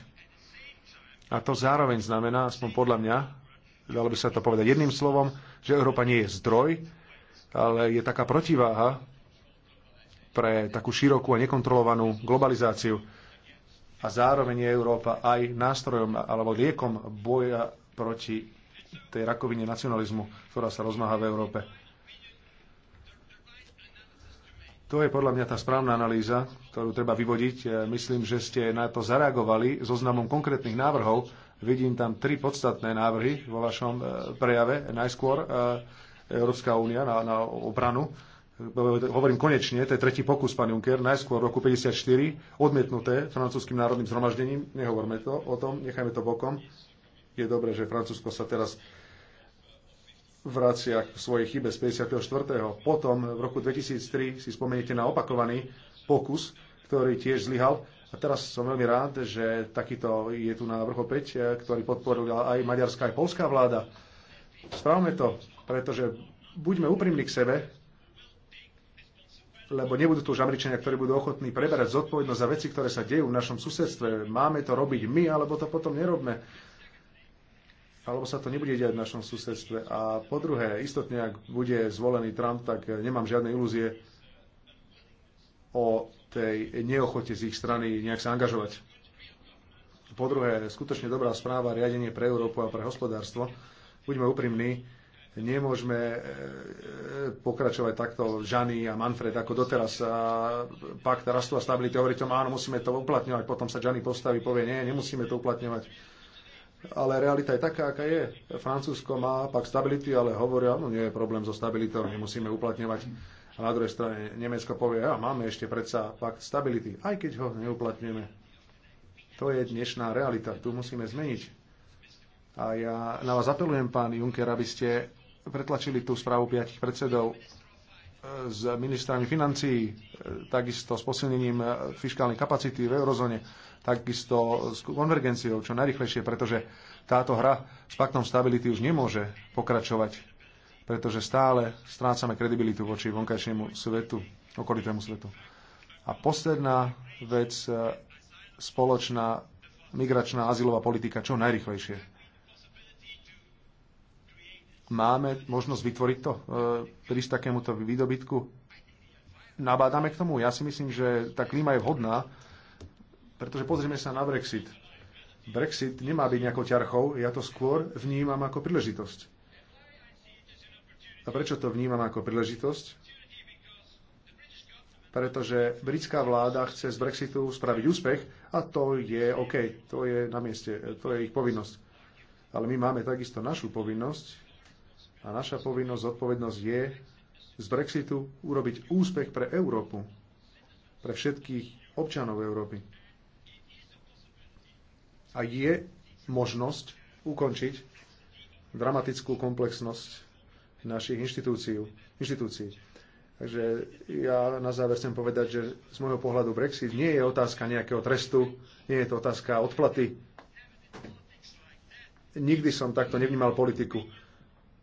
A to zároveň znamená, aspoň podľa mňa, dalo by sa to povedať jedným slovom, že Európa nie je zdroj, ale je taká protiváha pre takú širokú a nekontrolovanú globalizáciu a zároveň je Európa aj nástrojom alebo liekom boja proti tej rakovine nacionalizmu, ktorá sa rozmáha v Európe. To je podľa mňa tá správna analýza, ktorú treba vyvodiť. Myslím, že ste na to zareagovali zoznamom konkrétnych návrhov. Vidím tam tri podstatné návrhy vo vašom eh, prejave. Najskôr eh, Európska únia na, na obranu hovorím konečne, to je tretí pokus, pán Juncker, najskôr v roku 1954 odmietnuté francúzským národným zhromaždením, nehovorme to o tom, nechajme to bokom. Je dobré, že Francúzsko sa teraz vracia k svojej chybe z 54. Potom v roku 2003 si spomeniete na opakovaný pokus, ktorý tiež zlyhal. A teraz som veľmi rád, že takýto je tu návrh opäť, eh, ktorý podporila aj maďarská, aj polská vláda. Správme to, pretože buďme úprimní k sebe, lebo nebudú tu už Američania, ktorí budú ochotní preberať zodpovednosť za veci, ktoré sa dejú v našom susedstve. Máme to robiť my, alebo to potom nerobme. Alebo sa to nebude diať v našom susedstve. A po druhé, istotne, ak bude zvolený Trump, tak nemám žiadne ilúzie o tej neochote z ich strany nejak sa angažovať. Po druhé, skutočne dobrá správa, riadenie pre Európu a pre hospodárstvo. Buďme úprimní, Nemôžeme e, e, pokračovať takto Žany a Manfred ako doteraz. A pakt rastu a stability hovorí tom, áno, musíme to uplatňovať. Potom sa Žany postaví, povie, nie, nemusíme to uplatňovať. Ale realita je taká, aká je. Francúzsko má pak stability, ale hovoria, no nie je problém so stabilitou, nemusíme uplatňovať. A na druhej strane Nemecko povie, a máme ešte predsa pakt stability, aj keď ho neuplatňujeme. To je dnešná realita, tu musíme zmeniť. A ja na vás apelujem, pán Juncker, aby ste pretlačili tú správu piatich predsedov e, s ministrami financií, e, takisto s posilnením e, fiskálnej kapacity v eurozóne, takisto s konvergenciou čo najrychlejšie, pretože táto hra s paktom stability už nemôže pokračovať, pretože stále strácame kredibilitu voči vonkajšiemu svetu, okolitému svetu. A posledná vec, spoločná migračná azylová politika čo najrychlejšie. Máme možnosť vytvoriť to, e, prísť takémuto výdobytku? Nabádame k tomu? Ja si myslím, že tá klíma je vhodná, pretože pozrieme sa na Brexit. Brexit nemá byť nejakou ťarchou, ja to skôr vnímam ako príležitosť. A prečo to vnímam ako príležitosť? Pretože britská vláda chce z Brexitu spraviť úspech a to je OK, to je na mieste, to je ich povinnosť. Ale my máme takisto našu povinnosť a naša povinnosť, zodpovednosť je z Brexitu urobiť úspech pre Európu, pre všetkých občanov Európy. A je možnosť ukončiť dramatickú komplexnosť našich inštitúcií. inštitúcií. Takže ja na záver chcem povedať, že z môjho pohľadu Brexit nie je otázka nejakého trestu, nie je to otázka odplaty. Nikdy som takto nevnímal politiku.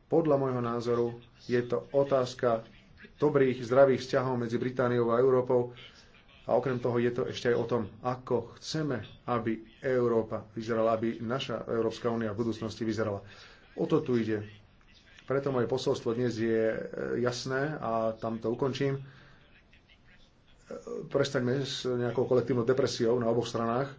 Podľa môjho názoru je to otázka dobrých, zdravých vzťahov medzi Britániou a Európou a okrem toho je to ešte aj o tom, ako chceme, aby Európa vyzerala, aby naša Európska únia v budúcnosti vyzerala. O to tu ide. Preto moje posolstvo dnes je e, jasné a tam to ukončím. E, prestaňme s nejakou kolektívnou depresiou na oboch stranách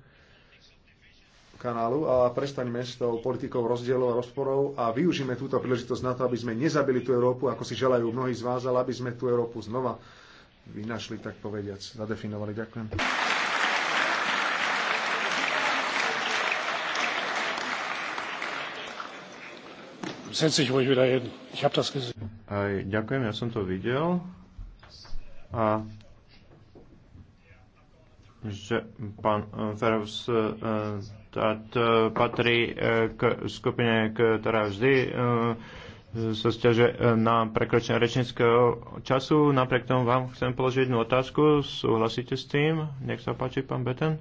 kanálu a prestaňme s tou politikou rozdielov a rozporov a využíme túto príležitosť na to, aby sme nezabili tú Európu, ako si želajú mnohí z vás, ale aby sme tú Európu znova vynašli, tak povediac, zadefinovali. Ďakujem. Aj, ďakujem, ja som to videl. A že pán eh, Ferovs eh, štát e, patrí e, k skupine, ktorá vždy e, sa stiaže na prekročenie rečníckého času. Napriek tomu vám chcem položiť jednu otázku. Súhlasíte s tým? Nech sa páči, pán Beten.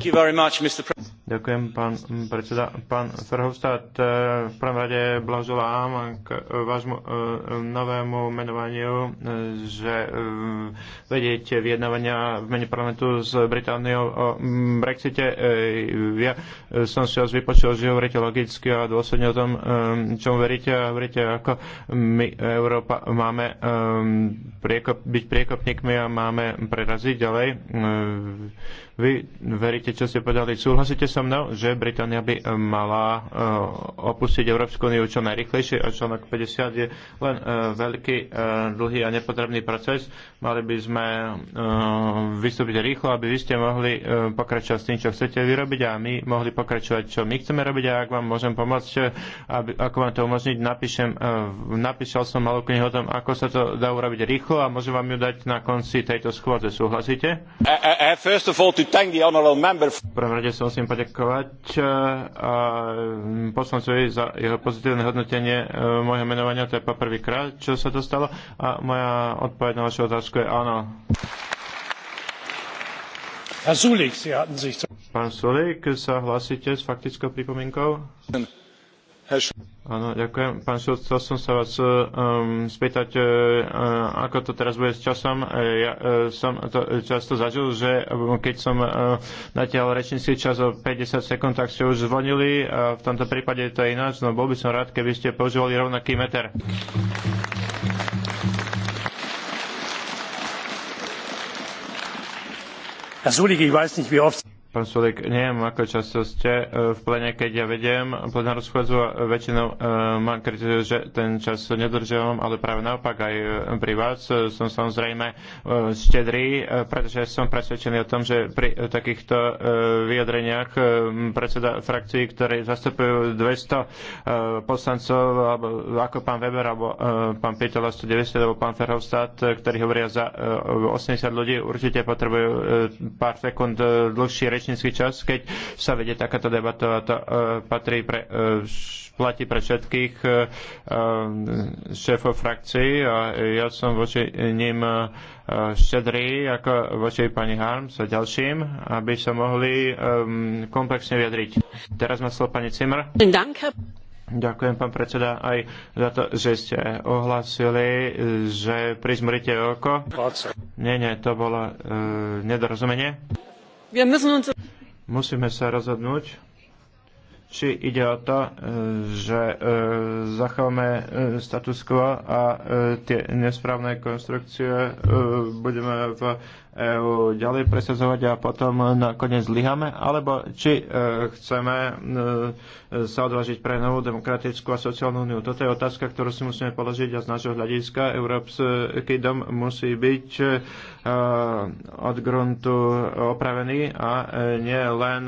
Thank you very much, Mr. President. Ďakujem, pán predseda. Pán Ferhovstad, eh, v prvom rade blahoželám k eh, vášmu eh, novému menovaniu, že vediete vyjednávania v mene parlamentu s Britániou o mm, Brexite. Ja som si vás vypočul, že hovoríte logicky a dôsledne o tom, čomu veríte a hovoríte, ako my, Európa, máme priekop, byť priekopníkmi a máme preraziť ďalej. Vy veríte, čo ste povedali. Súhlasíte sa so mnou, že Británia by eh, mala eh, opustiť Európsku úniu čo najrychlejšie a článok 50 je len eh, veľký, dlhý a nepotrebný proces. Mali by sme vystúpiť rýchlo, aby vy ste mohli pokračovať s tým, čo chcete vyrobiť a my mohli pokračovať, čo my chceme robiť a ak vám môžem pomôcť, aby, ako vám to umožniť, napíšem, napísal som malú knihu o tom, ako sa to dá urobiť rýchlo a môžem vám ju dať na konci tejto schôdze. Súhlasíte? V prvom rade som musím poďakovať eh, a mm, poslancovi za jeho pozitívne hodnotenie eh, môjho menovania. To je po prvýkrát, čo sa to stalo. A moja odpoveď na vašu otázku je áno. Pán Sulik, sa hlasíte s faktickou pripomienkou? Hm. Áno, ďakujem. Pán Šulc, chcel som sa vás um, spýtať, uh, ako to teraz bude s časom. Ja uh, som to často zažil, že keď som uh, natiahol rečnícky čas o 50 sekúnd, tak ste už zvonili. A v tomto prípade to je ináč, no bol by som rád, keby ste používali rovnaký meter. Herr Sulik, ich weiß nicht, wie oft... Pán Sulik, neviem, ako často ste e, v plene, keď ja vediem plenárnu schôdzu a väčšinou e, mám kritizujú, že ten čas nedržiavam, ale práve naopak aj e, pri vás som samozrejme štedrý, pretože som presvedčený o tom, že pri takýchto vyjadreniach predseda frakcií, ktorí zastupujú 200 poslancov, ako pán Weber, alebo pán Pitela 190, alebo pán Ferhovstad, ktorí hovoria za 80 ľudí, určite potrebujú pár sekúnd dlhšie reč rečnícky čas, keď sa vedie takáto debata a to e, patrí pre, e, platí pre všetkých e, šéfov frakcií a ja som voči ním štedrý ako voči pani Harms a ďalším, aby sa mohli komplexne vyjadriť. Teraz má slovo pani Cimr. Ďakujem, pán predseda, aj za to, že ste ohlasili, že prizmrite oko. Nie, nie, to bolo e, nedorozumenie. Musíme sa rozhodnúť, či ide o to, e, že e, zachováme e, status quo a tie nesprávne konstrukcie budeme v EU ďalej presazovať a potom nakoniec zlyhame, alebo či chceme sa odvážiť pre novú demokratickú a sociálnu úniu. Toto je otázka, ktorú si musíme položiť a z nášho hľadiska Európsky dom musí byť od gruntu opravený a nie len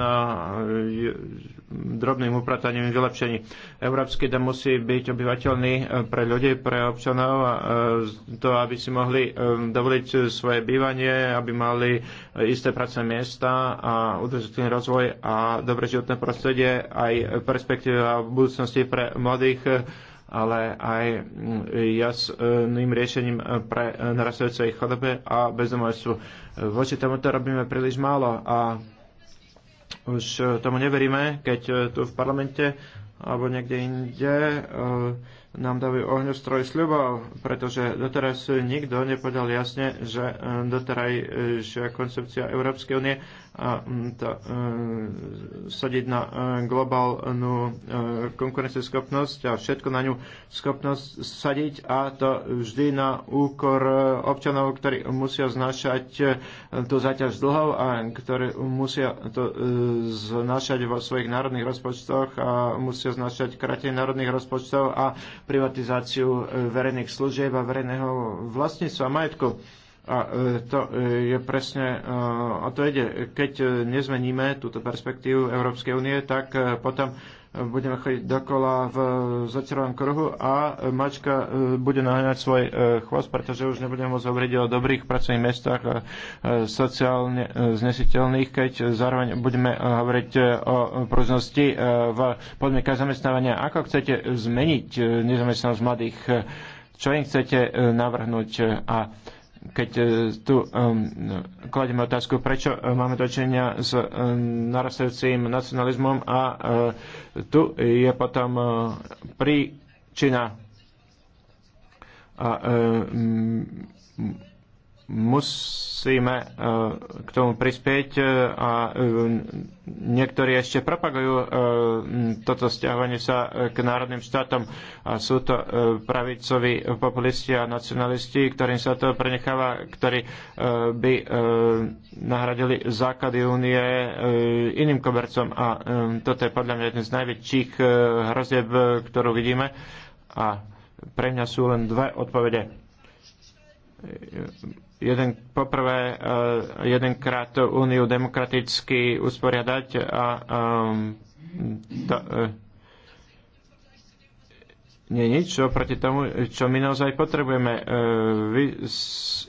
drobným uprataním vylepšení. Európsky dom musí byť obyvateľný eh, pre ľudí, pre občanov, a eh, to, aby si mohli eh, dovoliť svoje bývanie, aby mali isté pracovné miesta a udržateľný rozvoj a dobre životné prostredie, aj perspektíva budúcnosti pre mladých ale aj mm, jasným riešením pre narastajúcej chodobe a bezdomovstvu. Voči tomuto robíme príliš málo a už e, tomu neveríme, keď e, tu v parlamente alebo niekde inde e, nám dávajú ohňostroj sľubov, pretože doteraz nikto nepovedal jasne, že doteraj koncepcia Európskej únie a mm, tá, e, sadiť na e, globálnu e, konkurencieschopnosť a všetko na ňu schopnosť sadiť a to vždy na úkor občanov, ktorí musia znašať e, tú zaťaž dlhov a ktorí musia to e, znašať vo svojich národných rozpočtoch a musia znašať kratie národných rozpočtov a privatizáciu e, verejných služieb a verejného vlastníctva majetku a e, to e, je presne, e, a to ide, keď nezmeníme túto perspektívu Európskej únie, tak potom budeme chodiť dokola v začarovanom kruhu a mačka bude naháňať svoj chvost, pretože už nebudeme môcť hovoriť o dobrých pracovných miestach sociálne znesiteľných, keď zároveň budeme hovoriť o prúznosti v podmienkach zamestnávania. Ako chcete zmeniť nezamestnanosť mladých? Čo im chcete navrhnúť? A keď e, tu um, kladieme otázku, prečo e, máme dočenia s um, narastajúcim nacionalizmom a uh, tu je potom uh, príčina a um, musíme e, k tomu prispieť e, a e, niektorí ešte propagujú toto stiahovanie sa k národným štátom a sú to pravicoví populisti a nacionalisti, ktorým sa to prenecháva, ktorí by nahradili základy únie iným kobercom a toto je podľa mňa jeden z najväčších hrozieb, ktorú vidíme a pre mňa sú len dve odpovede jeden, poprvé eh, jedenkrát Úniu demokraticky usporiadať a ehm, to, eh, nie nič oproti tomu, čo my naozaj potrebujeme. Eh, vy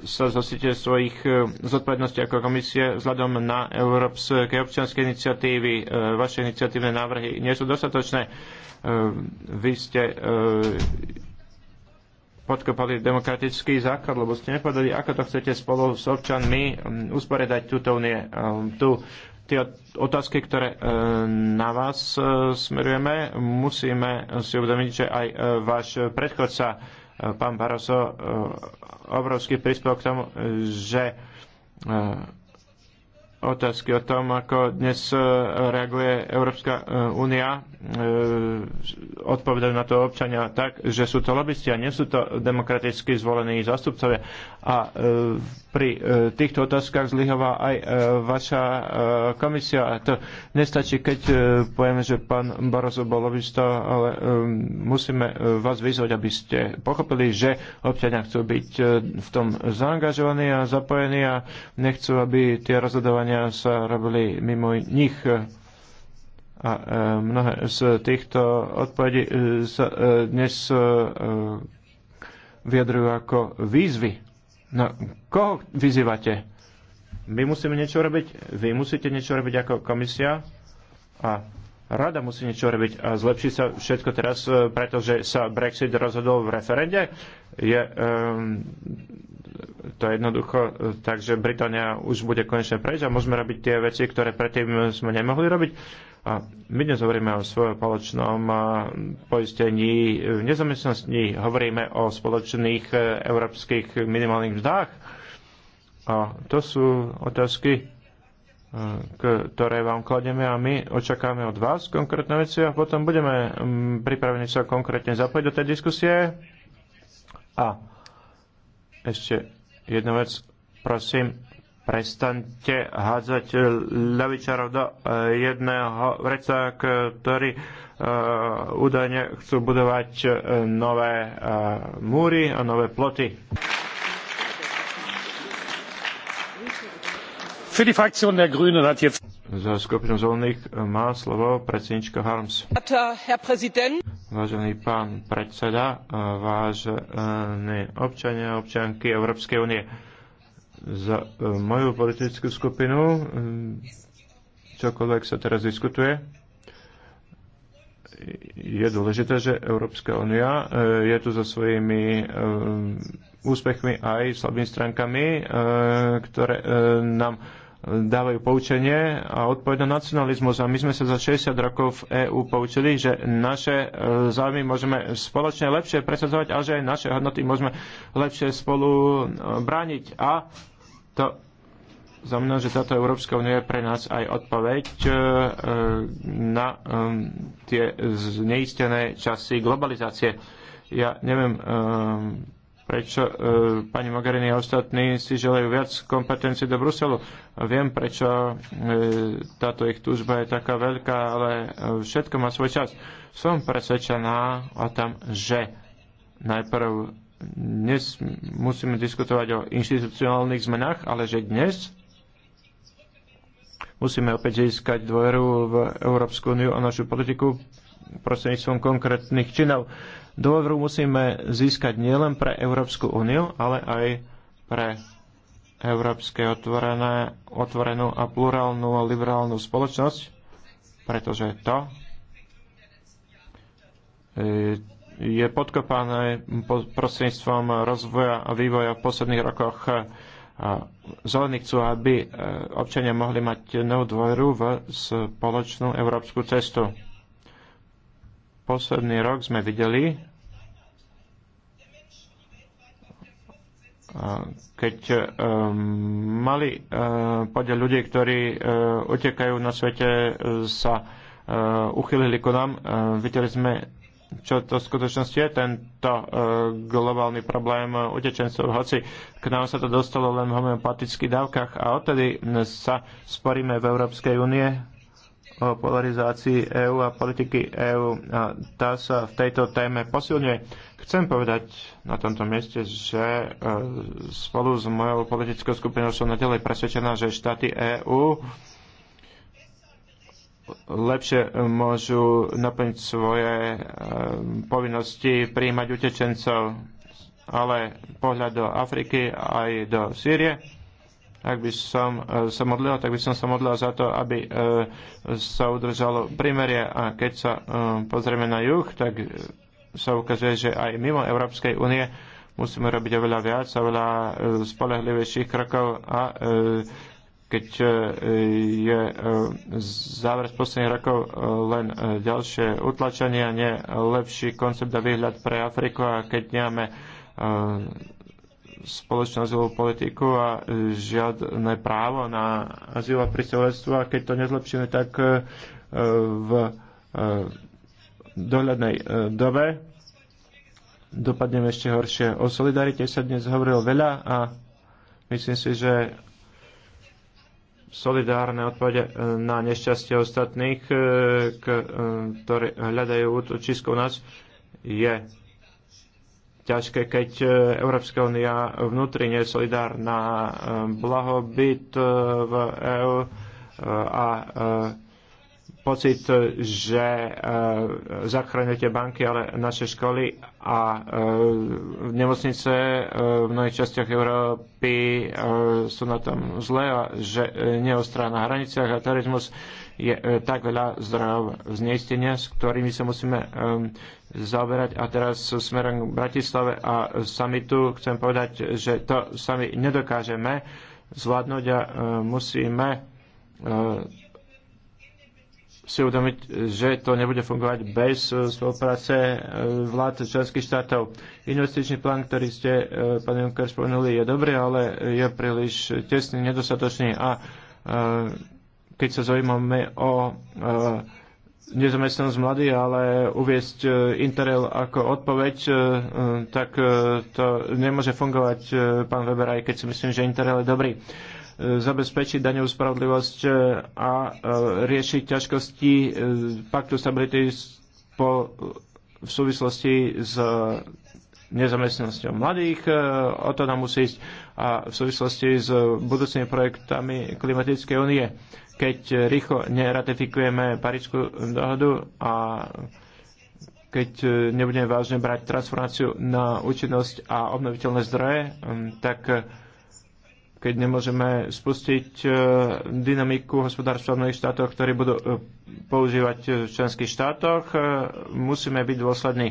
sa zosíte svojich zodpovedností ako komisie vzhľadom na európske občianske iniciatívy. Vaše iniciatívne návrhy nie sú dostatočné. Vy ste podkopali demokratický základ, lebo ste nepovedali, ako to chcete spolu s občanmi um, usporiadať túto unie. Um, tu tie otázky, ktoré uh, na vás uh, smerujeme, musíme si uvedomiť, že aj uh, váš predchodca, pán Barroso, obrovský prispel k tomu, že otázky o tom, ako dnes reaguje Európska únia E, odpovedajú na to občania tak, že sú to lobbysti a nie sú to demokraticky zvolení zástupcovia. A e, pri e, týchto otázkach zlyhová aj vaša komisia. A to nestačí, keď povieme, že pán Barozo bol lobbysta, ale musíme vás vyzvať, aby ste pochopili, že občania chcú byť v tom zaangažovaní a zapojení a nechcú, aby tie rozhodovania sa robili mimo nich. A e, mnohé z týchto odpovedí e, sa e, dnes vyjadrujú ako výzvy. No, koho vyzývate? My musíme niečo robiť, vy musíte niečo robiť ako komisia a rada musí niečo robiť a zlepší sa všetko teraz, pretože sa Brexit rozhodol v referende. Je um, to je jednoducho, e, takže Británia už bude konečne preč a môžeme robiť tie veci, ktoré predtým sme nemohli robiť. A my dnes hovoríme o svojom spoločnom e, poistení v nezamestnosti hovoríme o spoločných e, európskych minimálnych mzdách. A to sú otázky, ktoré vám kladieme a my očakáme od vás konkrétne veci a potom budeme pripravení sa konkrétne zapojiť do tej diskusie. A ešte jedna vec, prosím, prestaňte hádzať ľavičarov do e, jedného vreca, ktorý e, údajne chcú budovať e, nové múry a nové ploty. Für die Fraktion der Grünen hat jetzt za skupinu zelených e, má slovo predsednička Harms. Vážený pán predseda, e, vážení občania a občianky Európskej únie, za e, moju politickú skupinu, čokoľvek sa teraz diskutuje, je dôležité, že Európska únia je tu so svojimi úspechmi aj slabými stránkami, ktoré nám dávajú poučenie a odpoveď na nacionalizmus. A my sme sa za 60 rokov v EÚ poučili, že naše e, záujmy môžeme spoločne lepšie presadzovať a že aj naše hodnoty môžeme lepšie spolu e, brániť. A to znamená, že táto Európska únia je pre nás aj odpoveď e, na tie zneistené časy globalizácie. Ja neviem, prečo e, pani Mogherini a ostatní si želajú viac kompetencií do Bruselu. Viem, prečo e, táto ich túžba je taká veľká, ale e, všetko má svoj čas. Som presvedčená o tom, že najprv dnes musíme diskutovať o inštitucionálnych zmenách, ale že dnes musíme opäť získať dôveru v Európsku úniu a našu politiku prostredníctvom konkrétnych činov. E, dôveru musíme získať nielen pre Európsku úniu, ale aj pre európske otvorené, otvorenú a plurálnu a liberálnu spoločnosť, pretože to e, je podkopané prostredníctvom rozvoja a vývoja v posledných rokoch. E, Zelení chcú, aby e, občania mohli mať novú dôveru v spoločnú európsku cestu posledný rok sme videli, keď e, mali e, podiel ľudí, ktorí e, utekajú na svete, sa uchylili ku nám. Videli sme, čo to v skutočnosti je, tento globálny problém utečencov, hoci k nám sa to dostalo len v homeopatických dávkach a odtedy sa sporíme v Európskej únie o polarizácii EÚ a politiky EÚ. Tá sa v tejto téme posilňuje. Chcem povedať na tomto mieste, že e, spolu s mojou politickou skupinou som naďalej presvedčená, že štáty EÚ lepšie môžu naplniť svoje e, povinnosti prijímať utečencov, ale pohľad do Afriky aj do Sýrie ak by som eh, sa modlila, tak by som sa modlila za to, aby eh, sa udržalo primerie. A keď sa eh, pozrieme na juh, tak sa ukazuje, že aj mimo Európskej únie musíme robiť oveľa viac, oveľa spolehlivejších krokov a keď je záver z posledných rokov len ďalšie utlačenie, nie lepší koncept a výhľad pre Afriku a keď nemáme spoločnú azylovú politiku a žiadne právo na azyl a priseľovstvo. a keď to nezlepšíme, tak e, v e, dohľadnej e, dobe dopadneme ešte horšie. O solidarite sa dnes hovorilo veľa a myslím si, že solidárne odpovede na nešťastie ostatných, ktorí hľadajú útočisko u nás, je ťažké, keď e, Európska únia vnútri nie je solidárna. E, blahobyt e, v EÚ a pocit, že zachraňujete banky, ale naše školy a nemocnice v mnohých častiach Európy sú na tom zle a že neostrá na hraniciach a terorizmus je e, tak veľa zdrojov znejstenia, s ktorými sa musíme e, zaoberať. A teraz smerom k Bratislave a samitu chcem povedať, že to sami nedokážeme zvládnuť a e, musíme si uvedomiť, že to nebude fungovať bez spolupráce vlád členských štátov. Investičný plán, ktorý ste, pán Juncker, spomenuli, je dobrý, ale je príliš tesný, nedostatočný a keď sa zaujímame o e, nezamestnanosť mladých, ale uviesť e, Interrail ako odpoveď, e, tak to nemôže fungovať, pán Weber, aj keď si myslím, že Interrail je dobrý zabezpečiť daňovú spravodlivosť a riešiť ťažkosti paktu stability po, v súvislosti s nezamestnanosťou mladých. O to nám musí ísť a v súvislosti s budúcimi projektami Klimatickej únie keď rýchlo neratifikujeme Parížskú dohodu a keď nebudeme vážne brať transformáciu na účinnosť a obnoviteľné zdroje, um, tak uh, keď nemôžeme spustiť uh, dynamiku hospodárstva v mnohých štátoch, ktorí budú uh, používať v členských štátoch, musíme byť dôslední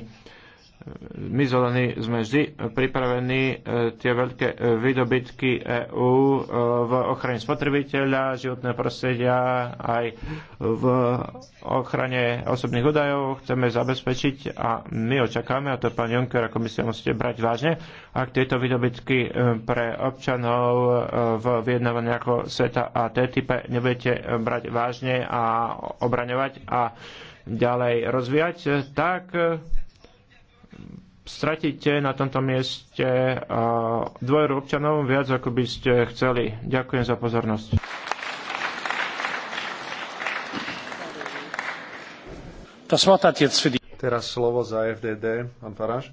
my zelení sme vždy pripravení e, tie veľké e, výdobytky EÚ e, v ochrane spotrebiteľa, životného prostredia, aj v ochrane osobných údajov chceme zabezpečiť a my očakáme, a to pán Juncker a komisia musíte brať vážne, ak tieto výdobytky pre občanov v ako SETA a TTIP nebudete brať vážne a obraňovať a ďalej rozvíjať, tak stratíte na tomto mieste dvojeru občanov viac, ako by ste chceli. Ďakujem za pozornosť. Teraz slovo za FDD, pán Faráš.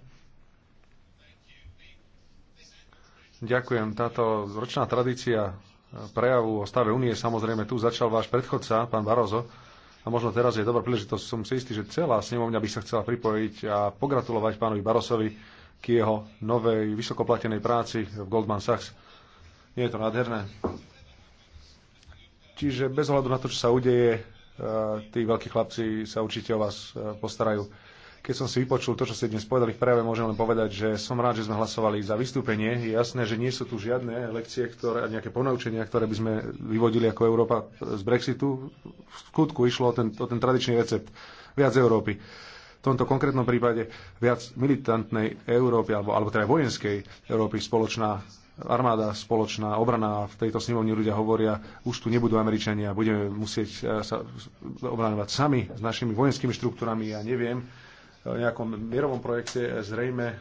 Ďakujem. Táto ročná tradícia prejavu o stave únie, samozrejme tu začal váš predchodca, pán Barozo a možno teraz je dobrá príležitosť, som si istý, že celá snemovňa by sa chcela pripojiť a pogratulovať pánovi Barosovi k jeho novej vysokoplatenej práci v Goldman Sachs. Nie je to nádherné. Čiže bez ohľadu na to, čo sa udeje, e, tí veľkí chlapci sa určite o vás e, postarajú. Keď som si vypočul to, čo ste dnes povedali v prejave, môžem len povedať, že som rád, že sme hlasovali za vystúpenie. Je jasné, že nie sú tu žiadne lekcie, ktoré, nejaké ponaučenia, ktoré by sme vyvodili ako Európa z Brexitu. V skutku išlo o ten, o ten tradičný recept. Viac Európy. V tomto konkrétnom prípade viac militantnej Európy, alebo, alebo teda vojenskej Európy, spoločná armáda spoločná, obrana v tejto snemovni ľudia hovoria, už tu nebudú Američania, budeme musieť sa obranovať sami s našimi vojenskými štruktúrami, ja neviem, v nejakom mierovom projekte eh, zrejme eh,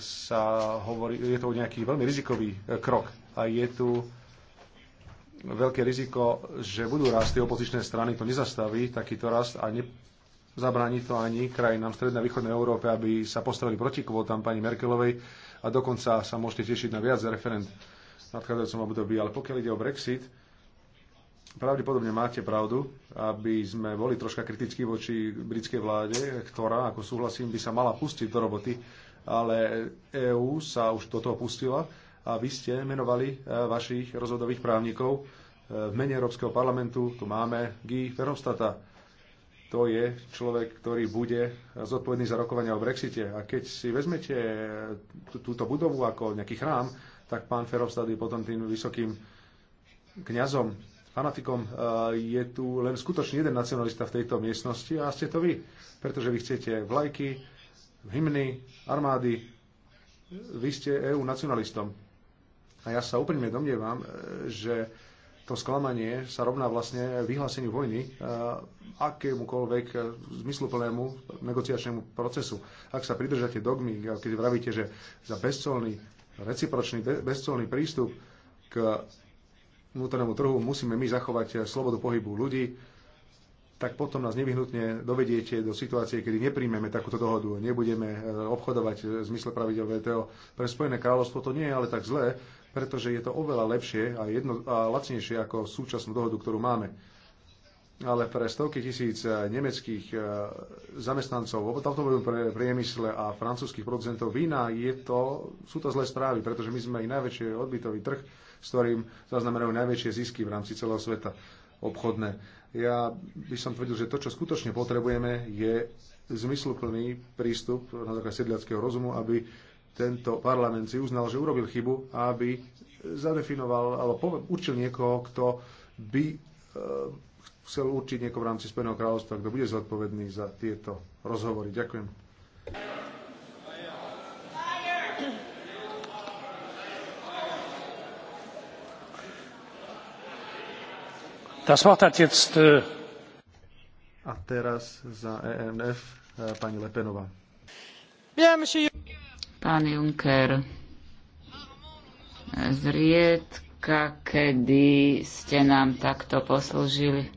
sa hovorí, je to nejaký veľmi rizikový eh, krok a je tu veľké riziko, že budú rásty tie opozičné strany, to nezastaví takýto rast a ne, to ani krajinám strednej a východnej Európe, aby sa postavili proti kvótam pani Merkelovej a dokonca sa môžete tešiť na viac referent v nadchádzajúcom období. Ale pokiaľ ide o Brexit, pravdepodobne máte pravdu, aby sme boli troška kritickí voči britskej vláde, ktorá, ako súhlasím, by sa mala pustiť do roboty, ale EÚ sa už do toho pustila a vy ste menovali e, vašich rozhodových právnikov e, v mene Európskeho parlamentu. Tu máme Guy Verhofstadta, to je človek, ktorý bude zodpovedný za rokovania o Brexite. A keď si vezmete e, túto budovu ako nejaký chrám, tak pán Verhofstadt je potom tým vysokým kňazom fanatikom e, je tu len skutočne jeden nacionalista v tejto miestnosti a ste to vy, pretože vy chcete vlajky, hymny, armády. Vy ste EU nacionalistom. A ja sa úplne domnievam, e, že to sklamanie sa rovná vlastne vyhláseniu vojny e, akémukoľvek zmysluplnému negociačnému procesu. Ak sa pridržate dogmy, keď vravíte, že za bezcolný, recipročný, bezcolný prístup k vnútornému trhu musíme my zachovať eh, slobodu pohybu ľudí, tak potom nás nevyhnutne dovediete do situácie, kedy nepríjmeme takúto dohodu, nebudeme eh, obchodovať eh, v zmysle pravidel VTO. Pre Spojené kráľovstvo to nie je ale tak zlé, pretože je to oveľa lepšie a, jedno, a lacnejšie ako súčasnú dohodu, ktorú máme. Ale pre stovky tisíc nemeckých zamestnancov v automobilovom priemysle a francúzských producentov vína je to, sú to zlé správy, pretože my sme aj najväčší odbytový trh s ktorým zaznamenajú najväčšie zisky v rámci celého sveta obchodné. Ja by som tvrdil, že to, čo skutočne potrebujeme, je zmysluplný prístup na základe sedliackého rozumu, aby tento parlament si uznal, že urobil chybu a aby zadefinoval alebo určil niekoho, kto by e, chcel určiť niekoho v rámci Spojeného kráľovstva, kto bude zodpovedný za tieto rozhovory. Ďakujem. Äh, A teraz za ENF e, pani Lepenová. Pán Juncker, zriedka, kedy ste nám takto poslúžili,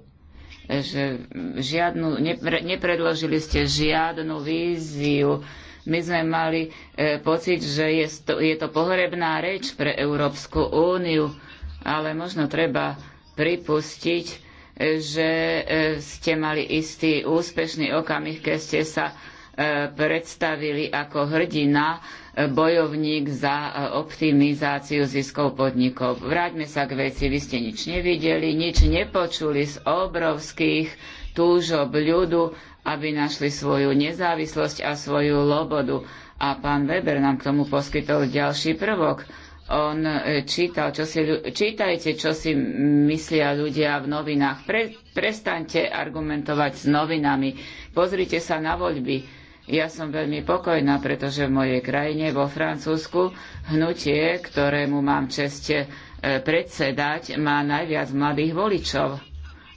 že žiadnu, nepredložili ste žiadnu víziu. My sme mali e, pocit, že je to, je to pohrebná reč pre Európsku úniu, ale možno treba pripustiť, že e, ste mali istý úspešný okamih, keď ste sa e, predstavili ako hrdina, e, bojovník za optimizáciu ziskov podnikov. Vráťme sa k veci, vy ste nič nevideli, nič nepočuli z obrovských túžob ľudu, aby našli svoju nezávislosť a svoju lobodu. A pán Weber nám k tomu poskytol ďalší prvok on e, čítal, čo si, čítajte, čo si myslia ľudia v novinách. Pre, prestaňte argumentovať s novinami. Pozrite sa na voľby. Ja som veľmi pokojná, pretože v mojej krajine, vo Francúzsku, hnutie, ktorému mám čest e, predsedať, má najviac mladých voličov.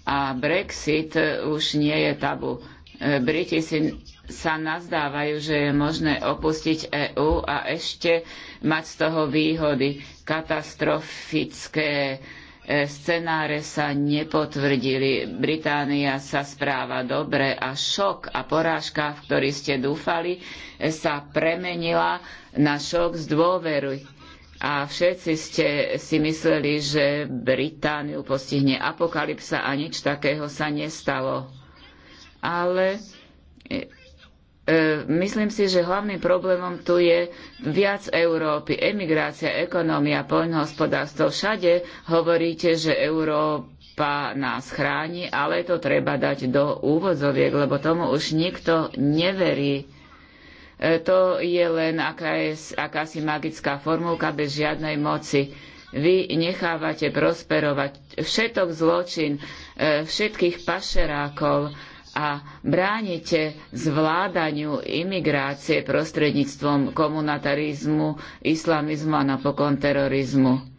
A Brexit e, už nie je tabu. Briti si sa nazdávajú, že je možné opustiť EÚ a ešte mať z toho výhody. Katastrofické e, scenáre sa nepotvrdili. Británia sa správa dobre a šok a porážka, v ktorý ste dúfali, e, sa premenila na šok z dôveru. A všetci ste si mysleli, že Britániu postihne apokalypsa a nič takého sa nestalo. Ale e, E, myslím si, že hlavným problémom tu je viac Európy, emigrácia, ekonómia, poľnohospodárstvo. Všade hovoríte, že Európa nás chráni, ale to treba dať do úvodzoviek, lebo tomu už nikto neverí. E, to je len akási magická formulka bez žiadnej moci. Vy nechávate prosperovať všetok zločin, e, všetkých pašerákov, a bránite zvládaniu imigrácie prostredníctvom komunitarizmu, islamizmu a napokon terorizmu.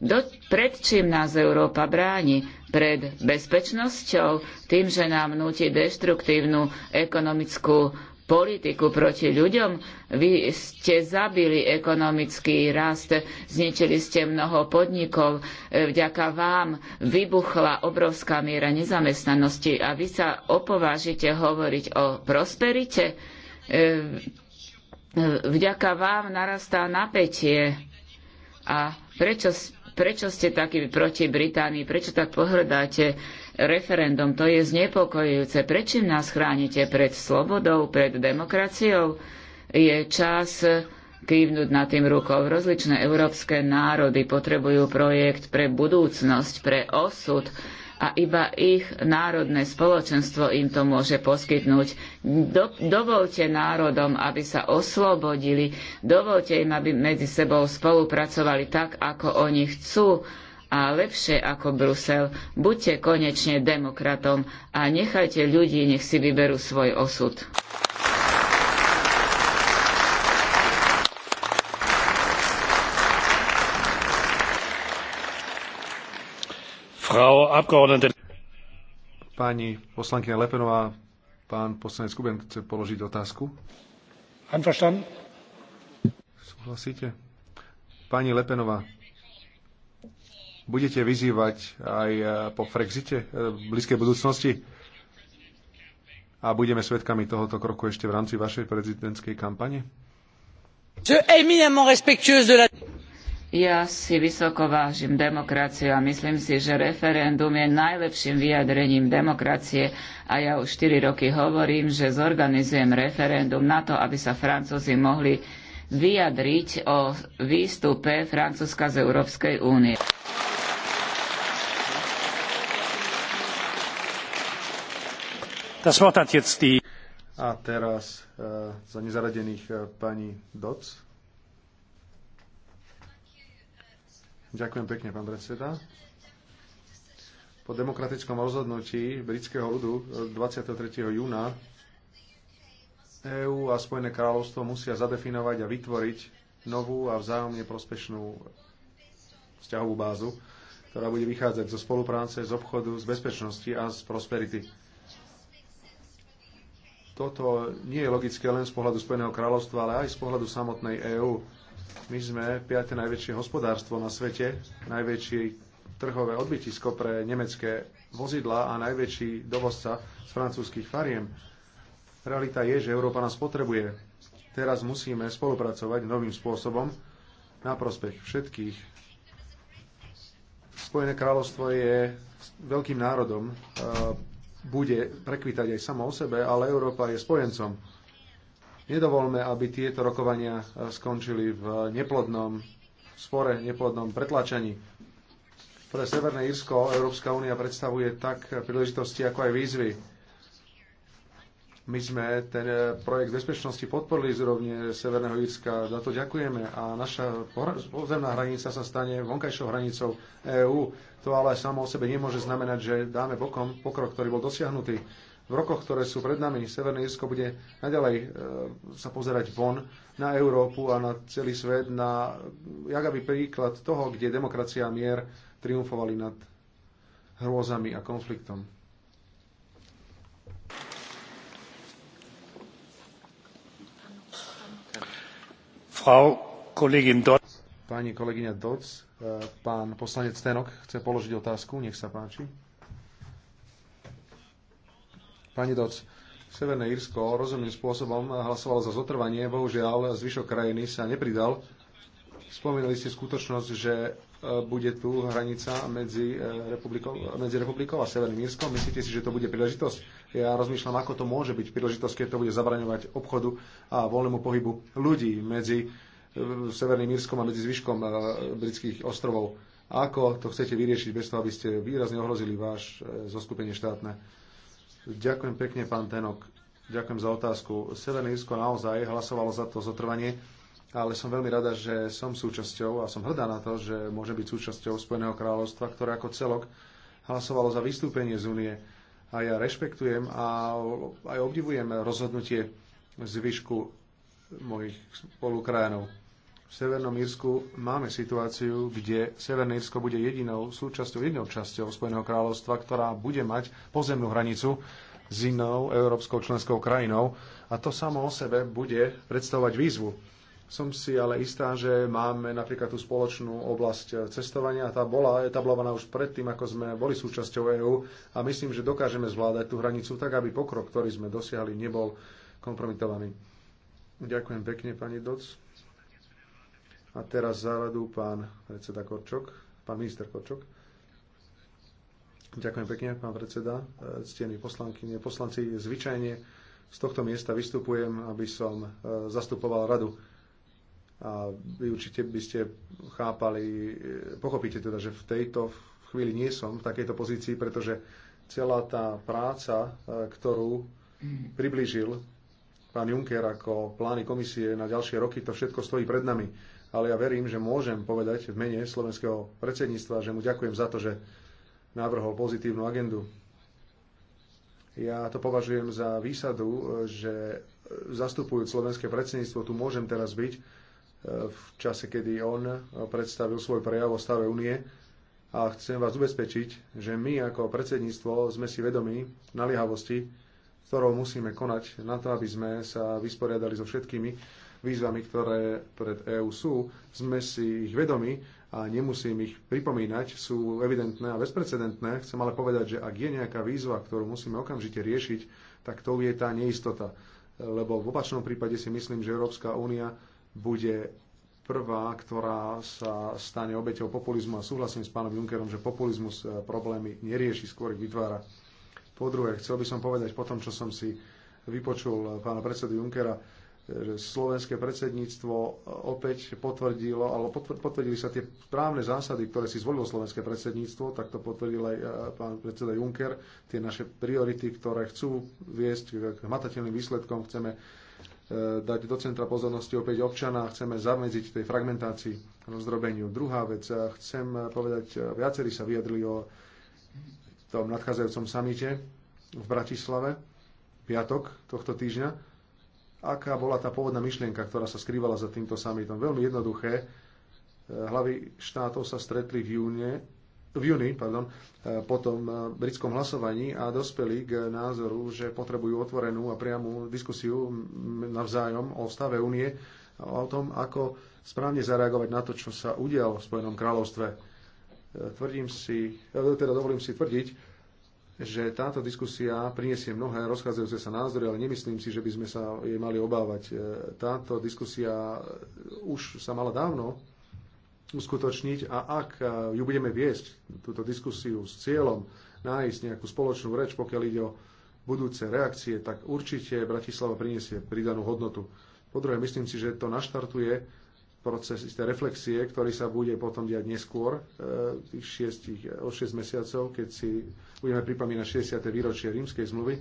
Do, pred čím nás Európa bráni? Pred bezpečnosťou, tým, že nám nutí deštruktívnu ekonomickú politiku proti ľuďom. Vy ste zabili ekonomický rast, zničili ste mnoho podnikov, vďaka vám vybuchla obrovská miera nezamestnanosti a vy sa opovážite hovoriť o prosperite. E, e, vďaka vám narastá napätie. A prečo, prečo ste takí proti Británii? Prečo tak pohrdáte? referendum. To je znepokojujúce. Prečím nás chránite? Pred slobodou, pred demokraciou? Je čas kývnuť nad tým rukou. Rozličné európske národy potrebujú projekt pre budúcnosť, pre osud a iba ich národné spoločenstvo im to môže poskytnúť. Do, dovolte národom, aby sa oslobodili, dovolte im, aby medzi sebou spolupracovali tak, ako oni chcú a lepšie ako Brusel. Buďte konečne demokratom a nechajte ľudí, nech si vyberú svoj osud. Pani poslankyňa Lepenová, pán poslanec Kuben chce položiť otázku. Súhlasíte? Pani Lepenová, budete vyzývať aj eh, po Frexite eh, v blízkej budúcnosti? A budeme svedkami tohoto kroku ešte v rámci vašej prezidentskej kampane? Ja si vysoko vážim demokraciu a myslím si, že referendum je najlepším vyjadrením demokracie a ja už 4 roky hovorím, že zorganizujem referendum na to, aby sa Francúzi mohli vyjadriť o výstupe Francúzska z Európskej únie. A teraz e, za nezaradených e, pani Doc. Ďakujem pekne, pán predseda. Po demokratickom rozhodnutí britského ľudu 23. E, júna EÚ a Spojené kráľovstvo musia zadefinovať a vytvoriť novú a vzájomne prospešnú vzťahovú bázu, ktorá bude vychádzať zo spolupráce, z obchodu, z bezpečnosti a z prosperity toto nie je logické len z pohľadu Spojeného kráľovstva, ale aj z pohľadu samotnej EÚ. My sme piate najväčšie hospodárstvo na svete, najväčšie trhové odbytisko pre nemecké vozidla a najväčší dovozca z francúzskych fariem. Realita je, že Európa nás potrebuje. Teraz musíme spolupracovať novým spôsobom na prospech všetkých. Spojené kráľovstvo je veľkým národom, bude prekvitať aj sama o sebe, ale Európa je spojencom. Nedovolme, aby tieto rokovania eh, skončili v neplodnom spore, neplodnom pretlačení. Pre Severné Írsko Európska únia predstavuje tak príležitosti, ako aj výzvy. My sme ten e, projekt bezpečnosti podporili zrovne Severného Írska, za to ďakujeme a naša pozemná hranica sa stane vonkajšou hranicou EÚ. To ale samo o sebe nemôže znamenať, že dáme bokom pokrok, ktorý bol dosiahnutý. V rokoch, ktoré sú pred nami, Severné Írsko bude naďalej e, sa pozerať von na Európu a na celý svet, na jagavý príklad toho, kde demokracia a mier triumfovali nad hrôzami a konfliktom. Pani kolegyňa Doc, eh, pán poslanec Tenok chce položiť otázku, nech sa páči. Pani Doc, Severné Írsko rozumným spôsobom hlasovalo za zotrvanie, bohužiaľ zvyšok krajiny sa nepridal. Spomínali ste skutočnosť, že eh, bude tu hranica medzi eh, republikou, medzi republikou a Severným Írskom. Myslíte si, že to bude príležitosť? Ja rozmýšľam, ako to môže byť príležitosť, keď to bude zabraňovať obchodu a voľnému pohybu ľudí medzi e, Severným Írskom a medzi zvyškom e, britských ostrovov. Ako to chcete vyriešiť bez toho, aby ste výrazne ohrozili váš e, zoskupenie štátne? Ďakujem pekne, pán Tenok. Ďakujem za otázku. Severné Írsko naozaj hlasovalo za to zotrvanie, ale som veľmi rada, že som súčasťou a som hrdá na to, že môže byť súčasťou Spojeného kráľovstva, ktoré ako celok hlasovalo za vystúpenie z únie a ja rešpektujem a aj obdivujem rozhodnutie zvyšku mojich spolukrajanov. V Severnom Írsku máme situáciu, kde Severné Írsko bude jedinou súčasťou, jednou časťou Spojeného kráľovstva, ktorá bude mať pozemnú hranicu s inou európskou členskou krajinou a to samo o sebe bude predstavovať výzvu som si ale istá, že máme napríklad tú spoločnú oblasť cestovania a tá bola etablovaná už predtým, ako sme boli súčasťou EÚ a myslím, že dokážeme zvládať tú hranicu tak, aby pokrok, ktorý sme dosiahli, nebol kompromitovaný. Ďakujem pekne, pani Doc. A teraz záradu pán predseda Korčok, pán minister Korčok. Ďakujem pekne, pán predseda, ctení poslanky, poslanci. Zvyčajne z tohto miesta vystupujem, aby som zastupoval radu a vy určite by ste chápali, eh, pochopíte teda, že v tejto chvíli nie som v takejto pozícii, pretože celá tá práca, eh, ktorú priblížil pán Juncker ako plány komisie na ďalšie roky, to všetko stojí pred nami. Ale ja verím, že môžem povedať v mene slovenského predsedníctva, že mu ďakujem za to, že navrhol pozitívnu agendu. Ja to považujem za výsadu, eh, že zastupujúc slovenské predsedníctvo, tu môžem teraz byť v čase, kedy on predstavil svoj prejav o stave únie. A chcem vás ubezpečiť, že my ako predsedníctvo sme si vedomí naliehavosti, ktorou musíme konať na to, aby sme sa vysporiadali so všetkými výzvami, ktoré pred EÚ sú. Sme si ich vedomi a nemusím ich pripomínať, sú evidentné a bezprecedentné. Chcem ale povedať, že ak je nejaká výzva, ktorú musíme okamžite riešiť, tak to je tá neistota. Lebo v opačnom prípade si myslím, že Európska únia bude prvá, ktorá sa stane obeťou populizmu a súhlasím s pánom Junckerom, že populizmus e, problémy nerieši, skôr ich vytvára. Po druhé, chcel by som povedať po tom, čo som si vypočul e, pána predsedu Junckera, e, že slovenské predsedníctvo opäť potvrdilo, alebo potvrdili sa tie právne zásady, ktoré si zvolilo slovenské predsedníctvo, tak to potvrdil aj pán predseda Juncker, tie naše priority, ktoré chcú viesť k hmatateľným výsledkom, chceme E, dať do centra pozornosti opäť občana, chceme zamedziť tej fragmentácii, rozdrobeniu. Druhá vec, e, chcem povedať, e, viacerí sa vyjadrili o tom nadchádzajúcom samite v Bratislave, piatok tohto týždňa. Aká bola tá pôvodná myšlienka, ktorá sa skrývala za týmto samitom? Veľmi jednoduché. Hlavy štátov sa stretli v júne v júni pardon, e, po tom e, britskom hlasovaní a dospeli k názoru, že potrebujú otvorenú a priamu diskusiu navzájom o stave únie a o tom, ako správne zareagovať na to, čo sa udialo v Spojenom kráľovstve. E, tvrdím si, teda dovolím si tvrdiť, že táto diskusia prinesie mnohé rozchádzajúce sa názory, ale nemyslím si, že by sme sa jej mali obávať. Táto diskusia už sa mala dávno uskutočniť a ak eh, ju budeme viesť, túto diskusiu s cieľom nájsť nejakú spoločnú reč, pokiaľ ide o budúce reakcie, tak určite Bratislava priniesie pridanú hodnotu. Po druhé, myslím si, že to naštartuje proces isté reflexie, ktorý sa bude potom diať neskôr, eh, tých šiestich, o 6 mesiacov, keď si budeme pripomínať 60. výročie rímskej zmluvy.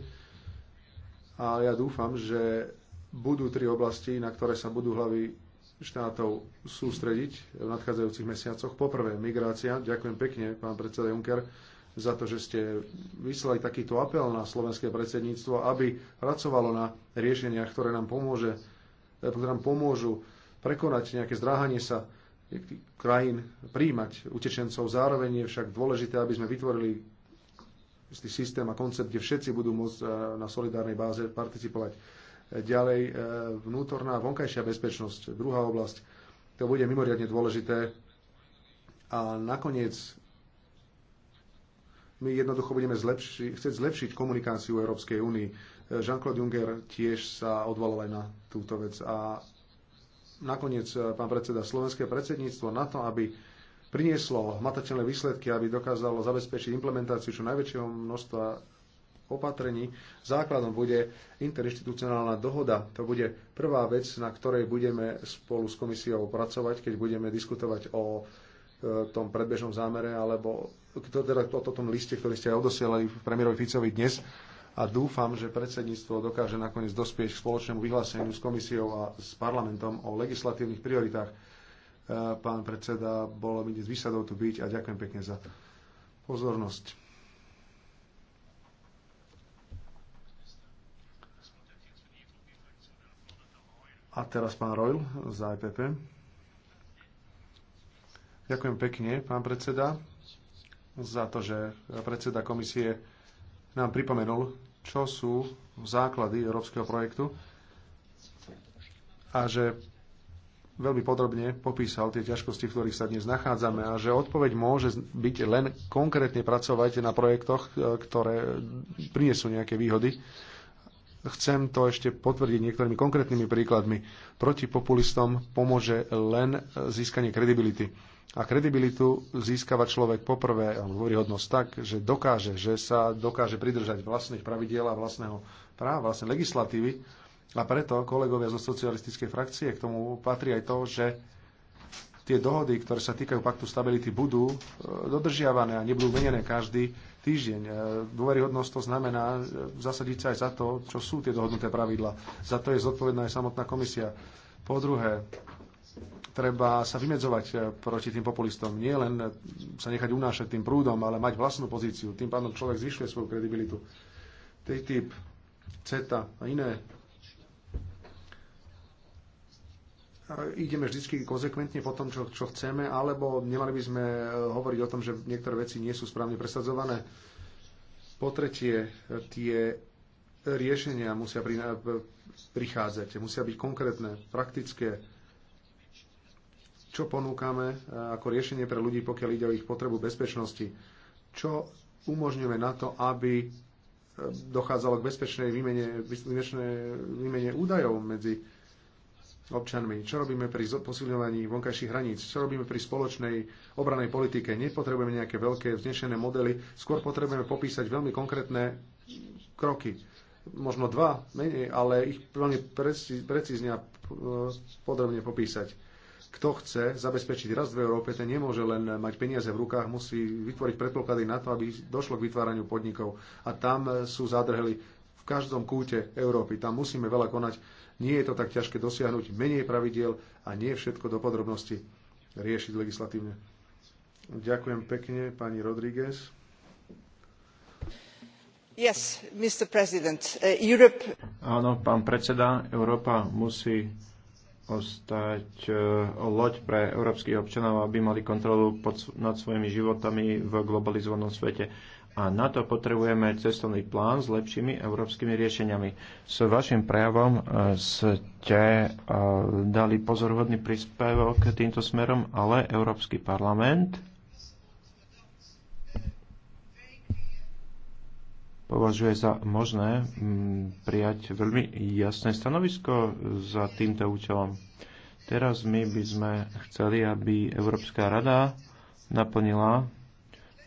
A ja dúfam, že budú tri oblasti, na ktoré sa budú hlavy štátov sústrediť v nadchádzajúcich mesiacoch. Poprvé, migrácia. Ďakujem pekne, pán predseda Juncker, za to, že ste vyslali takýto apel na slovenské predsedníctvo, aby pracovalo na riešeniach, ktoré nám, pomôže, eh, ktoré nám pomôžu prekonať nejaké zdráhanie sa krajín príjmať utečencov. Zároveň je však dôležité, aby sme vytvorili istý systém a koncept, kde všetci budú môcť eh, na solidárnej báze participovať Ďalej e, vnútorná vonkajšia bezpečnosť, druhá oblasť. To bude mimoriadne dôležité. A nakoniec my jednoducho budeme zlepši- chcieť zlepšiť komunikáciu Európskej únii. E, Jean-Claude Juncker tiež sa odvolal aj na túto vec. A nakoniec, e, pán predseda, slovenské predsedníctvo na to, aby prinieslo matateľné výsledky, aby dokázalo zabezpečiť implementáciu čo najväčšieho množstva opatrení. Základom bude interinstitucionálna dohoda. To bude prvá vec, na ktorej budeme spolu s komisiou pracovať, keď budeme diskutovať o e, tom predbežnom zámere, alebo teda o tom liste, ktorý ste aj odosielali premiérovi Ficovi dnes. A dúfam, že predsedníctvo dokáže nakoniec dospieť k spoločnému vyhláseniu s komisiou a s parlamentom o legislatívnych prioritách. E, pán predseda, bolo mi dnes výsadou tu byť a ďakujem pekne za pozornosť. A teraz pán Rojl za EPP. Ďakujem pekne, pán predseda, za to, že predseda komisie nám pripomenul, čo sú základy európskeho projektu a že veľmi podrobne popísal tie ťažkosti, v ktorých sa dnes nachádzame a že odpoveď môže byť len konkrétne pracovať na projektoch, ktoré prinesú nejaké výhody Chcem to ešte potvrdiť niektorými konkrétnymi príkladmi. Proti populistom pomôže len získanie kredibility. A kredibilitu získava človek poprvé, hovorí hodnosť tak, že dokáže, že sa dokáže pridržať vlastných pravidiel a vlastného práva, vlastnej legislatívy. A preto kolegovia zo socialistickej frakcie k tomu patrí aj to, že tie dohody, ktoré sa týkajú paktu stability, budú e, dodržiavané a nebudú menené. Každý týždeň. E, dôveryhodnosť to znamená e, zasadiť sa aj za to, čo sú tie dohodnuté pravidla. Za to je zodpovedná aj samotná komisia. Po druhé, treba sa vymedzovať e, proti tým populistom. Nie len sa nechať unášať tým prúdom, ale mať vlastnú pozíciu. Tým pádom človek zvyšuje svoju kredibilitu. TTIP, CETA a iné ideme vždy konzekventne po tom, čo, čo chceme, alebo nemali by sme e, hovoriť o tom, že niektoré veci nie sú správne presadzované. Po tretie, e, tie riešenia musia pri, e, prichádzať, musia byť konkrétne, praktické. Čo ponúkame ako riešenie pre ľudí, pokiaľ ide o ich potrebu bezpečnosti? Čo umožňujeme na to, aby dochádzalo k bezpečnej výmene, výmene údajov medzi občanmi, čo robíme pri posilňovaní vonkajších hraníc, čo robíme pri spoločnej obranej politike. Nepotrebujeme nejaké veľké vznešené modely, skôr potrebujeme popísať veľmi konkrétne kroky. Možno dva, menej, ale ich veľmi precízne a e, podrobne popísať. Kto chce zabezpečiť rast v Európe, ten nemôže len mať peniaze v rukách, musí vytvoriť predpoklady na to, aby došlo k vytváraniu podnikov. A tam e, sú zádrhely v každom kúte Európy. Tam musíme veľa konať nie je to tak ťažké dosiahnuť menej pravidiel a nie všetko do podrobnosti riešiť legislatívne. Ďakujem pekne, pani Rodríguez. Yes, Mr. President, eh, Europe... Áno, pán predseda, Európa musí ostať eh, loď pre európskych občanov, aby mali kontrolu pod, nad svojimi životami v globalizovanom svete a na to potrebujeme cestovný plán s lepšími európskymi riešeniami. S vašim prejavom e, ste e, dali pozorhodný príspevok týmto smerom, ale Európsky parlament považuje za možné prijať veľmi jasné stanovisko za týmto účelom. Teraz my by sme chceli, aby Európska rada naplnila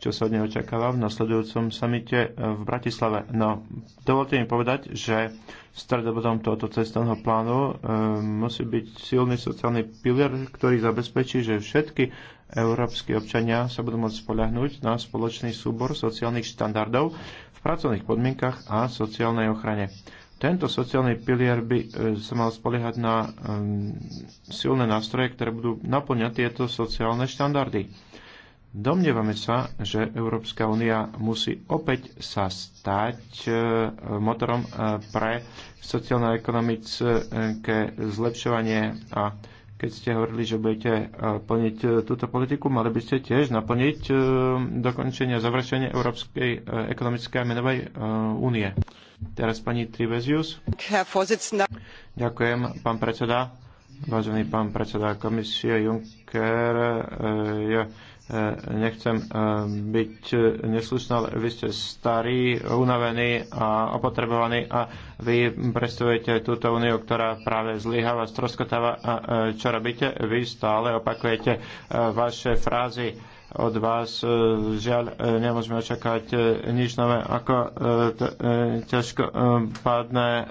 čo sa od neho očakáva v nasledujúcom samite eh, v Bratislave. No, dovolte mi povedať, že stredobodom tohoto cestovného plánu eh, musí byť silný sociálny pilier, ktorý zabezpečí, že všetky európsky občania sa budú môcť spoľahnúť na spoločný súbor sociálnych štandardov v pracovných podmienkach a sociálnej ochrane tento sociálny pilier by eh, sa mal spoliehať na ehm, silné nástroje, ktoré budú naplňať tieto sociálne štandardy. Domnievame sa, že Európska únia musí opäť sa stať e, motorom e, pre sociálno-ekonomické zlepšovanie a keď ste hovorili, že budete e, plniť túto politiku, mali by ste tiež naplniť dokončenie a završenie Európskej ekonomickej a menovej únie. Teraz pani Trivezius. Ďakujem, pán predseda. Vážený pán predseda komisie Juncker, ja E, nechcem e, byť neslušná, ale vy ste starí, unavení a opotrebovaní a vy predstavujete túto úniu, ktorá práve zlyháva, stroskotáva a e, čo robíte? Vy stále opakujete vaše frázy od vás. Žiaľ, nemôžeme očakávať nič nové ako ťažko padne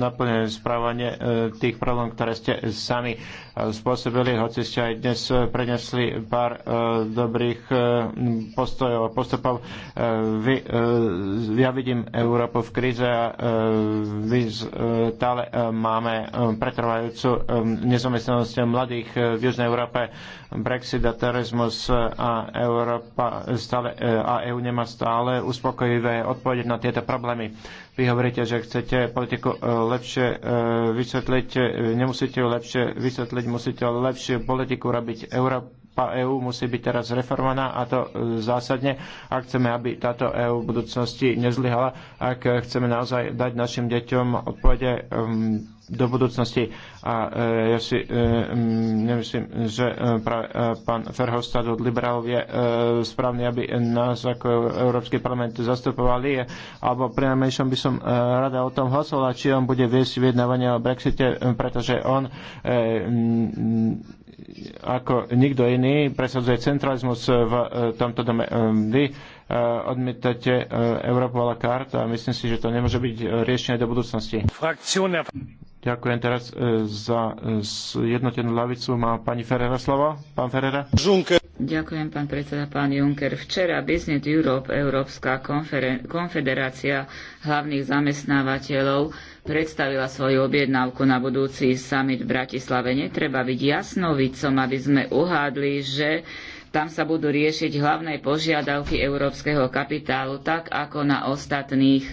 naplnené správanie tých problémov, ktoré ste sami spôsobili, hoci ste aj dnes eh, prenesli pár eh, dobrých eh, postojov a postupov. Vy, ja vidím Európu v kríze a vy stále máme pretrvajúcu nezamestnanosť mladých v Južnej Európe, Brexit a terorizmus a Európa stále, a EU nemá stále uspokojivé odpovede na tieto problémy vy hovoríte, že chcete politiku e, lepšie e, vysvetliť, e, nemusíte ju lepšie vysvetliť, musíte lepšiu politiku robiť. Európa EÚ EU musí byť teraz reformovaná a to zásadne, ak chceme, aby táto EÚ v budúcnosti nezlyhala, ak chceme naozaj dať našim deťom odpovede do budúcnosti. A e, ja si e, nemyslím, že e, práve pán Ferhofstad od liberálov je správny, aby nás ako Európsky parlament zastupovali, alebo prinajmenšom by som rada o tom hlasovala, či on bude viesť vyjednávanie o Brexite, pretože on ako nikto iný presadzuje centralizmus v tomto dome. Vy odmietate Európu a la carte a myslím si, že to nemôže byť riešenie do budúcnosti. Ďakujem teraz e, za e, jednotenú lavicu. Má pani Ferrera slova? Pán Ferrera? Juncker. Ďakujem, pán predseda, pán Juncker. Včera Business Europe, Európska konfederácia hlavných zamestnávateľov, predstavila svoju objednávku na budúci summit v Bratislave. Netreba byť jasnovicom, aby sme uhádli, že tam sa budú riešiť hlavné požiadavky európskeho kapitálu, tak ako na ostatných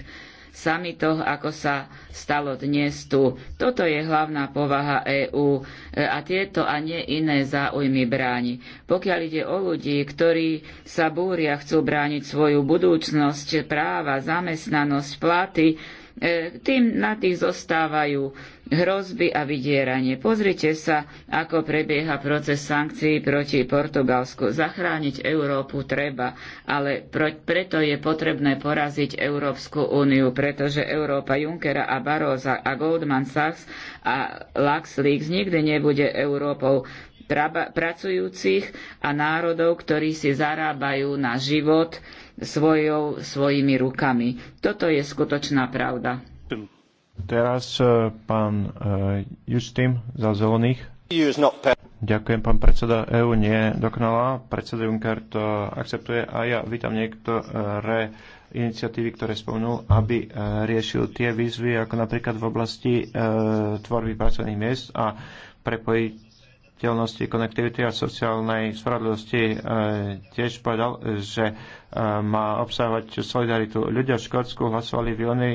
samitoch, ako sa stalo dnes tu. Toto je hlavná povaha EÚ e, a tieto a nie iné záujmy bráni. Pokiaľ ide o ľudí, ktorí sa búria, chcú brániť svoju budúcnosť, práva, zamestnanosť, platy, E, tým na tých zostávajú hrozby a vydieranie. Pozrite sa, ako prebieha proces sankcií proti Portugalsku. Zachrániť Európu treba, ale preto je potrebné poraziť Európsku úniu, pretože Európa Junckera a Barrosa a Goldman Sachs a LuxLeaks nikdy nebude Európou pracujúcich a národov, ktorí si zarábajú na život svojou, svojimi rukami. Toto je skutočná pravda. Teraz e, pán e, Justin za zelených. Ďakujem, pán predseda. EÚ nie dokonala. Predseda Juncker to akceptuje a ja vítam niektoré iniciatívy, ktoré spomenul, aby e, riešil tie výzvy, ako napríklad v oblasti tvorby pracovných miest a prepojiť konektivity a sociálnej spravodlivosti e, tiež povedal, že E, má obsahovať solidaritu. Ľudia v Škótsku hlasovali e, v júni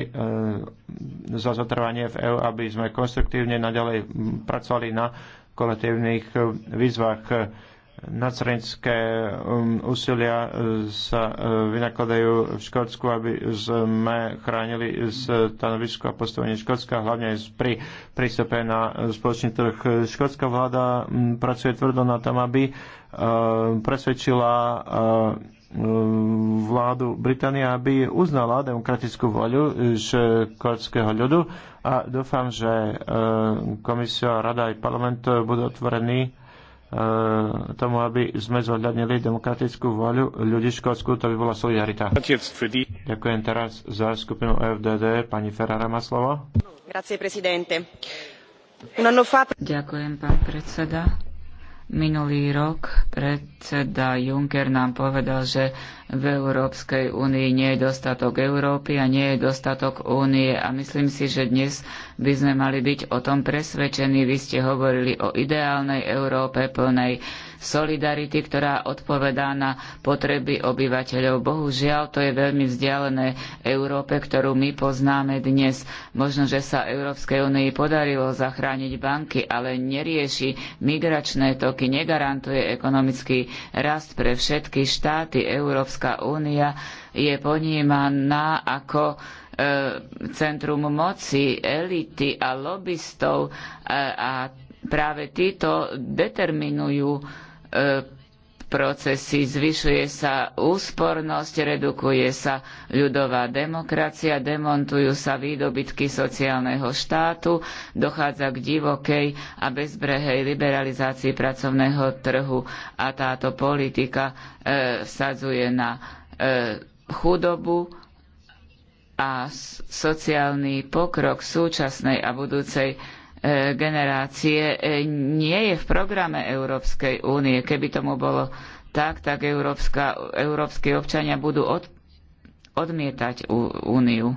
za zatrvanie v EÚ, aby sme konstruktívne naďalej pracovali na kolektívnych výzvach nacrenské um, úsilia e, sa vynakladajú v Škótsku, aby sme chránili stanovisko a postavenie Škótska, hlavne pri prístupe na spoločný trh. Škótska vláda pracuje tvrdo na tom, aby presvedčila vládu Británie, aby uznala demokratickú voľu škótskeho ľudu a dúfam, že e, komisia, rada aj parlament budú otvorení e, tomu, aby sme zohľadnili demokratickú voľu ľudí Škótsku, to by bola solidarita. Ďakujem teraz za skupinu FDD. Pani Ferrara má slovo. Ďakujem, pán predseda Minulý rok predseda Juncker nám povedal, že v Európskej únii nie je dostatok Európy a nie je dostatok únie. A myslím si, že dnes by sme mali byť o tom presvedčení. Vy ste hovorili o ideálnej Európe plnej solidarity, ktorá odpovedá na potreby obyvateľov. Bohužiaľ, to je veľmi vzdialené Európe, ktorú my poznáme dnes. Možno, že sa Európskej únii podarilo zachrániť banky, ale nerieši migračné toky, negarantuje ekonomický rast pre všetky štáty. Európska únia je ponímaná ako e, centrum moci, elity a lobbystov e, a práve títo determinujú E, procesy, zvyšuje sa úspornosť, redukuje sa ľudová demokracia, demontujú sa výdobytky sociálneho štátu, dochádza k divokej a bezbrehej liberalizácii pracovného trhu a táto politika e, vsadzuje na e, chudobu a sociálny pokrok súčasnej a budúcej E, generácie e, nie je v programe Európskej únie. Keby tomu bolo tak, tak európska, európske občania budú od, odmietať úniu.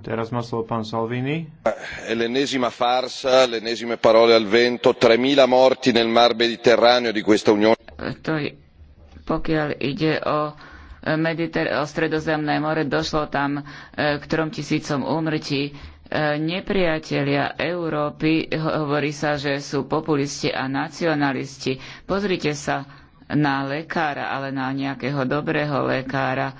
Teraz má slovo pán Salvini. L'ennesima farsa, l'ennesime parole al vento, 3000 morti nel mar Mediterraneo di questa Unione. To je, pokiaľ ide o e, Mediter- o stredozemné more, došlo tam k trom tisícom úmrtí nepriatelia Európy, hovorí sa, že sú populisti a nacionalisti. Pozrite sa na lekára, ale na nejakého dobrého lekára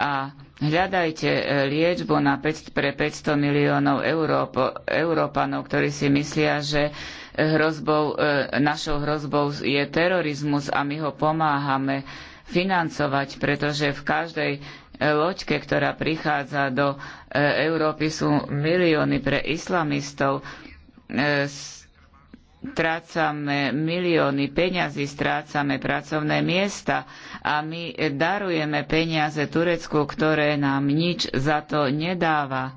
a hľadajte e, liečbu na 5, pre 500 miliónov Európo, Európanov, ktorí si myslia, že e, hrozbou, e, našou hrozbou je terorizmus a my ho pomáhame financovať, pretože v každej loďke, ktorá prichádza do e, Európy, sú milióny pre islamistov. E, strácame milióny peňazí, strácame pracovné miesta a my darujeme peniaze Turecku, ktoré nám nič za to nedáva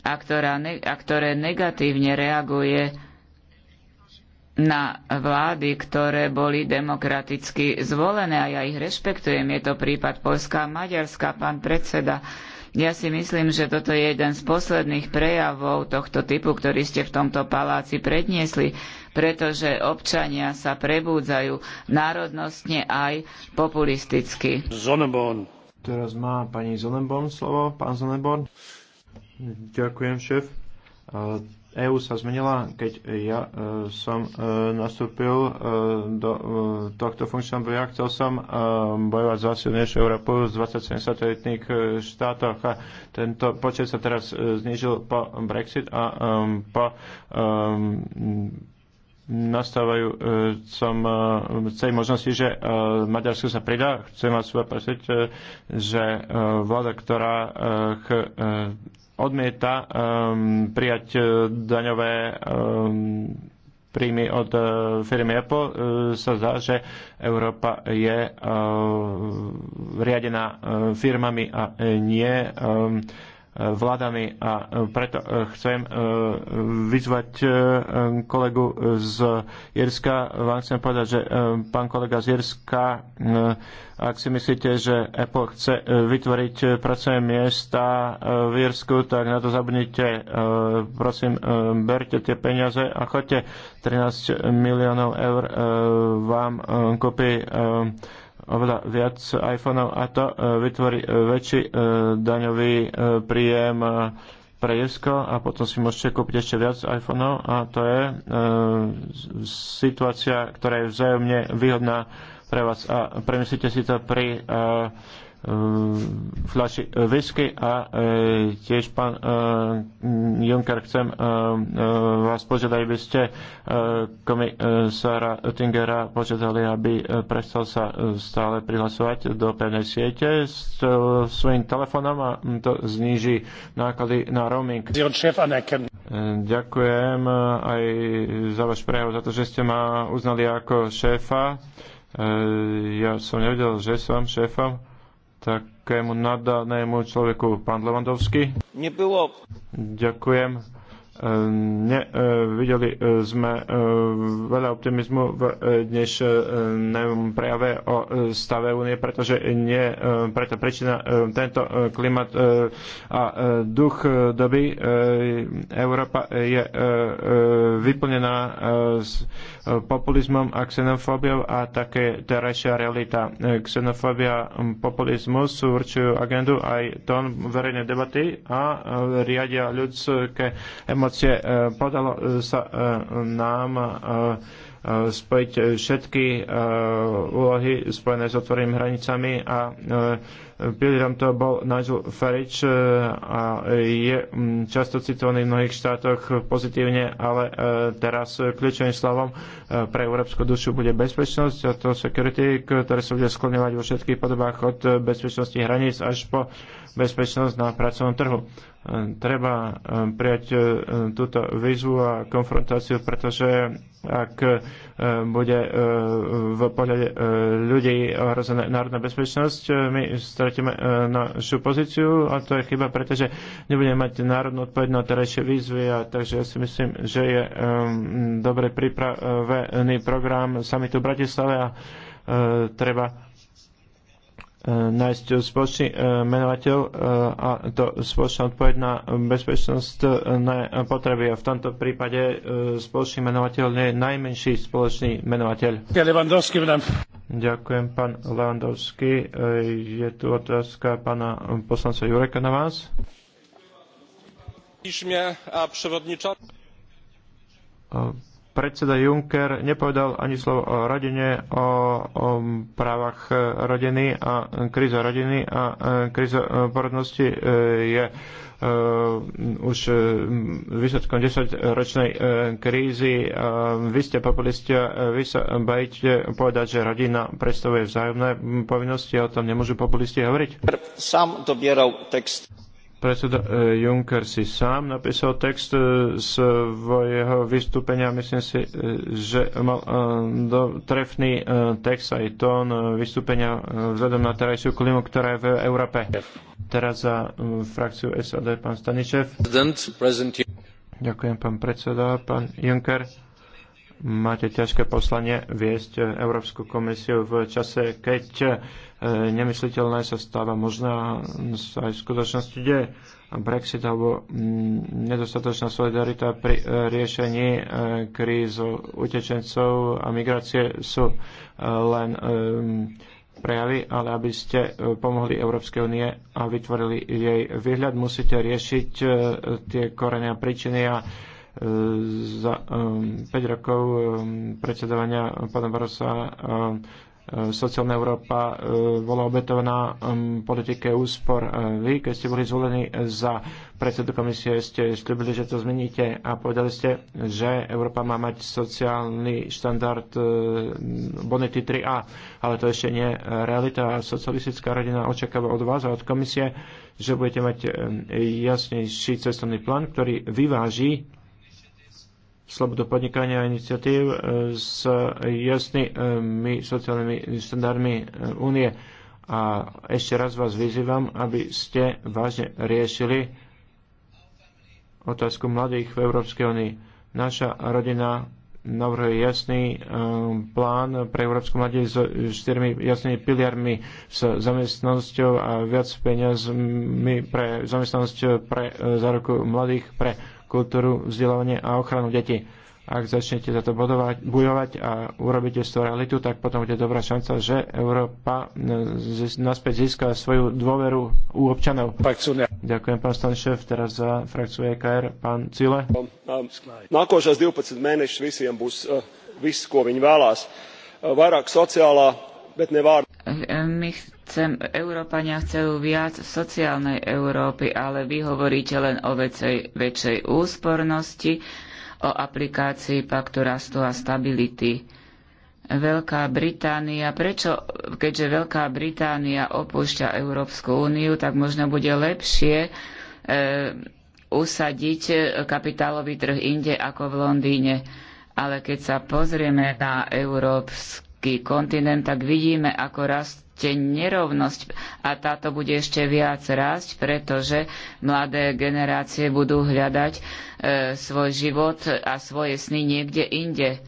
a, ktorá, a ktoré negatívne reaguje na vlády, ktoré boli demokraticky zvolené a ja ich rešpektujem. Je to prípad Polska a Maďarska, pán predseda. Ja si myslím, že toto je jeden z posledných prejavov tohto typu, ktorý ste v tomto paláci predniesli, pretože občania sa prebúdzajú národnostne aj populisticky. Zonneborn. Teraz má pani Zonneborn slovo. Pán Zonneborn. Ďakujem, šéf. EÚ sa zmenila, keď ja e, som e, nastúpil e, do e, tohto funkčného boja. Chcel som e, bojovať za silnejšiu Európu z 27 satelitných e, štátoch a tento počet sa teraz e, znižil po Brexit a e, po e, nastávajúcom e, tej možnosti, že e, Maďarsko sa pridá. Chcem vás upresniť, že vláda, ktorá odmieta ehm, prijať e, daňové ehm, príjmy od e, firmy Apple, e, sa zdá, že Európa je riadená firmami a nie ehm, vládami a e, preto e, chcem e, vyzvať kolegu z Jerska. Vám chcem povedať, že pán kolega z Jerska, ak si myslíte, že Apple chce vytvoriť pracovné miesta v Jersku, tak na to zabudnite. Prosím, berte tie peniaze a chodte. 13 miliónov eur vám kopy oveľa viac iPhoneov a to e, vytvorí e, väčší e, daňový príjem pre jesko a potom si môžete kúpiť ešte viac iPhoneov a to je situácia, ktorá je vzájomne výhodná pre vás a premyslite si to pri uh, Eh, fľaši eh, whisky a eh, tiež pán Juncker chcem vás požiadať, aby ste komisára Oettingera požiadali, aby prestal sa stále prihlasovať do pevnej siete s svojím telefónom a to zníži náklady na roaming. Ďakujem aj za váš prejav, za to, že ste ma uznali ako šéfa. Ja som nevedel, že som šéfom takému nadanému človeku. Pán Levandovský? Ďakujem. E, videli e, sme e, veľa optimizmu v dnešnom prejave o stave únie, pretože nie preto príčina tento klimat a duch doby Európa je vyplnená s populizmom a xenofóbiou a také terajšia realita. Xenofóbia, populizmus určujú agendu aj tón verejnej debaty a riadia ľudské emócie vlastne Podalo sa e, nám e, spojiť všetky úlohy spojené s otvorenými hranicami a Pilierom toho bol Nigel Farage e, a je mm, často citovaný v mnohých štátoch pozitívne, ale e, teraz kľúčovým slovom e, pre európsku dušu bude bezpečnosť a to security, ktoré sa bude skloňovať vo všetkých podobách od bezpečnosti hraníc až po bezpečnosť na pracovnom trhu. Treba prijať túto výzvu a konfrontáciu, pretože ak bude e, v pohľade e, ľudí ohrozená národná bezpečnosť, e, my stratíme našu pozíciu a to je chyba, pretože nebudeme mať národnú odpoveď na terajšie výzvy a takže ja si myslím, že je dobre pripravený program samitu v Bratislave a treba uh, nájsť spoločný uh, menovateľ uh, a to spoločná odpoveď na bezpečnosť uh, na potreby. A v tomto prípade uh, spoločný menovateľ je najmenší spoločný menovateľ. Ja Ďakujem, pán Levandovský. Uh, Je tu otázka pána poslanca Jureka na vás. A predseda Juncker nepovedal ani slovo o rodine, o, o právach rodiny a kríza rodiny a e, kríza e, porodnosti e, je už výsledkom 10-ročnej krízy. Vy ste populisti a vy sa bajíte povedať, že rodina predstavuje vzájomné povinnosti a o tom nemôžu populisti hovoriť? Sám dobieral text Predseda e, Juncker si sám napísal text svojho e, vystúpenia. Myslím si, e, že mal trefný text aj tón vystúpenia vzhľadom na terajšiu klimu, ktorá je v Európe. Teraz za frakciu SAD pán Staničev. Ďakujem, pán predseda, pán Juncker máte ťažké poslanie viesť Európsku komisiu v čase, keď E, nemysliteľné sa stáva možná sa aj v skutočnosti deje. Brexit alebo mm, nedostatočná solidarita pri e, riešení e, kríz utečencov a migrácie sú len prejavy, ale aby ste pomohli Európskej únie a vytvorili jej výhľad, musíte riešiť tie korene a príčiny a za 5 rokov predsedovania pána Barosa E, sociálna Európa e, bola obetovaná politike úspor. E, vy, keď ste boli zvolení za predsedu komisie, ste slúbili, že to zmeníte a povedali ste, že Európa má mať sociálny štandard bonity 3A, ale to ešte nie je realita. Socialistická rodina očakáva od vás a od komisie, že budete mať jasnejší cestovný plán, ktorý vyváži slobodu podnikania a iniciatív e, s jasnými e, sociálnymi štandardmi únie. E, a ešte raz vás vyzývam, aby ste vážne riešili otázku mladých v Európskej únii. Naša rodina navrhuje jasný plán pre Európsku mladie s štyrmi jasnými piliarmi s zamestnanosťou a viac peniazmi pre zamestnanosť pre záruku mladých, pre kultúru, vzdelávanie a ochranu detí. Ak začnete za to bodovať, bojovať a urobíte z toho realitu, tak potom bude dobrá šanca, že Európa e, naspäť získa svoju dôveru u občanov. Ďakujem, pán Stanšev. Teraz za frakciu EKR, pán Cile. Nākošais 12 visiem būs e, viss, ko viņi vēlās. E, vairāk sociālā, bet ne my chcem, Európania chcú viac sociálnej Európy, ale vy hovoríte len o väčšej, väčšej úspornosti, o aplikácii paktu rastu a stability. Veľká Británia, prečo, keďže Veľká Británia opúšťa Európsku úniu, tak možno bude lepšie e, usadiť kapitálový trh inde ako v Londýne. Ale keď sa pozrieme na Európsku európsky kontinent, tak vidíme, ako rastie nerovnosť a táto bude ešte viac rásť, pretože mladé generácie budú hľadať e, svoj život a svoje sny niekde inde.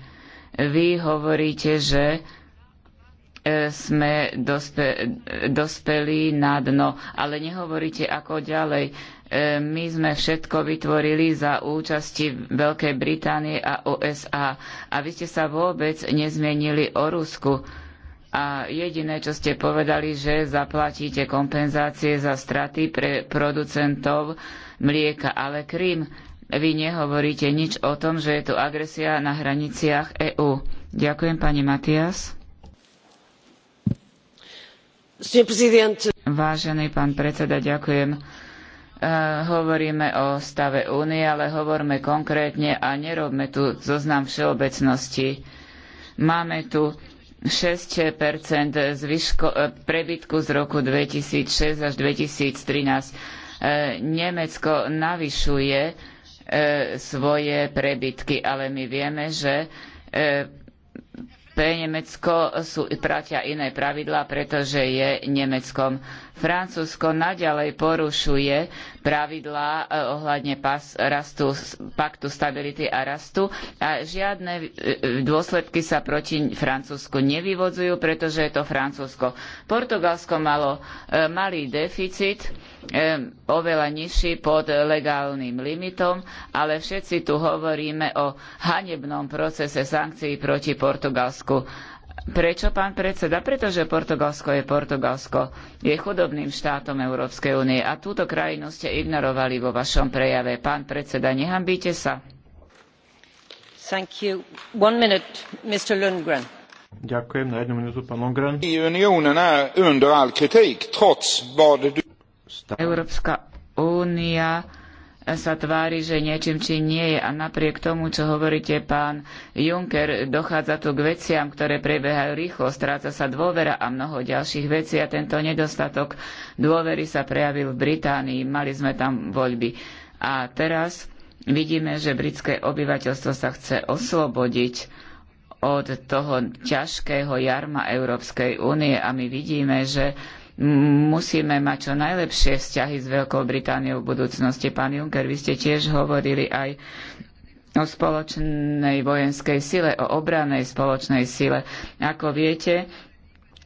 Vy hovoríte, že e, sme dospe, dospeli na dno. Ale nehovoríte ako ďalej. E, my sme všetko vytvorili za účasti Veľkej Británie a USA. A vy ste sa vôbec nezmienili o Rusku. A jediné, čo ste povedali, že zaplatíte kompenzácie za straty pre producentov mlieka. Ale Krím, vy nehovoríte nič o tom, že je tu agresia na hraniciach EÚ. Ďakujem, pani Matias. Vážený pán predseda, ďakujem Eh, hovoríme o stave únie, ale hovorme konkrétne a nerobme tu zoznam všeobecnosti. Máme tu 6 zvyško, eh, prebytku z roku 2006 až 2013. Eh, Nemecko navyšuje svoje prebytky, ale my vieme, že pre Nemecko sú pratia iné pravidlá, pretože je Nemeckom. Francúzsko naďalej porušuje pravidlá eh, ohľadne pas, rastu, paktu stability a rastu a žiadne eh, dôsledky sa proti Francúzsku nevyvodzujú, pretože je to Francúzsko. Portugalsko malo eh, malý deficit, oveľa nižší pod legálnym limitom, ale všetci tu hovoríme o hanebnom procese sankcií proti Portugalsku Prečo, pán predseda? Pretože Portugalsko je Portugalsko. Je chudobným štátom Európskej únie a túto krajinu ste ignorovali vo vašom prejave. Pán predseda, nehambíte sa. Minute, Ďakujem, na jednu minútu, pán Lundgren. Európska únia sa tvári, že niečím či nie je. A napriek tomu, čo hovoríte, pán Juncker, dochádza tu k veciam, ktoré prebiehajú rýchlo, stráca sa dôvera a mnoho ďalších vecí a tento nedostatok dôvery sa prejavil v Británii. Mali sme tam voľby. A teraz vidíme, že britské obyvateľstvo sa chce oslobodiť od toho ťažkého jarma Európskej únie a my vidíme, že musíme mať čo najlepšie vzťahy s Veľkou Britániou v budúcnosti. Pán Juncker, vy ste tiež hovorili aj o spoločnej vojenskej sile, o obranej spoločnej sile. Ako viete,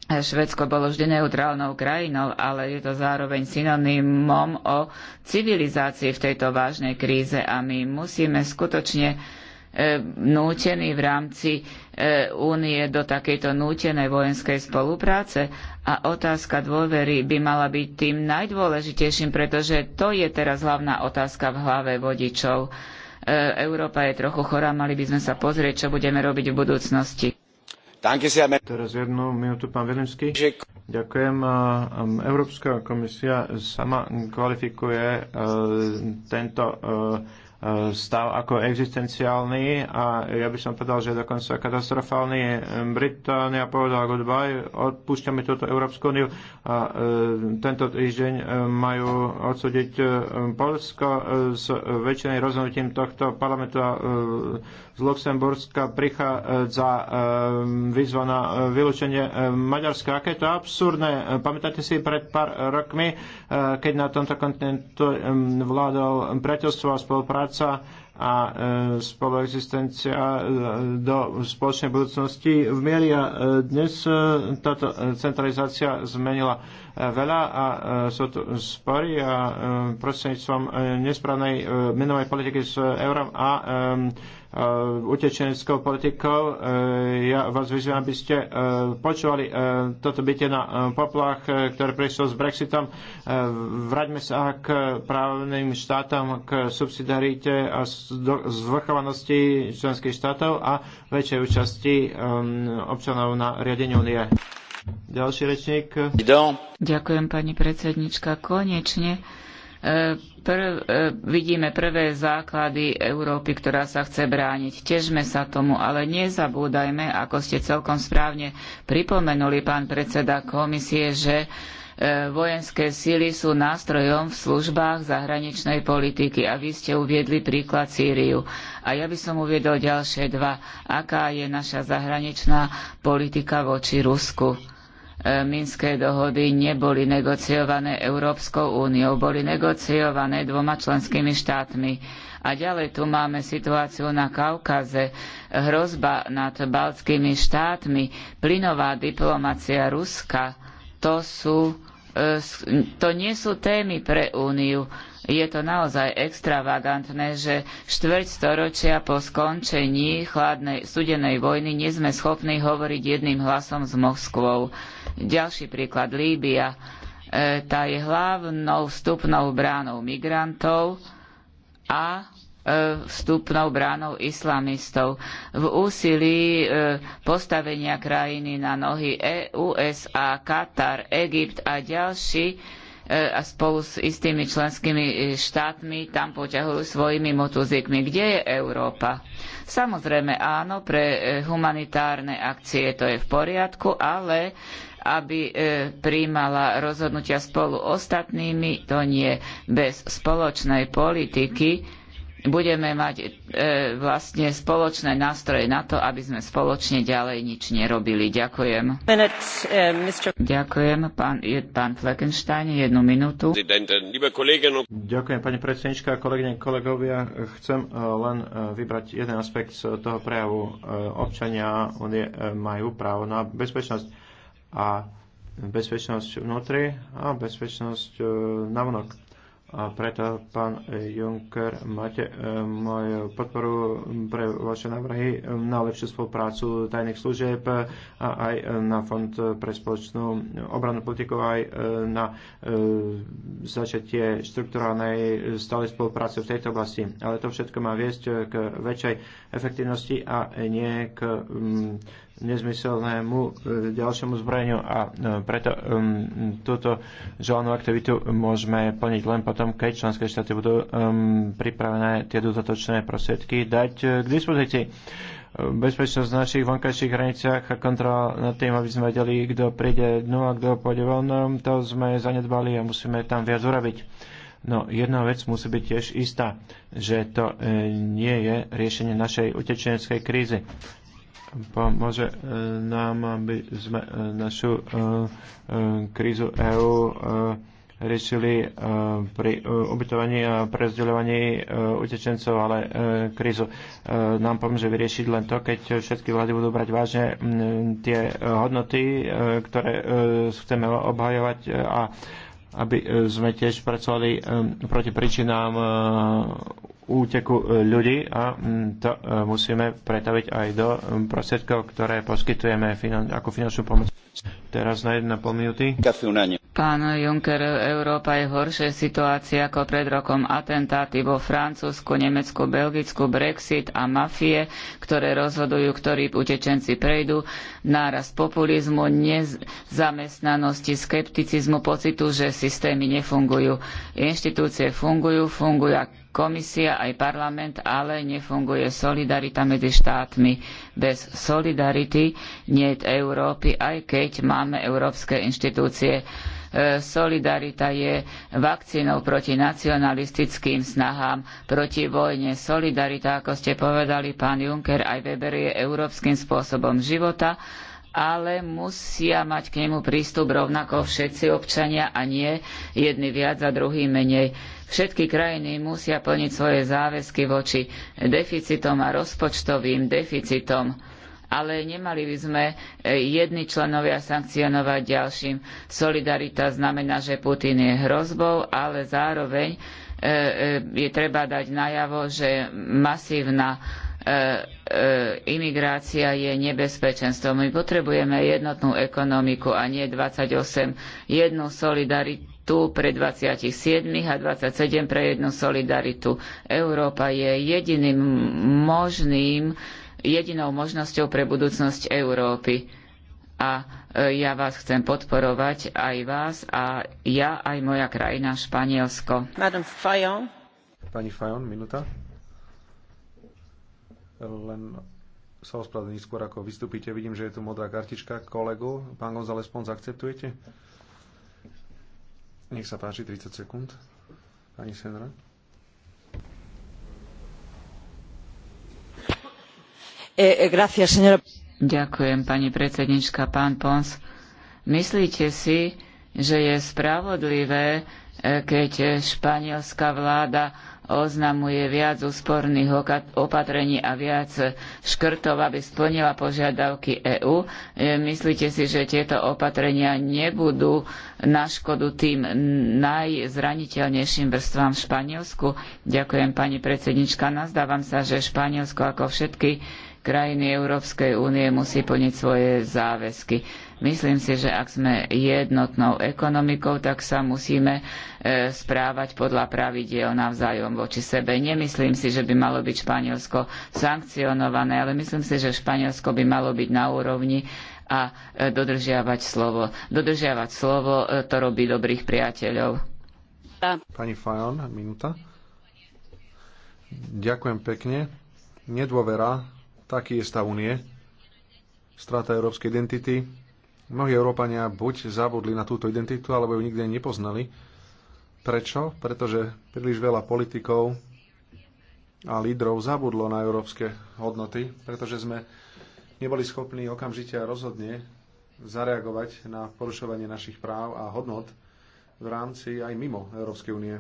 Švedsko bolo vždy neutrálnou krajinou, ale je to zároveň synonymom o civilizácii v tejto vážnej kríze a my musíme skutočne e, nútení v rámci e, únie do takejto nútenej vojenskej spolupráce a otázka dôvery by mala byť tým najdôležitejším, pretože to je teraz hlavná otázka v hlave vodičov. E, Európa je trochu chorá, mali by sme sa pozrieť, čo budeme robiť v budúcnosti. Teraz jednu minútu, pán Ďakujem. Európska komisia sama kvalifikuje e, tento e, stav ako existenciálny a ja by som povedal, že dokonca katastrofálny. Británia povedala goodbye, odpúšťame túto Európsku úniu a e, tento týždeň e, majú odsúdiť e, Polsko s väčšinou rozhodnutím tohto parlamentu a z Luxemburska prichádza e, e, výzva na e, vylúčenie Maďarska. Aké to absurdné. Pamätáte si pred pár rokmi, keď na tomto kontinentu vládol priateľstvo a spolupráca a spoluexistencia do spoločnej budúcnosti v miery a dnes táto centralizácia zmenila veľa a sú tu spory a prostredníctvom nesprávnej menovej politiky s eurom a E, utečeneckou politikou. E, ja vás vyzývam, aby ste e, počúvali toto bytie na poplach, ktoré prišlo s Brexitom. Vraťme sa k právnym štátom, k subsidiarite a zvrchovanosti členských štátov a väčšej účasti občanov na riadení únie. Ďalší rečník. Ďakujem, pani predsednička. Konečne prv, e, vidíme prvé základy Európy, ktorá sa chce brániť. Težme sa tomu, ale nezabúdajme, ako ste celkom správne pripomenuli, pán predseda komisie, že e, vojenské síly sú nástrojom v službách zahraničnej politiky a vy ste uviedli príklad Sýriu. A ja by som uviedol ďalšie dva. Aká je naša zahraničná politika voči Rusku? Minské dohody neboli negociované Európskou úniou, boli negociované dvoma členskými štátmi. A ďalej tu máme situáciu na Kaukaze, hrozba nad baltskými štátmi, plynová diplomacia Ruska. To, sú, e, to nie sú témy pre úniu je to naozaj extravagantné, že štvrť storočia po skončení chladnej studenej vojny nie sme schopní hovoriť jedným hlasom s Moskvou. Ďalší príklad Líbia. E, tá je hlavnou vstupnou bránou migrantov a e, vstupnou bránou islamistov. V úsilí e, postavenia krajiny na nohy EU, USA, Katar, Egypt a ďalší E, a spolu s istými členskými e, štátmi tam poťahujú svojimi motuzikmi. Kde je Európa? Samozrejme áno, pre e, humanitárne akcie to je v poriadku, ale aby príjmala rozhodnutia spolu ostatnými, to nie bez spoločnej politiky budeme mať e, vlastne spoločné nástroje na to, aby sme spoločne ďalej nič nerobili. Ďakujem. E, Ďakujem, pán, pán Fleckenstein, jednu minútu. Ďakujem, pani predsednička, kolegyne, kolegovia. Chcem e, len e, vybrať jeden aspekt z toho prejavu. Občania unie majú právo na bezpečnosť a bezpečnosť vnútri a bezpečnosť navonok a preto, pán Juncker, máte e, moju podporu pre vaše návrhy na lepšiu spoluprácu tajných služieb a aj na Fond pre spoločnú obranu politiku, aj e, na e, začatie štruktúrálnej stálej spolupráce v tejto oblasti. Ale to všetko má viesť k väčšej efektivnosti a nie k nezmyselnému e, ďalšiemu zbrojeniu a e, preto um, túto želanú aktivitu môžeme plniť len potom, keď členské štáty budú um, pripravené tie dodatočné prostriedky dať k dispozícii. Bezpečnosť v našich vonkajších hraniciach a kontrola nad tým, aby sme vedeli, kto príde dnu a kto pôjde von, to sme zanedbali a musíme tam viac urobiť. No jedna vec musí byť tiež istá, že to e, nie je riešenie našej utečeneckej krízy pomôže e, nám, aby sme e, našu e, krízu EÚ riešili pri ubytovaní a prezdeľovaní utečencov, ale krízu nám pomôže vyriešiť len to, keď všetky vlády budú brať vážne tie hodnoty, ktoré chceme obhajovať a aby sme tiež pracovali proti príčinám úteku e, ľudí a mm, to e, musíme pretaviť aj do prostriedkov, ktoré poskytujeme finan- ako finančnú pomoc. Teraz na 1,5 pol minúty. Pán Juncker, Európa je v horšej situácii ako pred rokom. Atentáty vo Francúzsku, Nemecku, Belgicku, Brexit a mafie, ktoré rozhodujú, ktorí utečenci prejdú, náraz populizmu, nezamestnanosti, skepticizmu, pocitu, že systémy nefungujú. Inštitúcie fungujú, fungujú komisia aj parlament, ale nefunguje solidarita medzi štátmi. Bez solidarity nie je Európy, aj keď máme európske inštitúcie. E, solidarita je vakcínou proti nacionalistickým snahám, proti vojne. Solidarita, ako ste povedali, pán Juncker, aj Weber je európskym spôsobom života, ale musia mať k nemu prístup rovnako všetci občania a nie jedni viac a druhí menej Všetky krajiny musia plniť svoje záväzky voči deficitom a rozpočtovým deficitom ale nemali by sme e, jedni členovia sankcionovať ďalším. Solidarita znamená, že Putin je hrozbou, ale zároveň e, e, je treba dať najavo, že masívna imigrácia je nebezpečenstvom. My potrebujeme jednotnú ekonomiku a nie 28, jednu solidaritu tu pre 27 a 27 pre jednu solidaritu. Európa je jediným možným, jedinou možnosťou pre budúcnosť Európy. A e, ja vás chcem podporovať, aj vás, a ja, aj moja krajina, Španielsko. Madame Fajon. Pani Fajon, minúta. Len sa ospravedlniť skôr, ako vystúpite. Vidím, že je tu modrá kartička kolegu. Pán González Pons, akceptujete? Nech sa páči, 30 sekúnd. Pani Senra. Eh, eh, Ďakujem, pani predsednička, pán Pons. Myslíte si, že je spravodlivé, eh, keď španielská vláda oznamuje viac úsporných opatrení a viac škrtov, aby splnila požiadavky EÚ. E, myslíte si, že tieto opatrenia nebudú na škodu tým najzraniteľnejším vrstvám v Španielsku? Ďakujem, pani predsednička. Nazdávam sa, že Španielsko ako všetky krajiny Európskej únie musí plniť svoje záväzky Myslím si, že ak sme jednotnou ekonomikou, tak sa musíme e, správať podľa pravidiel navzájom voči sebe. Nemyslím si, že by malo byť Španielsko sankcionované, ale myslím si, že Španielsko by malo byť na úrovni a e, dodržiavať slovo. Dodržiavať slovo e, to robí dobrých priateľov. Pani Fajon, minúta. Ďakujem pekne. Nedôvera, taký je stav únie. Strata európskej identity, Mnohí Európania buď zabudli na túto identitu, alebo ju nikdy nepoznali. Prečo? Pretože príliš veľa politikov a lídrov zabudlo na európske hodnoty, pretože sme neboli schopní okamžite a rozhodne zareagovať na porušovanie našich práv a hodnot v rámci aj mimo Európskej únie.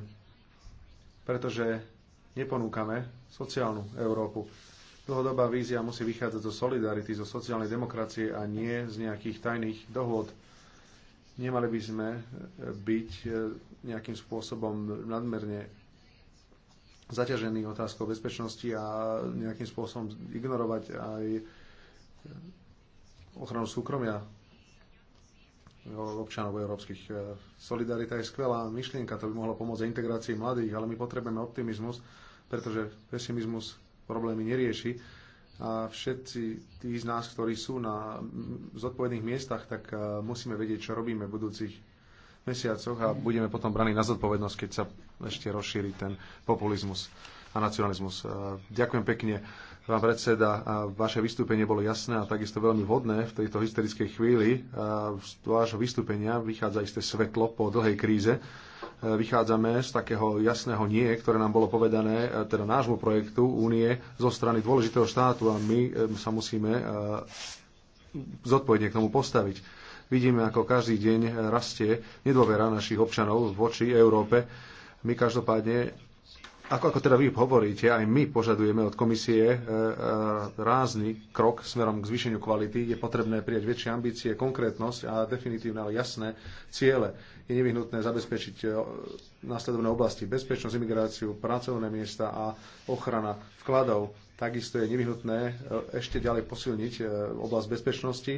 Pretože neponúkame sociálnu Európu Dlhodobá vízia musí vychádzať zo solidarity, zo sociálnej demokracie a nie z nejakých tajných dohôd. Nemali by sme eh, byť eh, nejakým spôsobom nadmerne zaťažený otázkou bezpečnosti a nejakým spôsobom ignorovať aj eh, ochranu súkromia občanov európskych. Solidarita je skvelá myšlienka, to by mohlo pomôcť integrácii mladých, ale my potrebujeme optimizmus, pretože pesimizmus problémy nerieši. A všetci tí z nás, ktorí sú na zodpovedných miestach, tak e, musíme vedieť, čo robíme v budúcich mesiacoch a budeme potom braní na zodpovednosť, keď sa ešte rozšíri ten populizmus a nacionalizmus. E, ďakujem pekne vám predseda. E, vaše vystúpenie bolo jasné a takisto veľmi vhodné v tejto hysterickej chvíli. Z vášho vystúpenia vychádza isté svetlo po dlhej kríze. E, vychádzame z takého jasného nie, ktoré nám bolo povedané, e, teda nášmu projektu únie zo strany dôležitého štátu a my e, sa musíme zodpovedne k tomu postaviť. Vidíme, ako každý deň rastie nedôvera našich občanov voči Európe. My každopádne ako, ako teda vy hovoríte, aj my požadujeme od komisie e, e, rázny krok smerom k zvýšeniu kvality. Je potrebné prijať väčšie ambície, konkrétnosť a definitívne, ale jasné ciele. Je nevyhnutné zabezpečiť e, následovné oblasti bezpečnosť, imigráciu, pracovné miesta a ochrana vkladov. Takisto je nevyhnutné ešte ďalej posilniť oblasť bezpečnosti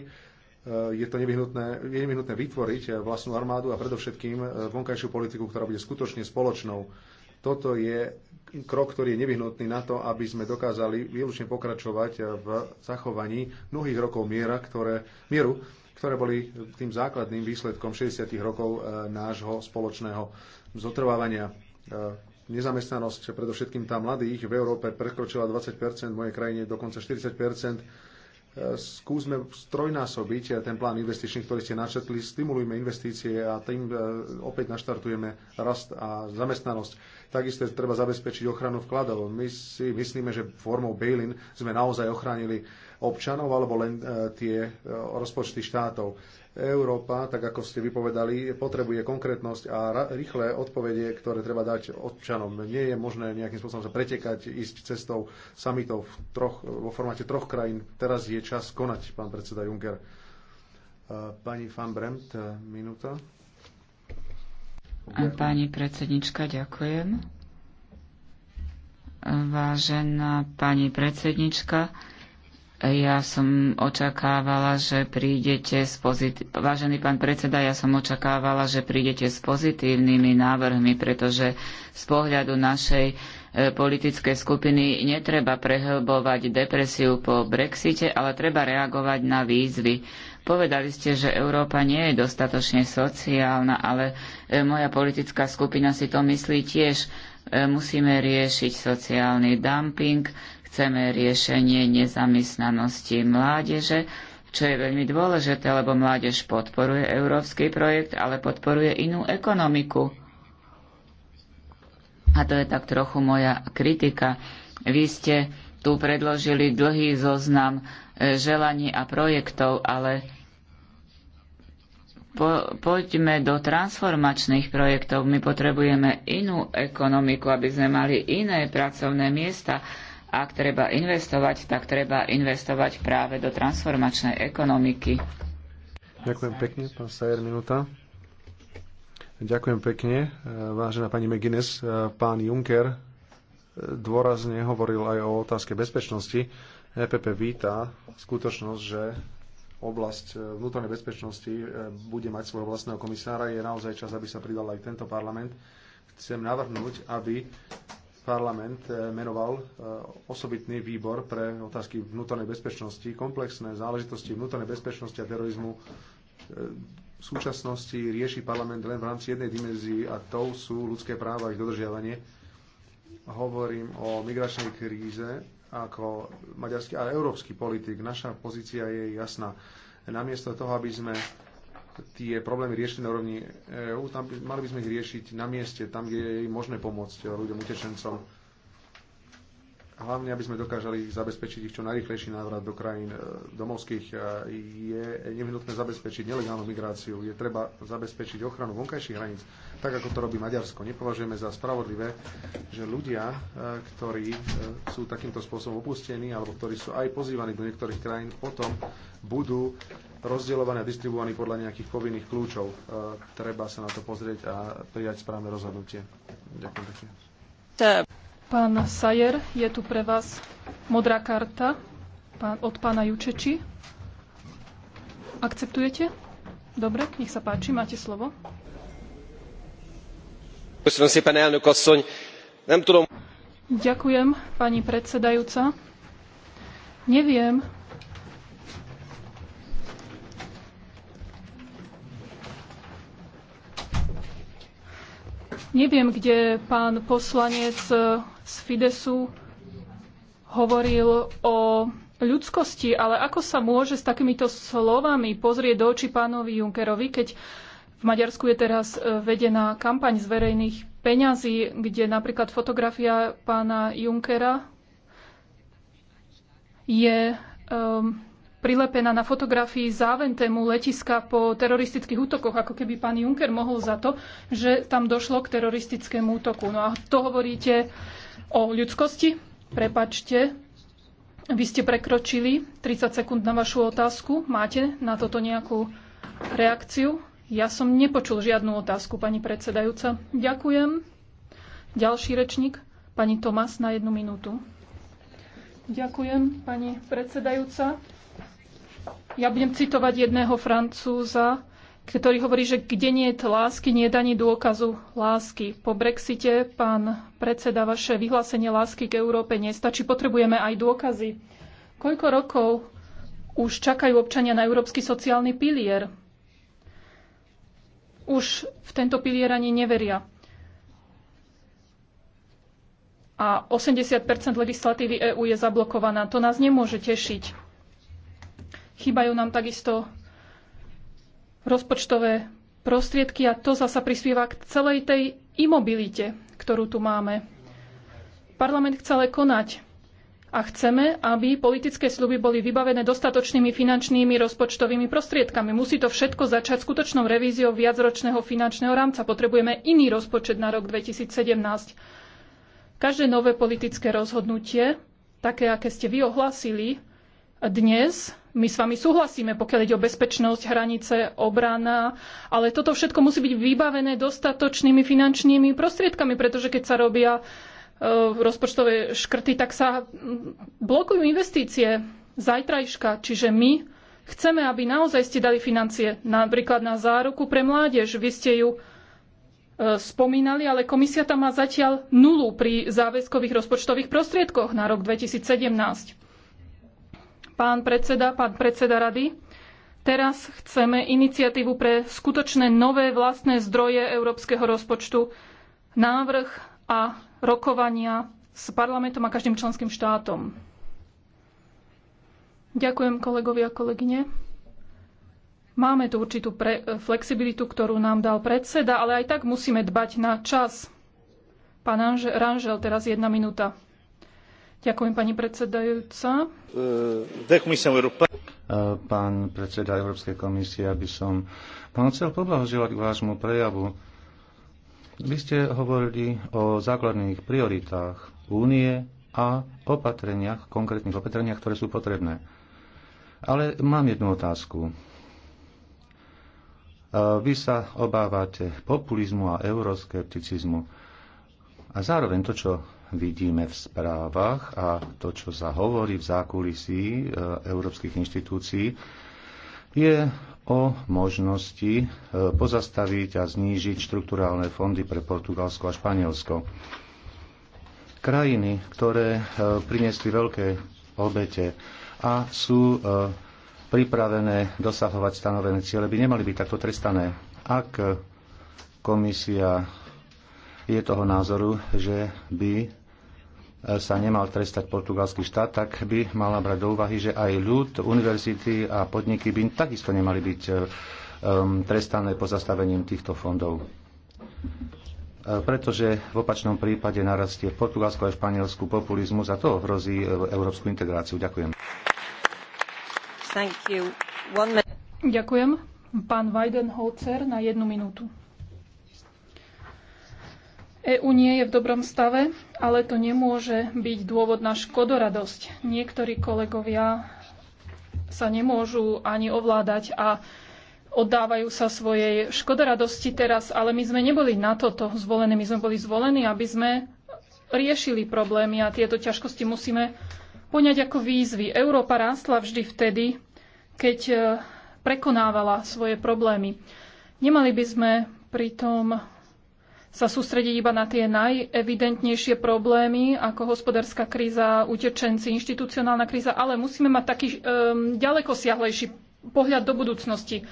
je to nevyhnutné, je nevyhnutné vytvoriť vlastnú armádu a predovšetkým vonkajšiu politiku, ktorá bude skutočne spoločnou. Toto je krok, ktorý je nevyhnutný na to, aby sme dokázali výlučne pokračovať v zachovaní mnohých rokov miera, ktoré, mieru, ktoré boli tým základným výsledkom 60. rokov e, nášho spoločného zotrvávania. E, nezamestnanosť, predovšetkým tá mladých, v Európe prekročila 20 v mojej krajine dokonca 40 skúsme strojnásobiť ten plán investičný, ktorý ste načetli, stimulujme investície a tým e, opäť naštartujeme rast a zamestnanosť. Takisto treba zabezpečiť ochranu vkladov. My si myslíme, že formou bail-in sme naozaj ochránili občanov alebo len e, tie e, rozpočty štátov. Európa, tak ako ste vypovedali, potrebuje konkrétnosť a rýchle odpovede, ktoré treba dať občanom. Nie je možné nejakým spôsobom sa pretekať, ísť cestou samitov v troch, vo formáte troch krajín. Teraz je čas konať, pán predseda Juncker. E, pani van Bremt, e, minúta. A pani predsednička, ďakujem. Vážená pani predsednička, ja som očakávala, že prídete s pozitív... Vážený pán predseda, ja som očakávala, že prídete s pozitívnymi návrhmi, pretože z pohľadu našej e, politickej skupiny netreba prehlbovať depresiu po Brexite, ale treba reagovať na výzvy. Povedali ste, že Európa nie je dostatočne sociálna, ale e, moja politická skupina si to myslí tiež. E, musíme riešiť sociálny dumping, Chceme riešenie nezamestnanosti mládeže, čo je veľmi dôležité, lebo mládež podporuje európsky projekt, ale podporuje inú ekonomiku. A to je tak trochu moja kritika. Vy ste tu predložili dlhý zoznam e, želaní a projektov, ale po, poďme do transformačných projektov. My potrebujeme inú ekonomiku, aby sme mali iné pracovné miesta ak treba investovať, tak treba investovať práve do transformačnej ekonomiky. Ďakujem pekne, pán Sajer, minúta. Ďakujem pekne, e, vážená pani McGuinness. E, pán Juncker e, dôrazne hovoril aj o otázke bezpečnosti. EPP víta skutočnosť, že oblasť vnútornej bezpečnosti bude mať svojho vlastného komisára. Je naozaj čas, aby sa pridal aj tento parlament. Chcem navrhnúť, aby parlament eh, menoval eh, osobitný výbor pre otázky vnútornej bezpečnosti, komplexné záležitosti vnútornej bezpečnosti a terorizmu eh, v súčasnosti rieši parlament len v rámci jednej dimenzii a to sú ľudské práva a ich dodržiavanie. Hovorím o migračnej kríze ako maďarský a európsky politik. Naša pozícia je jasná. Namiesto toho, aby sme tie problémy riešiť na úrovni EÚ, tam by, mali by sme ich riešiť na mieste, tam, kde je možné pomôcť ľuďom, utečencom. Hlavne, aby sme dokážali zabezpečiť ich čo najrychlejší návrat do krajín e, domovských. E, je nevyhnutné zabezpečiť nelegálnu migráciu, je treba zabezpečiť ochranu vonkajších hraníc, tak ako to robí Maďarsko. Nepovažujeme za spravodlivé, že ľudia, e, ktorí sú takýmto spôsobom opustení alebo ktorí sú aj pozývaní do niektorých krajín, potom budú rozdielovaný a distribuovaný podľa nejakých povinných kľúčov. E, treba sa na to pozrieť a prijať správne rozhodnutie. Ďakujem pekne. Pán Sajer, je tu pre vás modrá karta od pána Jučeči. Akceptujete? Dobre, nech sa páči, máte slovo. Ďakujem, pani predsedajúca. Neviem, Neviem, kde pán poslanec eh, z Fidesu hovoril o ľudskosti, ale ako sa môže s takýmito slovami pozrieť do očí pánovi Junkerovi, keď v Maďarsku je teraz eh, vedená kampaň z verejných peňazí, kde napríklad fotografia pána Junkera je um, prilepená na fotografii záventému letiska po teroristických útokoch, ako keby pán Juncker mohol za to, že tam došlo k teroristickému útoku. No a to hovoríte o ľudskosti? Prepačte, vy ste prekročili 30 sekúnd na vašu otázku. Máte na toto nejakú reakciu? Ja som nepočul žiadnu otázku, pani predsedajúca. Ďakujem. Ďalší rečník, pani Tomas, na jednu minútu. Ďakujem, pani predsedajúca. Ja budem citovať jedného Francúza, ktorý hovorí, že kde nie je lásky, nie je ani dôkazu lásky. Po Brexite, pán predseda, vaše vyhlásenie lásky k Európe nestačí. Potrebujeme aj dôkazy. Koľko rokov už čakajú občania na európsky sociálny pilier? Už v tento pilier ani neveria. A 80 legislatívy EÚ je zablokovaná. To nás nemôže tešiť. Chýbajú nám takisto rozpočtové prostriedky a to zasa prispieva k celej tej imobilite, ktorú tu máme. Parlament chce ale konať a chceme, aby politické sluby boli vybavené dostatočnými finančnými rozpočtovými prostriedkami. Musí to všetko začať skutočnou revíziou viacročného finančného rámca. Potrebujeme iný rozpočet na rok 2017. Každé nové politické rozhodnutie, také, aké ste vy ohlásili dnes, my s vami súhlasíme, pokiaľ ide o bezpečnosť, hranice, obrana, ale toto všetko musí byť vybavené dostatočnými finančnými prostriedkami, pretože keď sa robia e, rozpočtové škrty, tak sa blokujú investície zajtrajška. Čiže my chceme, aby naozaj ste dali financie napríklad na záruku pre mládež. Vy ste ju e, spomínali, ale komisia tam má zatiaľ nulu pri záväzkových rozpočtových prostriedkoch na rok 2017 pán predseda, pán predseda rady. Teraz chceme iniciatívu pre skutočné nové vlastné zdroje európskeho rozpočtu, návrh a rokovania s parlamentom a každým členským štátom. Ďakujem kolegovi a kolegyne. Máme tu určitú pre, e, flexibilitu, ktorú nám dal predseda, ale aj tak musíme dbať na čas. Pán Ranžel, teraz jedna minúta. Ďakujem, pani predsedajúca. Pán predseda Európskej komisie, aby som vám chcel poblahoželať k vášmu prejavu. Vy ste hovorili o základných prioritách únie a opatreniach, konkrétnych opatreniach, ktoré sú potrebné. Ale mám jednu otázku. Vy sa obávate populizmu a euroskepticizmu. A zároveň to, čo vidíme v správach a to, čo sa hovorí v zákulisí e, európskych inštitúcií, je o možnosti e, pozastaviť a znížiť štrukturálne fondy pre Portugalsko a Španielsko. Krajiny, ktoré e, priniesli veľké obete a sú pripravené dosahovať stanovené ciele, by nemali byť takto trestané. Ak komisia je toho názoru, že by sa nemal trestať portugalský štát, tak by mala brať do úvahy, že aj ľud, univerzity a podniky by takisto nemali byť e, um, trestané pozastavením týchto fondov e, pretože v opačnom prípade narastie v Portugalsku a Španielsku populizmus a to hrozí e, európsku integráciu. Ďakujem. Ďakujem. Pán Weidenholzer na jednu minútu. EÚ nie je v dobrom stave, ale to nemôže byť dôvod na škodoradosť. Niektorí kolegovia sa nemôžu ani ovládať a oddávajú sa svojej škodoradosti teraz, ale my sme neboli na toto zvolení. My sme boli zvolení, aby sme riešili problémy a tieto ťažkosti musíme poňať ako výzvy. Európa rástla vždy vtedy, keď e, prekonávala svoje problémy. Nemali by sme pritom sa sústrediť iba na tie najevidentnejšie problémy, ako hospodárska kríza, utečenci, inštitucionálna kríza, ale musíme mať taký um, ďaleko siahlejší pohľad do budúcnosti.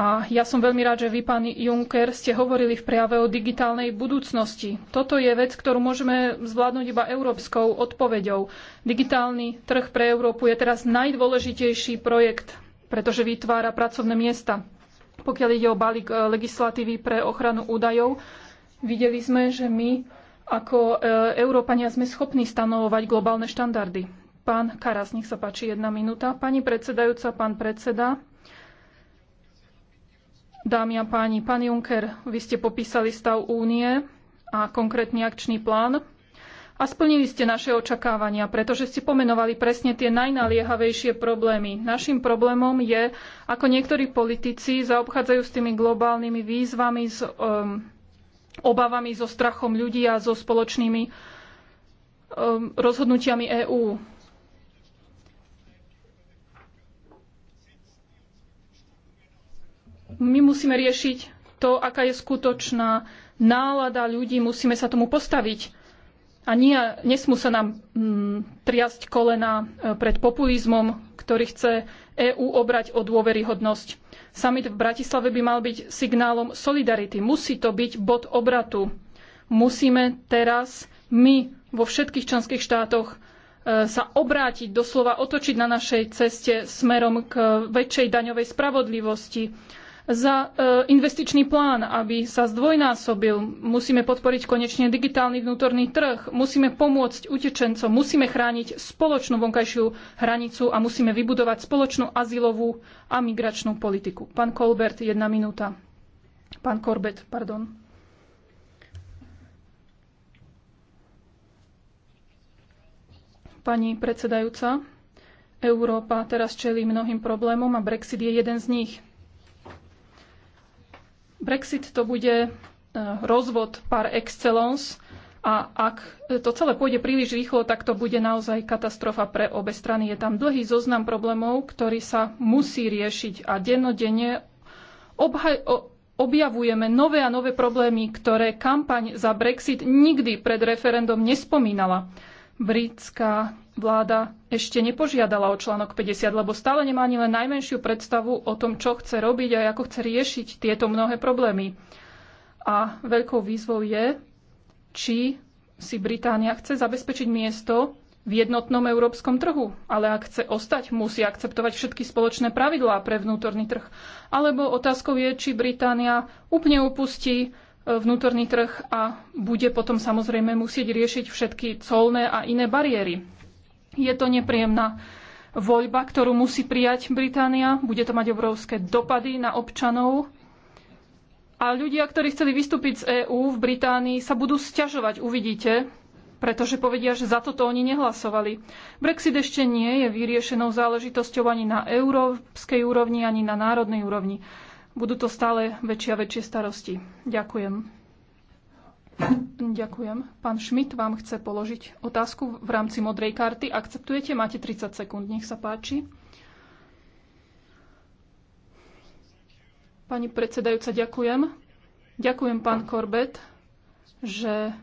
A ja som veľmi rád, že vy, pán Juncker, ste hovorili v prejave o digitálnej budúcnosti. Toto je vec, ktorú môžeme zvládnuť iba európskou odpoveďou. Digitálny trh pre Európu je teraz najdôležitejší projekt, pretože vytvára pracovné miesta. Pokiaľ ide o balík e, legislatívy pre ochranu údajov, videli sme, že my ako e, Európania sme schopní stanovovať globálne štandardy. Pán Karas, nech sa páči jedna minúta. Pani predsedajúca, pán predseda, dámy a páni, pán Juncker, vy ste popísali stav únie a konkrétny akčný plán a splnili ste naše očakávania, pretože ste pomenovali presne tie najnaliehavejšie problémy. Našim problémom je, ako niektorí politici zaobchádzajú s tými globálnymi výzvami, s um, obavami, so strachom ľudí a so spoločnými um, rozhodnutiami EÚ. My musíme riešiť to, aká je skutočná nálada ľudí, musíme sa tomu postaviť a nie, nesmú sa nám mm, triasť kolena e, pred populizmom, ktorý chce EÚ obrať o dôveryhodnosť. Summit v Bratislave by mal byť signálom solidarity. Musí to byť bod obratu. Musíme teraz my vo všetkých členských štátoch e, sa obrátiť, doslova otočiť na našej ceste smerom k väčšej daňovej spravodlivosti, za e, investičný plán, aby sa zdvojnásobil. Musíme podporiť konečne digitálny vnútorný trh, musíme pomôcť utečencom, musíme chrániť spoločnú vonkajšiu hranicu a musíme vybudovať spoločnú azylovú a migračnú politiku. Pán Colbert, jedna minúta. Pán Corbett, pardon. Pani predsedajúca, Európa teraz čelí mnohým problémom a Brexit je jeden z nich. Brexit to bude e, rozvod par excellence a ak to celé pôjde príliš rýchlo, tak to bude naozaj katastrofa pre obe strany. Je tam dlhý zoznam problémov, ktorý sa musí riešiť a dennodenne objavujeme nové a nové problémy, ktoré kampaň za Brexit nikdy pred referendom nespomínala britská vláda ešte nepožiadala o článok 50, lebo stále nemá ani len najmenšiu predstavu o tom, čo chce robiť a ako chce riešiť tieto mnohé problémy. A veľkou výzvou je, či si Británia chce zabezpečiť miesto v jednotnom európskom trhu, ale ak chce ostať, musí akceptovať všetky spoločné pravidlá pre vnútorný trh. Alebo otázkou je, či Británia úplne upustí vnútorný trh a bude potom samozrejme musieť riešiť všetky colné a iné bariéry. Je to nepríjemná voľba, ktorú musí prijať Británia. Bude to mať obrovské dopady na občanov. A ľudia, ktorí chceli vystúpiť z EÚ v Británii, sa budú sťažovať, uvidíte, pretože povedia, že za toto oni nehlasovali. Brexit ešte nie je vyriešenou záležitosťou ani na európskej úrovni, ani na národnej úrovni budú to stále väčšie a väčšie starosti. Ďakujem. Ďakujem. Pán Šmit vám chce položiť otázku v rámci modrej karty. Akceptujete? Máte 30 sekúnd. Nech sa páči. Pani predsedajúca, ďakujem. Ďakujem, pán Korbet, že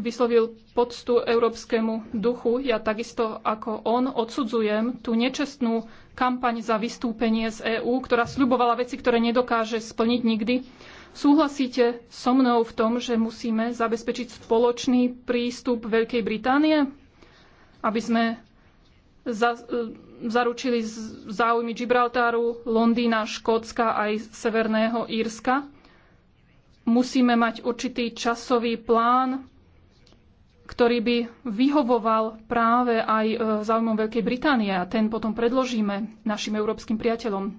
vyslovil poctu európskemu duchu. Ja takisto ako on odsudzujem tú nečestnú kampaň za vystúpenie z EÚ, ktorá sľubovala veci, ktoré nedokáže splniť nikdy. Súhlasíte so mnou v tom, že musíme zabezpečiť spoločný prístup Veľkej Británie, aby sme za, zaručili záujmy Gibraltáru, Londýna, Škótska aj Severného Írska? Musíme mať určitý časový plán ktorý by vyhovoval práve aj e, záujmom Veľkej Británie a ten potom predložíme našim európskym priateľom.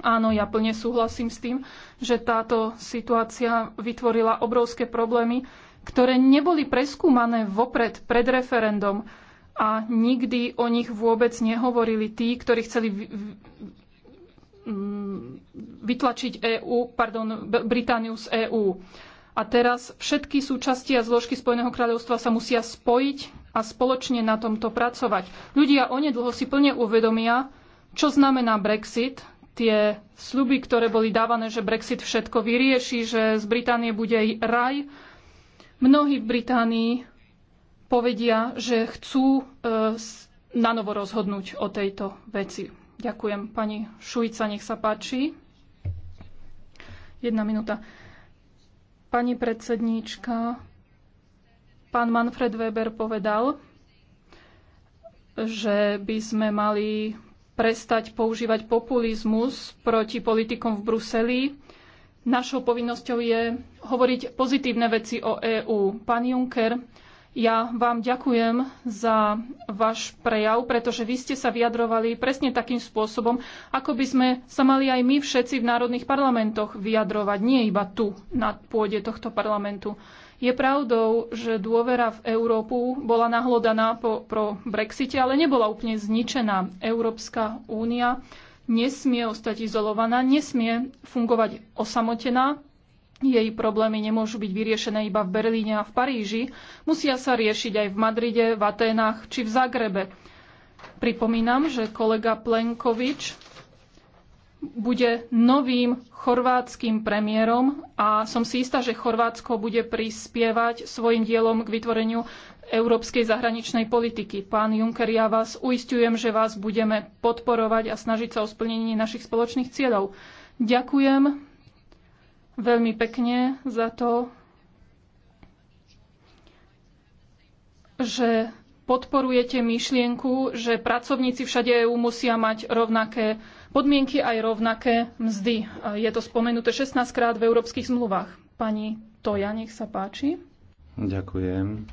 Áno, ja plne súhlasím s tým, že táto situácia vytvorila obrovské problémy, ktoré neboli preskúmané vopred pred referendum a nikdy o nich vôbec nehovorili tí, ktorí chceli vytlačiť EU, pardon, Britániu z EÚ. A teraz všetky súčasti a zložky Spojeného kráľovstva sa musia spojiť a spoločne na tomto pracovať. Ľudia onedlho si plne uvedomia, čo znamená Brexit, tie sľuby, ktoré boli dávané, že Brexit všetko vyrieši, že z Británie bude aj raj. Mnohí v Británii povedia, že chcú e, na novo rozhodnúť o tejto veci. Ďakujem. Pani Šujca, nech sa páči. Jedna minúta. Pani predsedníčka, pán Manfred Weber povedal, že by sme mali prestať používať populizmus proti politikom v Bruseli. Našou povinnosťou je hovoriť pozitívne veci o EÚ. Pán Juncker ja vám ďakujem za váš prejav, pretože vy ste sa vyjadrovali presne takým spôsobom, ako by sme sa mali aj my všetci v národných parlamentoch vyjadrovať, nie iba tu, na pôde tohto parlamentu. Je pravdou, že dôvera v Európu bola nahlodaná po, pro Brexite, ale nebola úplne zničená. Európska únia nesmie ostať izolovaná, nesmie fungovať osamotená, jej problémy nemôžu byť vyriešené iba v Berlíne a v Paríži, musia sa riešiť aj v Madride, v Aténach či v Zagrebe. Pripomínam, že kolega Plenkovič bude novým chorvátským premiérom a som si istá, že Chorvátsko bude prispievať svojim dielom k vytvoreniu európskej zahraničnej politiky. Pán Juncker, ja vás uistujem, že vás budeme podporovať a snažiť sa o splnenie našich spoločných cieľov. Ďakujem veľmi pekne za to, že podporujete myšlienku, že pracovníci všade EU musia mať rovnaké podmienky aj rovnaké mzdy. Je to spomenuté 16 krát v európskych zmluvách. Pani Toja, nech sa páči. Ďakujem.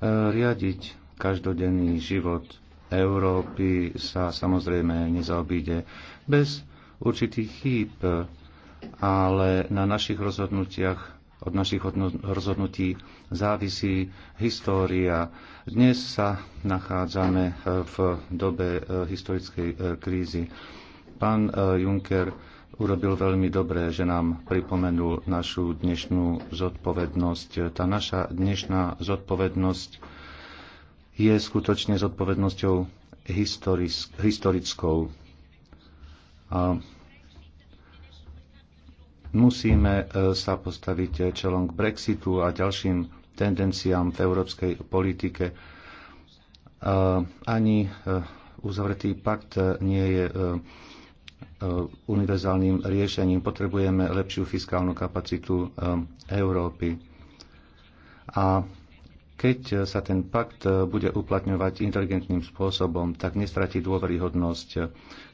E, riadiť každodenný život Európy sa samozrejme nezaobíde bez určitých chýb, ale na našich rozhodnutiach od našich rozhodnutí závisí história. Dnes sa nachádzame eh, v dobe eh, historickej eh, krízy. Pán Juncker urobil veľmi dobre, že nám pripomenul našu dnešnú zodpovednosť. Tá naša dnešná zodpovednosť je skutočne zodpovednosťou historickou. Musíme e, sa postaviť e, čelom k Brexitu a ďalším tendenciám v európskej politike. E, ani uzavretý pakt nie je univerzálnym riešením. Potrebujeme lepšiu fiskálnu kapacitu Európy. A keď sa ten pakt bude uplatňovať inteligentným spôsobom, tak nestratí dôveryhodnosť.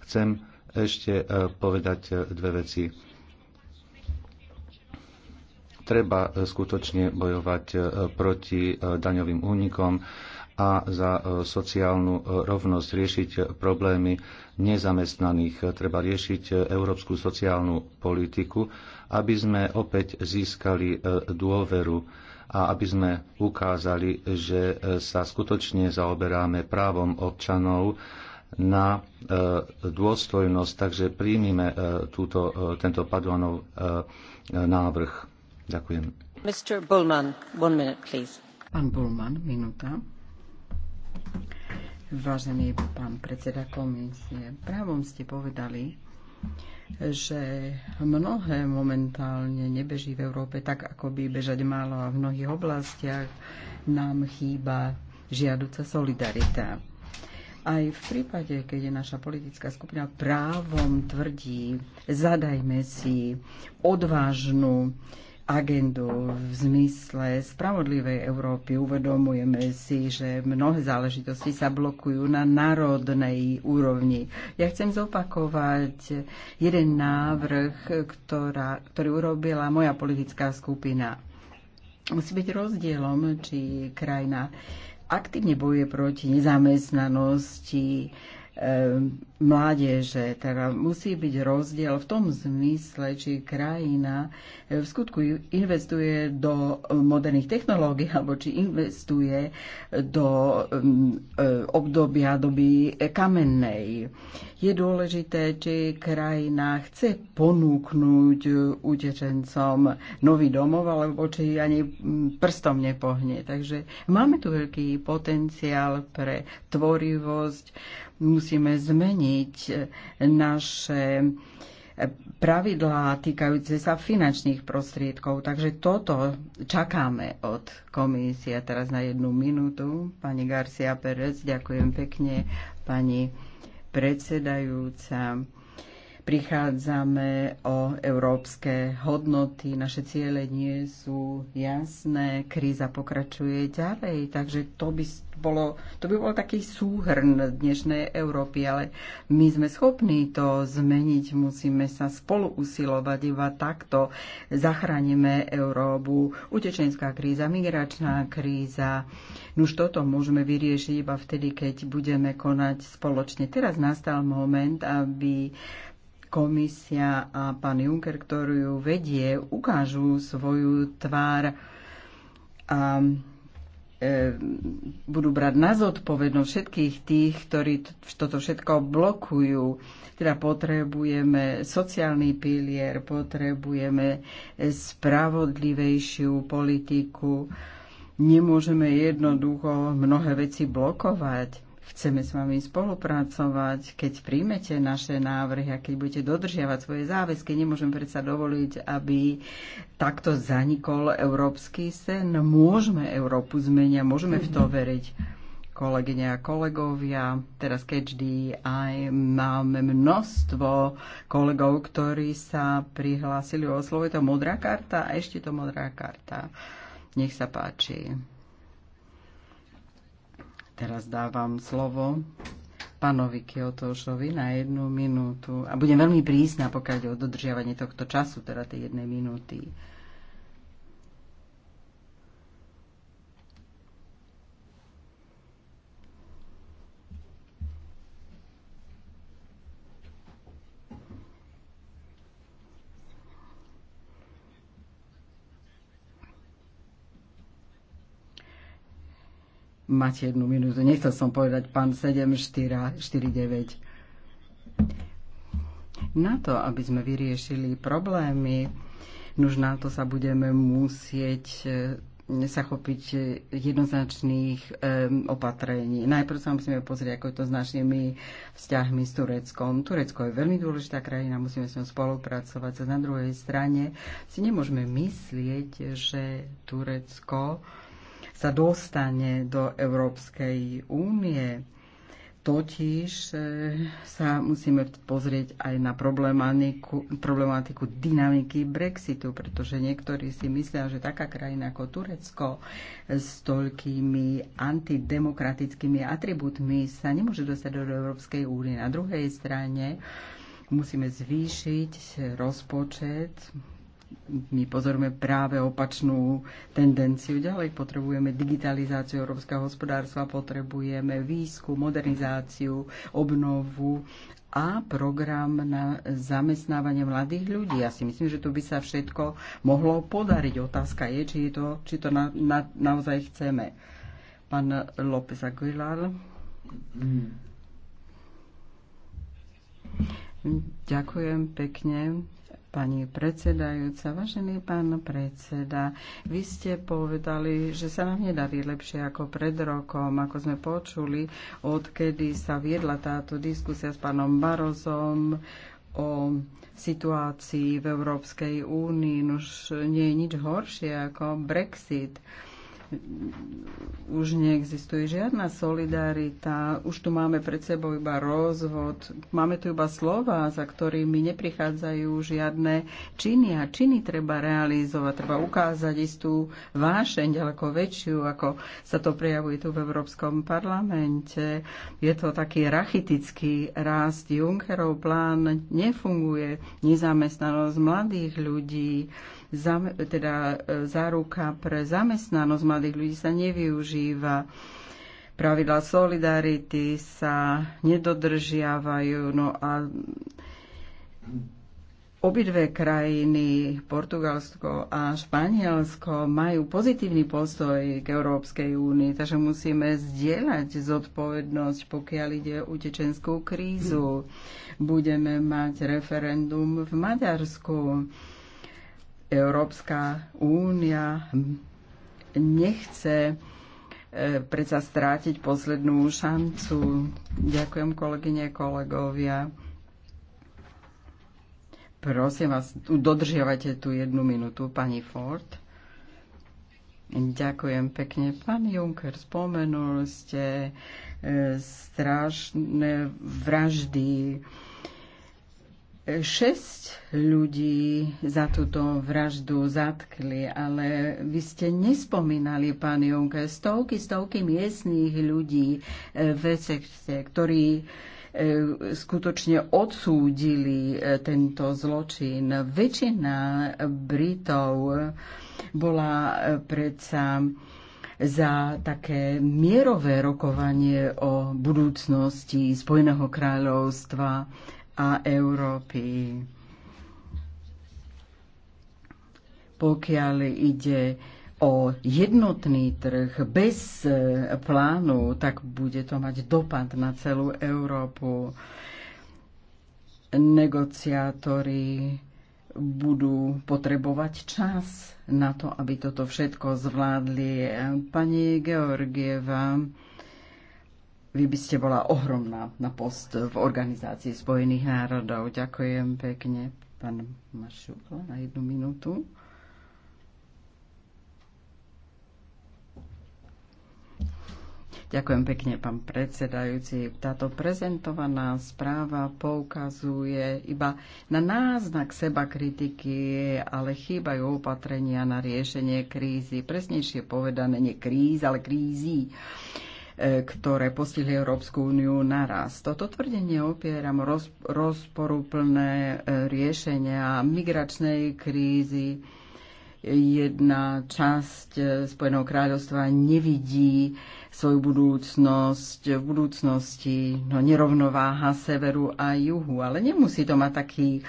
Chcem ešte e, povedať e, dve veci. Treba e, skutočne bojovať proti daňovým únikom a za sociálnu rovnosť riešiť problémy nezamestnaných. Treba riešiť európsku sociálnu politiku, aby sme opäť získali dôveru a aby sme ukázali, že sa skutočne zaoberáme právom občanov na e, dôstojnosť, takže príjmime e, túto, e, tento Paduanov návrh. Ďakujem. Mr. Bullman, one minute, please. Pán Bullman, minúta. Vážený pán predseda komisie, právom ste povedali, že mnohé momentálne nebeží v Európe tak, ako by bežať malo a v mnohých oblastiach nám chýba žiaduca solidarita aj v prípade, keď je naša politická skupina právom tvrdí, zadajme si odvážnu agendu v zmysle spravodlivej Európy. Uvedomujeme si, že mnohé záležitosti sa blokujú na národnej úrovni. Ja chcem zopakovať jeden návrh, ktorá, ktorý urobila moja politická skupina. Musí byť rozdielom, či krajina aktívne bojuje proti nezamestnanosti, E, mládeže. Teda musí byť rozdiel v tom zmysle, či krajina e, v skutku investuje do e, moderných technológií alebo či investuje do obdobia doby kamennej. Je dôležité, či krajina chce ponúknuť utečencom nový domov alebo či ani prstom nepohne. Takže máme tu veľký potenciál pre tvorivosť, Musíme zmeniť e, naše e, pravidlá týkajúce sa finančných prostriedkov. Takže toto čakáme od komisie. Teraz na jednu minútu. Pani Garcia Perez, ďakujem pekne. Pani predsedajúca prichádzame o európske hodnoty, naše ciele nie sú jasné, kríza pokračuje ďalej, takže to by bolo, to by bol taký súhrn dnešnej Európy, ale my sme schopní to zmeniť, musíme sa spolu usilovať, iba takto zachránime Európu. Utečenská kríza, migračná kríza, už toto môžeme vyriešiť iba vtedy, keď budeme konať spoločne. Teraz nastal moment, aby komisia a pán Juncker, ktorú ju vedie, ukážu svoju tvár a e, budú brať na zodpovednosť všetkých tých, ktorí toto všetko blokujú. Teda potrebujeme sociálny pilier, potrebujeme spravodlivejšiu politiku. Nemôžeme jednoducho mnohé veci blokovať. Chceme s vami spolupracovať, keď príjmete naše návrhy a keď budete dodržiavať svoje záväzky. Nemôžem predsa dovoliť, aby takto zanikol európsky sen. Môžeme Európu zmeniť, môžeme v to (clears throat) veriť kolegyne a kolegovia. Teraz keď aj máme množstvo kolegov, ktorí sa prihlásili o slovo. Je to modrá karta a ešte to modrá karta. Nech sa páči. Teraz dávam slovo pánovi Kiotošovi na jednu minútu. A budem veľmi prísna, pokiaľ o dodržiavanie tohto času, teda tej jednej minúty. Máte jednu minútu. Nechcel som povedať pán 9. Na to, aby sme vyriešili problémy, nuž na to sa budeme musieť e, sa chopiť e, jednoznačných um, opatrení. Najprv sa musíme pozrieť, ako je to s našimi vzťahmi s Tureckom. Turecko je veľmi dôležitá krajina, musíme s ňou spolupracovať. A na druhej strane si nemôžeme myslieť, že Turecko uh, sa dostane do Európskej únie. Totiž e, sa musíme pozrieť aj na problematiku, problematiku dynamiky Brexitu, pretože niektorí si myslia, že taká krajina ako Turecko s toľkými antidemokratickými atribútmi sa nemôže dostať do Európskej únie. Na druhej strane musíme zvýšiť rozpočet my pozorujeme práve opačnú tendenciu. Ďalej potrebujeme digitalizáciu európskeho hospodárstva, potrebujeme výskum, modernizáciu, obnovu a program na zamestnávanie mladých ľudí. Ja si myslím, že tu by sa všetko mohlo podariť. Otázka je, či to, či to na, na, naozaj chceme. Pán López Aguilar. Mm. Ďakujem pekne. Pani predsedajúca, vážený pán predseda, vy ste povedali, že sa nám nedarí lepšie ako pred rokom, ako sme počuli, odkedy sa viedla táto diskusia s pánom Barozom o situácii v Európskej únii. Už nie je nič horšie ako Brexit už neexistuje žiadna solidarita, už tu máme pred sebou iba rozvod, máme tu iba slova, za ktorými neprichádzajú žiadne činy a činy treba realizovať, treba ukázať istú vášeň ďaleko väčšiu, ako sa to prejavuje tu v Európskom parlamente. Je to taký rachitický rast, Junckerov plán nefunguje, nezamestnanosť mladých ľudí, teda e, záruka pre zamestnanosť mladých ľudí sa nevyužíva. Pravidla solidarity sa nedodržiavajú. No a Obidve krajiny, Portugalsko a Španielsko, majú pozitívny postoj k Európskej únii, takže musíme zdieľať zodpovednosť, pokiaľ ide o utečenskú krízu. Budeme mať referendum v Maďarsku Európska únia nechce e, predsa strátiť poslednú šancu. Ďakujem kolegyne, kolegovia. Prosím vás, dodržiavate tú jednu minútu, pani Ford. Ďakujem pekne. Pán Juncker, spomenul ste e, strašné vraždy, e, Šesť ľudí za túto vraždu zatkli, ale vy ste nespomínali, pán Junke, stovky, stovky miestných ľudí e, v Esexte, ktorí e, skutočne odsúdili e, tento zločin. Väčšina Britov bola predsa za také mierové rokovanie o budúcnosti Spojeného kráľovstva a Európy. Pokiaľ ide o jednotný trh bez e, plánu, tak bude to mať dopad na celú Európu. Negociátori budú potrebovať čas na to, aby toto všetko zvládli. Pani Georgieva, vy by ste bola ohromná na post v Organizácii spojených národov. Ďakujem pekne. Pán Maršuko, na jednu minútu. Ďakujem pekne, pán predsedajúci. Táto prezentovaná správa poukazuje iba na náznak seba kritiky, ale chýbajú opatrenia na riešenie krízy. Presnejšie povedané, nie kríz, ale krízy. E, ktoré postihli Európsku úniu naraz. Toto tvrdenie opieram roz, rozporuplné e, riešenia migračnej krízy. Jedna časť e, Spojeného kráľovstva nevidí svoju budúcnosť v budúcnosti no, nerovnováha severu a juhu, ale nemusí to mať taký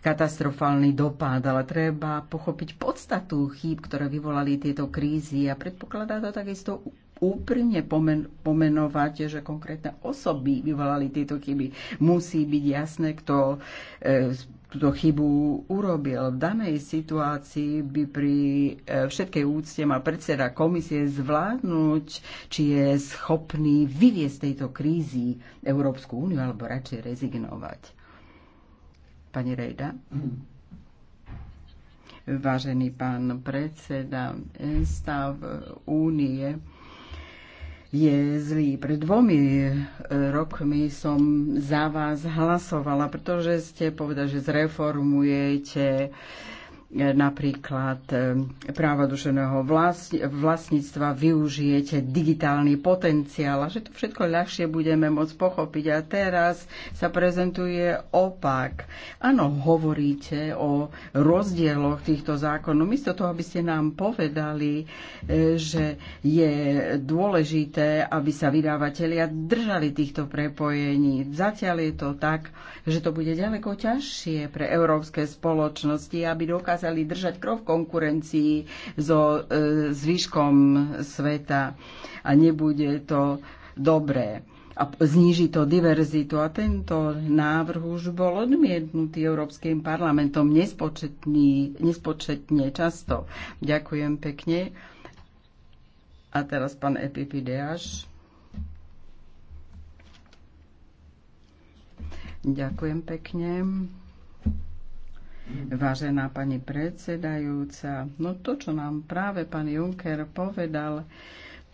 katastrofálny dopad, ale treba pochopiť podstatu chýb, ktoré vyvolali tieto krízy a predpokladá to takisto úprimne pomen- pomenovať, že konkrétne osoby vyvolali tieto chyby. Musí byť jasné, kto e, túto chybu urobil. V danej situácii by pri e, všetkej úcte mal predseda komisie zvládnuť, či je schopný vyviesť tejto krízy Európsku úniu alebo radšej rezignovať. Pani Rejda? Vážený pán predseda, e, stav e, únie je zlý. Pred dvomi e, rokmi som za vás hlasovala, pretože ste povedali, že zreformujete napríklad e, práva duševného vlastníctva, využijete digitálny potenciál a že to všetko ľahšie budeme môcť pochopiť. A teraz sa prezentuje opak. Áno, hovoríte o rozdieloch týchto zákonov. Miesto toho, by ste nám povedali, e, že je dôležité, aby sa vydávateľia držali týchto prepojení. Zatiaľ je to tak, že to bude ďaleko ťažšie pre európske spoločnosti, aby dokázali dokázali držať krov v konkurencii so e, zvyškom sveta a nebude to dobré a zníži to diverzitu. A tento návrh už bol odmietnutý Európskym parlamentom nespočetne často. Ďakujem pekne. A teraz pán Epipideáš. Ďakujem pekne. Vážená pani predsedajúca, no to, čo nám práve pán Juncker povedal,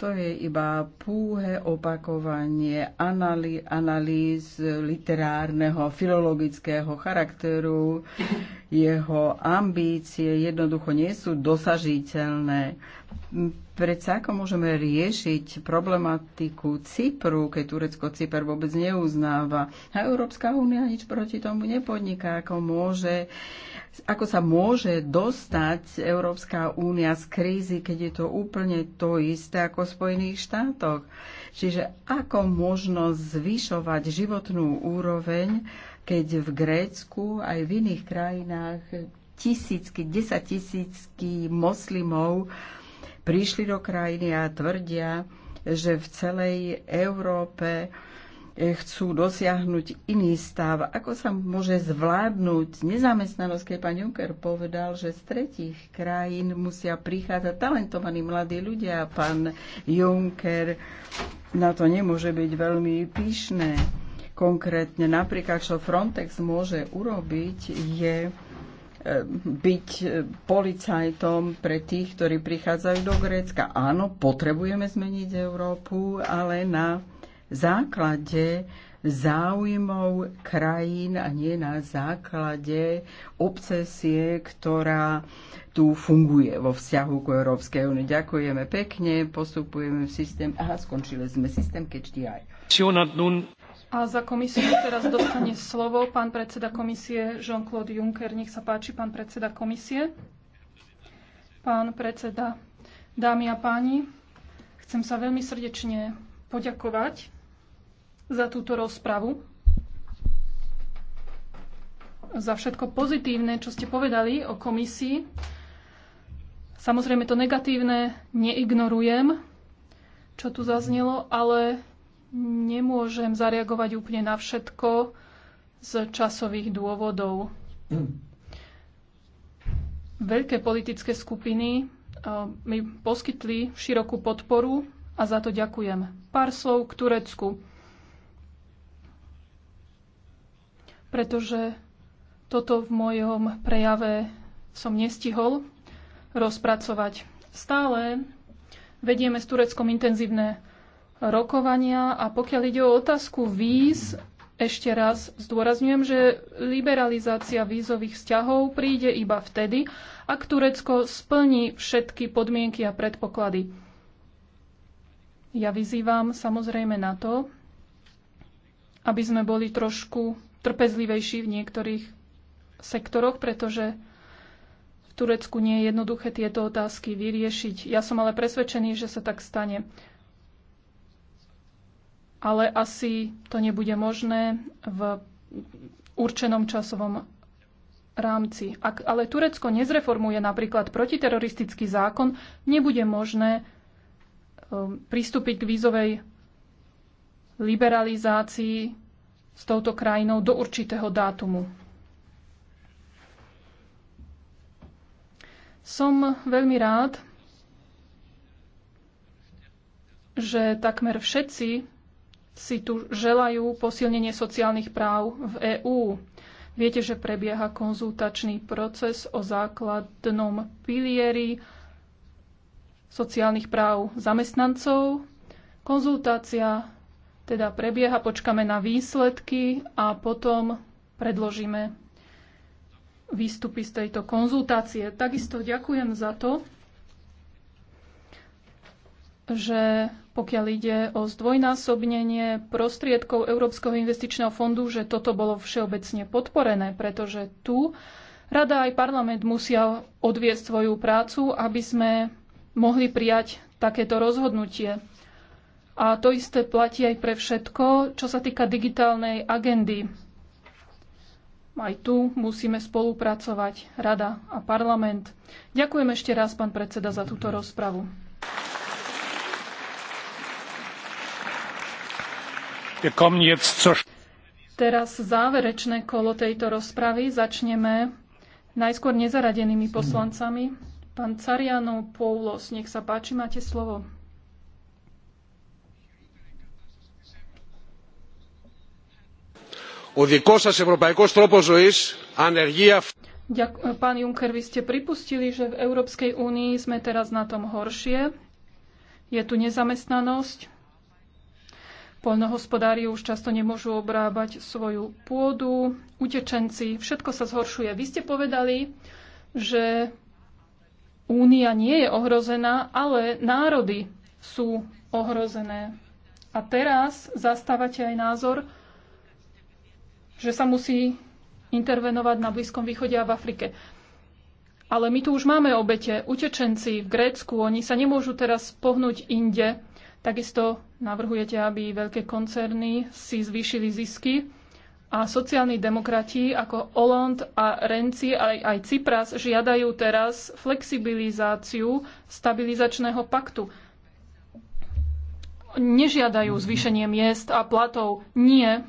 to je iba púhe opakovanie analý, analýz literárneho, filologického charakteru. Jeho ambície jednoducho nie sú dosažiteľné. Predsa ako môžeme riešiť problematiku Cypru, keď Turecko Cypr vôbec neuznáva? A Európska únia nič proti tomu nepodniká. Ako, môže, ako sa môže dostať Európska únia z krízy, keď je to úplne to isté ako v Spojených štátoch? Čiže ako možno zvyšovať životnú úroveň, keď v Grécku aj v iných krajinách tisícky, desaťtisícky moslimov prišli do krajiny a tvrdia, že v celej Európe eh, chcú dosiahnuť iný stav. Ako sa môže zvládnuť nezamestnanosť, keď pán Juncker povedal, že z tretich krajín musia prichádzať talentovaní mladí ľudia. Pán Juncker na to nemôže byť veľmi pyšné. Konkrétne napríklad, čo Frontex môže urobiť, je E, byť e, policajtom pre tých, ktorí prichádzajú do Grécka. Áno, potrebujeme zmeniť Európu, ale na základe záujmov krajín a nie na základe obsesie, ktorá tu funguje vo vzťahu k Európskej únii. Ďakujeme pekne, postupujeme v systém. Aha, skončili sme systém, keď aj. A za komisiu teraz dostane slovo pán predseda komisie Jean-Claude Juncker. Nech sa páči, pán predseda komisie. Pán predseda, dámy a páni, chcem sa veľmi srdečne poďakovať za túto rozpravu, za všetko pozitívne, čo ste povedali o komisii. Samozrejme to negatívne neignorujem, čo tu zaznelo, ale nemôžem zareagovať úplne na všetko z časových dôvodov. Veľké politické skupiny eh, mi poskytli širokú podporu a za to ďakujem. Pár slov k Turecku. Pretože toto v mojom prejave som nestihol rozpracovať. Stále vedieme s Tureckom intenzívne rokovania. A pokiaľ ide o otázku víz, ešte raz zdôrazňujem, že liberalizácia vízových vzťahov príde iba vtedy, ak Turecko splní všetky podmienky a predpoklady. Ja vyzývam samozrejme na to, aby sme boli trošku trpezlivejší v niektorých sektoroch, pretože v Turecku nie je jednoduché tieto otázky vyriešiť. Ja som ale presvedčený, že sa tak stane ale asi to nebude možné v určenom časovom rámci. Ak ale Turecko nezreformuje napríklad protiteroristický zákon, nebude možné um, pristúpiť k vízovej liberalizácii s touto krajinou do určitého dátumu. Som veľmi rád, že takmer všetci si tu želajú posilnenie sociálnych práv v EÚ. Viete, že prebieha konzultačný proces o základnom pilieri sociálnych práv zamestnancov. Konzultácia teda prebieha, počkame na výsledky a potom predložíme výstupy z tejto konzultácie. Takisto ďakujem za to, že pokiaľ ide o zdvojnásobnenie prostriedkov Európskeho investičného fondu, že toto bolo všeobecne podporené, pretože tu Rada aj parlament musia odviesť svoju prácu, aby sme mohli prijať takéto rozhodnutie. A to isté platí aj pre všetko, čo sa týka digitálnej agendy. Aj tu musíme spolupracovať Rada a parlament. Ďakujem ešte raz, pán predseda, za túto rozpravu. Teraz záverečné kolo tejto rozpravy. Začneme najskôr nezaradenými poslancami. Pán Cariano Poulos, nech sa páči, máte slovo. ανεργία... Pán Juncker, vy ste pripustili, že v Európskej únii sme teraz na tom horšie. Je tu nezamestnanosť, Polnohospodári už často nemôžu obrábať svoju pôdu, utečenci, všetko sa zhoršuje. Vy ste povedali, že únia nie je ohrozená, ale národy sú ohrozené. A teraz zastávate aj názor, že sa musí intervenovať na Blízkom východe a v Afrike. Ale my tu už máme obete, utečenci v Grécku, oni sa nemôžu teraz pohnúť inde. Takisto Navrhujete, aby veľké koncerny si zvýšili zisky a sociálni demokrati ako Holland a Renci aj, aj Cypras žiadajú teraz flexibilizáciu stabilizačného paktu. Nežiadajú zvýšenie miest a platov. Nie.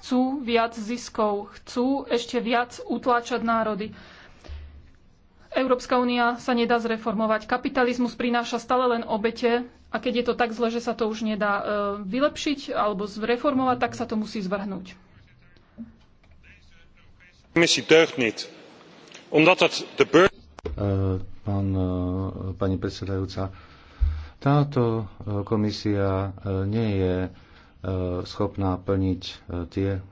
Chcú viac ziskov. Chcú ešte viac utláčať národy. Európska únia sa nedá zreformovať. Kapitalizmus prináša stále len obete a keď je to tak zle, že sa to už nedá e, vylepšiť alebo zreformovať, tak sa to musí zvrhnúť. E, pán, e, pani predsedajúca, táto komisia nie je schopná plniť tie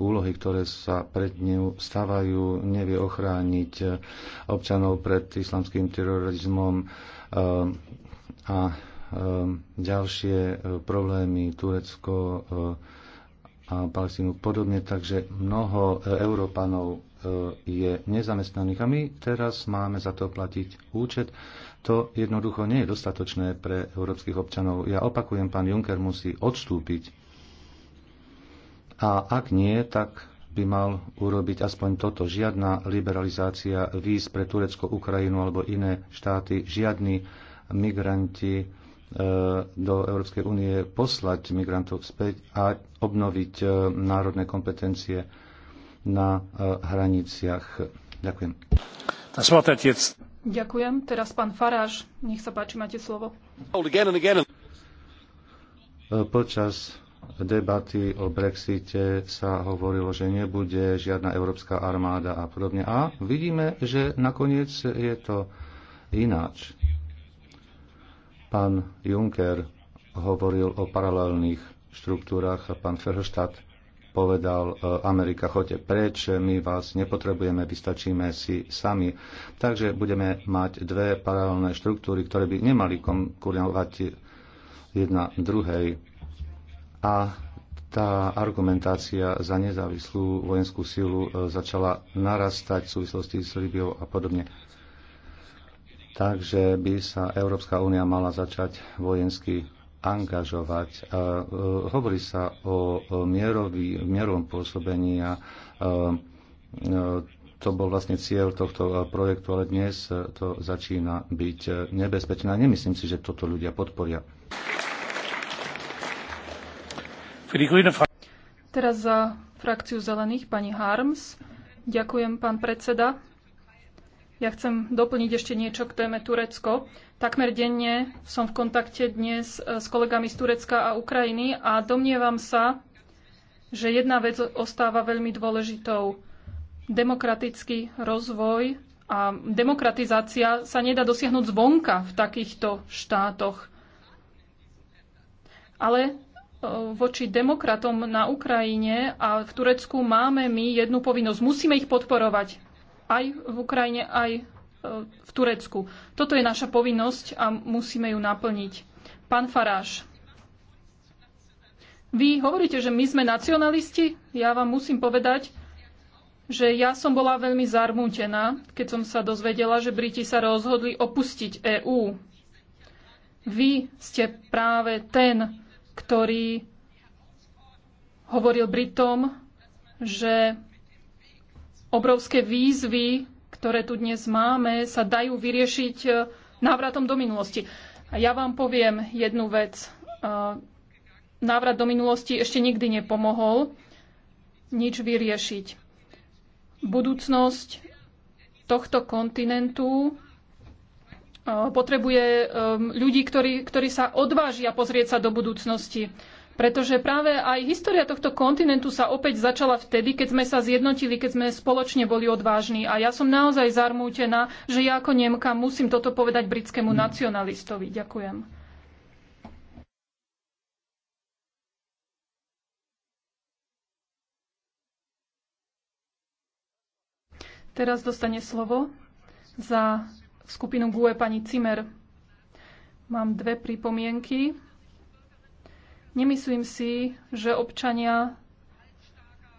úlohy, ktoré sa pred ňou stávajú, nevie ochrániť občanov pred islamským terorizmom eh, a eh, ďalšie eh, problémy Turecko a Palestínu podobne. Takže mnoho Európanov je nezamestnaných a my teraz máme za to platiť účet. To jednoducho nie je dostatočné pre európskych občanov. Ja opakujem, pán Juncker musí odstúpiť a ak nie, tak by mal urobiť aspoň toto. Žiadna liberalizácia víz pre Turecko, Ukrajinu alebo iné štáty, žiadni migranti e, do Európskej únie poslať migrantov späť a obnoviť e, národné kompetencie na e, hraniciach. Ďakujem. Ďakujem. Teraz pán Faráš, nech sa páči, máte slovo. Počas debaty o Brexite sa hovorilo, že nebude žiadna európska armáda a podobne. A vidíme, že nakoniec je to ináč. Pán Juncker hovoril o paralelných štruktúrach a pán Ferhštát povedal e, Amerika, choďte preč, my vás nepotrebujeme, vystačíme si sami. Takže budeme mať dve paralelné štruktúry, ktoré by nemali konkurovať jedna druhej a tá argumentácia za nezávislú vojenskú silu e, začala narastať v súvislosti s Libiou a podobne. Takže by sa Európska únia mala začať vojensky angažovať. E, e, hovorí sa o mierový, mierovom pôsobení a to bol vlastne cieľ tohto projektu, ale dnes to začína byť nebezpečné. Nemyslím si, že toto ľudia podporia. Teraz za frakciu zelených pani Harms. Ďakujem, pán predseda. Ja chcem doplniť ešte niečo k téme Turecko. Takmer denne som v kontakte dnes e, s kolegami z Turecka a Ukrajiny a domnievam sa, že jedna vec ostáva veľmi dôležitou. Demokratický rozvoj a demokratizácia sa nedá dosiahnuť zvonka v takýchto štátoch. Ale Eh, voči demokratom na Ukrajine a v Turecku máme my jednu povinnosť. Musíme ich podporovať aj v Ukrajine, aj eh, v Turecku. Toto je naša povinnosť a musíme ju naplniť. Pán Faráš, vy hovoríte, že my sme nacionalisti. Ja vám musím povedať, že ja som bola veľmi zarmútená, keď som sa dozvedela, že Briti sa rozhodli opustiť EÚ. Vy ste práve ten, ktorý hovoril Britom, že obrovské výzvy, ktoré tu dnes máme, sa dajú vyriešiť e, návratom do minulosti. A ja vám poviem jednu vec. E, návrat do minulosti ešte nikdy nepomohol nič vyriešiť. Budúcnosť tohto kontinentu Eh, potrebuje ľudí, ktorí, ktorí sa odvážia pozrieť sa do budúcnosti. Pretože práve aj história tohto kontinentu sa opäť začala vtedy, keď sme sa zjednotili, keď sme spoločne boli odvážni. A ja som naozaj zarmútená, že ja ako Nemka musím toto povedať britskému mm. nacionalistovi. Ďakujem. Teraz dostane slovo za skupinu GUE pani Cimer. Mám dve pripomienky. Nemyslím si, že občania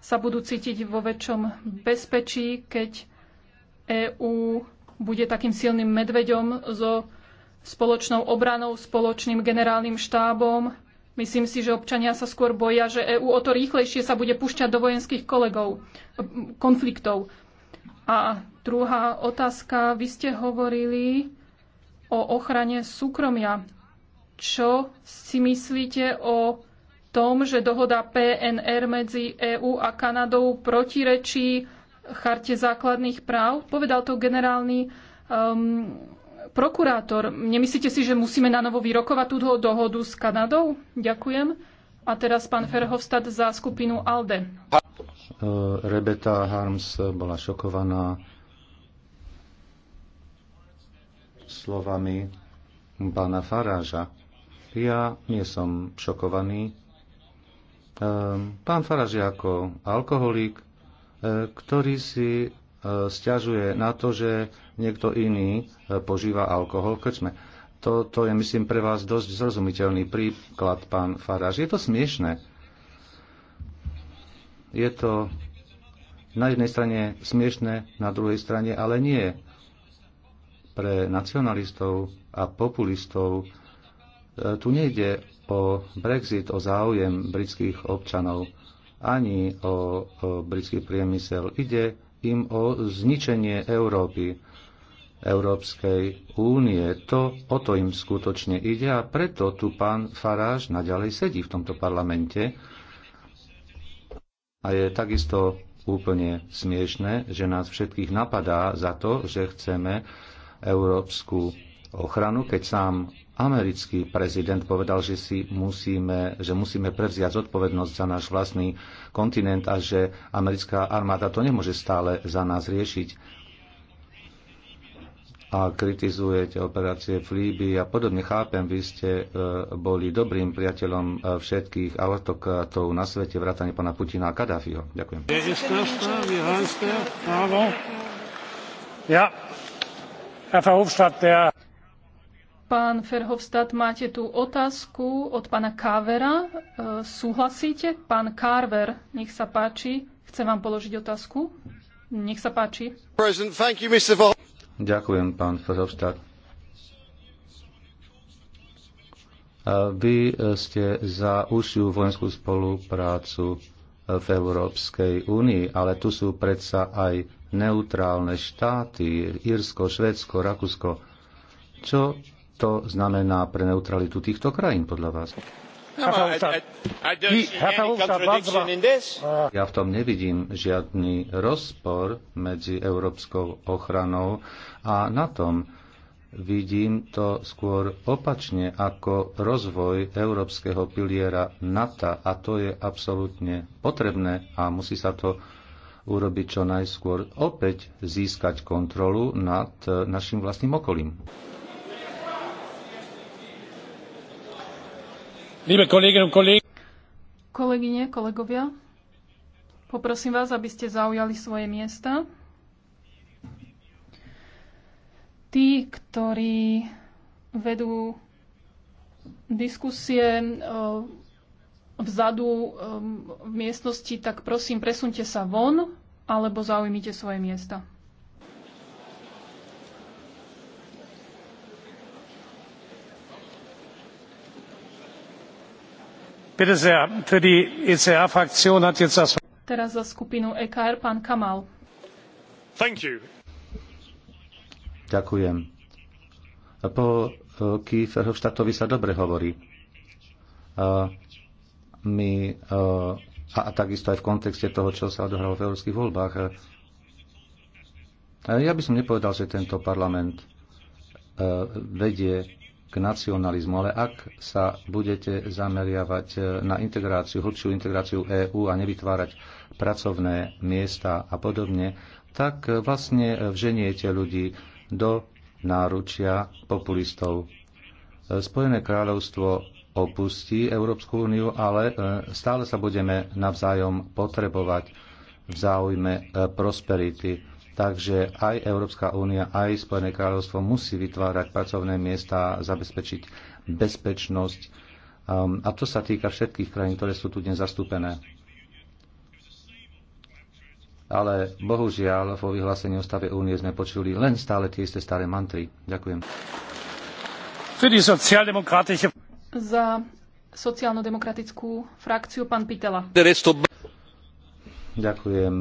sa budú cítiť vo väčšom bezpečí, keď EÚ bude takým silným medveďom so spoločnou obranou, spoločným generálnym štábom. Myslím si, že občania sa skôr boja, že EÚ o to rýchlejšie sa bude pušťať do vojenských kolegov, konfliktov. A Druhá otázka. Vy ste hovorili o ochrane súkromia. Čo si myslíte o tom, že dohoda PNR medzi EÚ a Kanadou protirečí charte základných práv? Povedal to generálny um, prokurátor. Nemyslíte si, že musíme na novo vyrokovať túto dohodu s Kanadou? Ďakujem. A teraz pán Ferhovstad za skupinu ALDE. Uh, Rebeta Harms bola šokovaná slovami pána Faráža. Ja nie som šokovaný. Ehm, pán Faráž je ako alkoholik, e, ktorý si e, stiažuje na to, že niekto iný e, požíva alkohol v krčme. Toto je, myslím, pre vás dosť zrozumiteľný príklad, pán Faráž. Je to smiešné. Je to na jednej strane smiešné, na druhej strane ale nie pre nacionalistov a populistov e, tu nejde o Brexit, o záujem britských občanov, ani o, o britský priemysel. Ide im o zničenie Európy, Európskej únie. To, o to im skutočne ide a preto tu pán Faráž naďalej sedí v tomto parlamente. A je takisto úplne smiešne, že nás všetkých napadá za to, že chceme európsku ochranu, keď sám americký prezident povedal, že, si musíme, že musíme prevziať zodpovednosť za náš vlastný kontinent a že americká armáda to nemôže stále za nás riešiť. A kritizujete operácie v Líbii a podobne. Chápem, vy ste e, boli dobrým priateľom e, všetkých autokratov na svete, vrátane pana Putina a Kadáfiho. Ďakujem. Ja. Pán Verhofstadt, máte tu otázku od pána Kávera. E, súhlasíte? Pán Carver, nech sa páči. Chcem vám položiť otázku. Nech sa páči. Ďakujem, pán Verhofstadt. E, vy e, ste za užšiu vojenskú spoluprácu v Európskej únii, ale tu sú predsa aj neutrálne štáty, Írsko, Švédsko, Rakúsko. Čo to znamená pre neutralitu týchto krajín podľa vás? No, ja v tom nevidím žiadny rozpor medzi európskou ochranou a na tom vidím to skôr opačne ako rozvoj európskeho piliera NATO a to je absolútne potrebné a musí sa to urobiť čo najskôr, opäť získať kontrolu nad e, našim vlastným okolím. Kolegyne, kolegovia, poprosím vás, aby ste zaujali svoje miesta. Tí, ktorí vedú diskusie, e, vzadu um, v miestnosti, tak prosím, presunte sa von alebo zaujímite svoje miesta. E Teraz za skupinu EKR pán Kamal. Ďakujem. Po eh, Kieferhofstadtovi sa dobre hovorí. Uh, my eh, a, a takisto aj v kontexte toho, čo sa odohralo v európskych voľbách. Eh, ja by som nepovedal, že tento parlament eh, vedie k nacionalizmu, ale ak sa budete zameriavať na integráciu, hlbšiu integráciu EÚ a nevytvárať pracovné miesta a podobne, tak vlastne vženiete ľudí do náručia populistov. Spojené kráľovstvo opustí Európsku úniu, ale e, stále sa budeme navzájom potrebovať v záujme e, prosperity. Takže aj Európska únia, aj Spojené kráľovstvo musí vytvárať pracovné miesta, a zabezpečiť bezpečnosť. A to sa týka všetkých krajín, ktoré sú tu dnes zastúpené. Ale bohužiaľ vo vyhlásení o stave únie sme počuli len stále tie isté staré mantry. Ďakujem. Für die za sociálno-demokratickú frakciu pán Pitela. Ďakujem.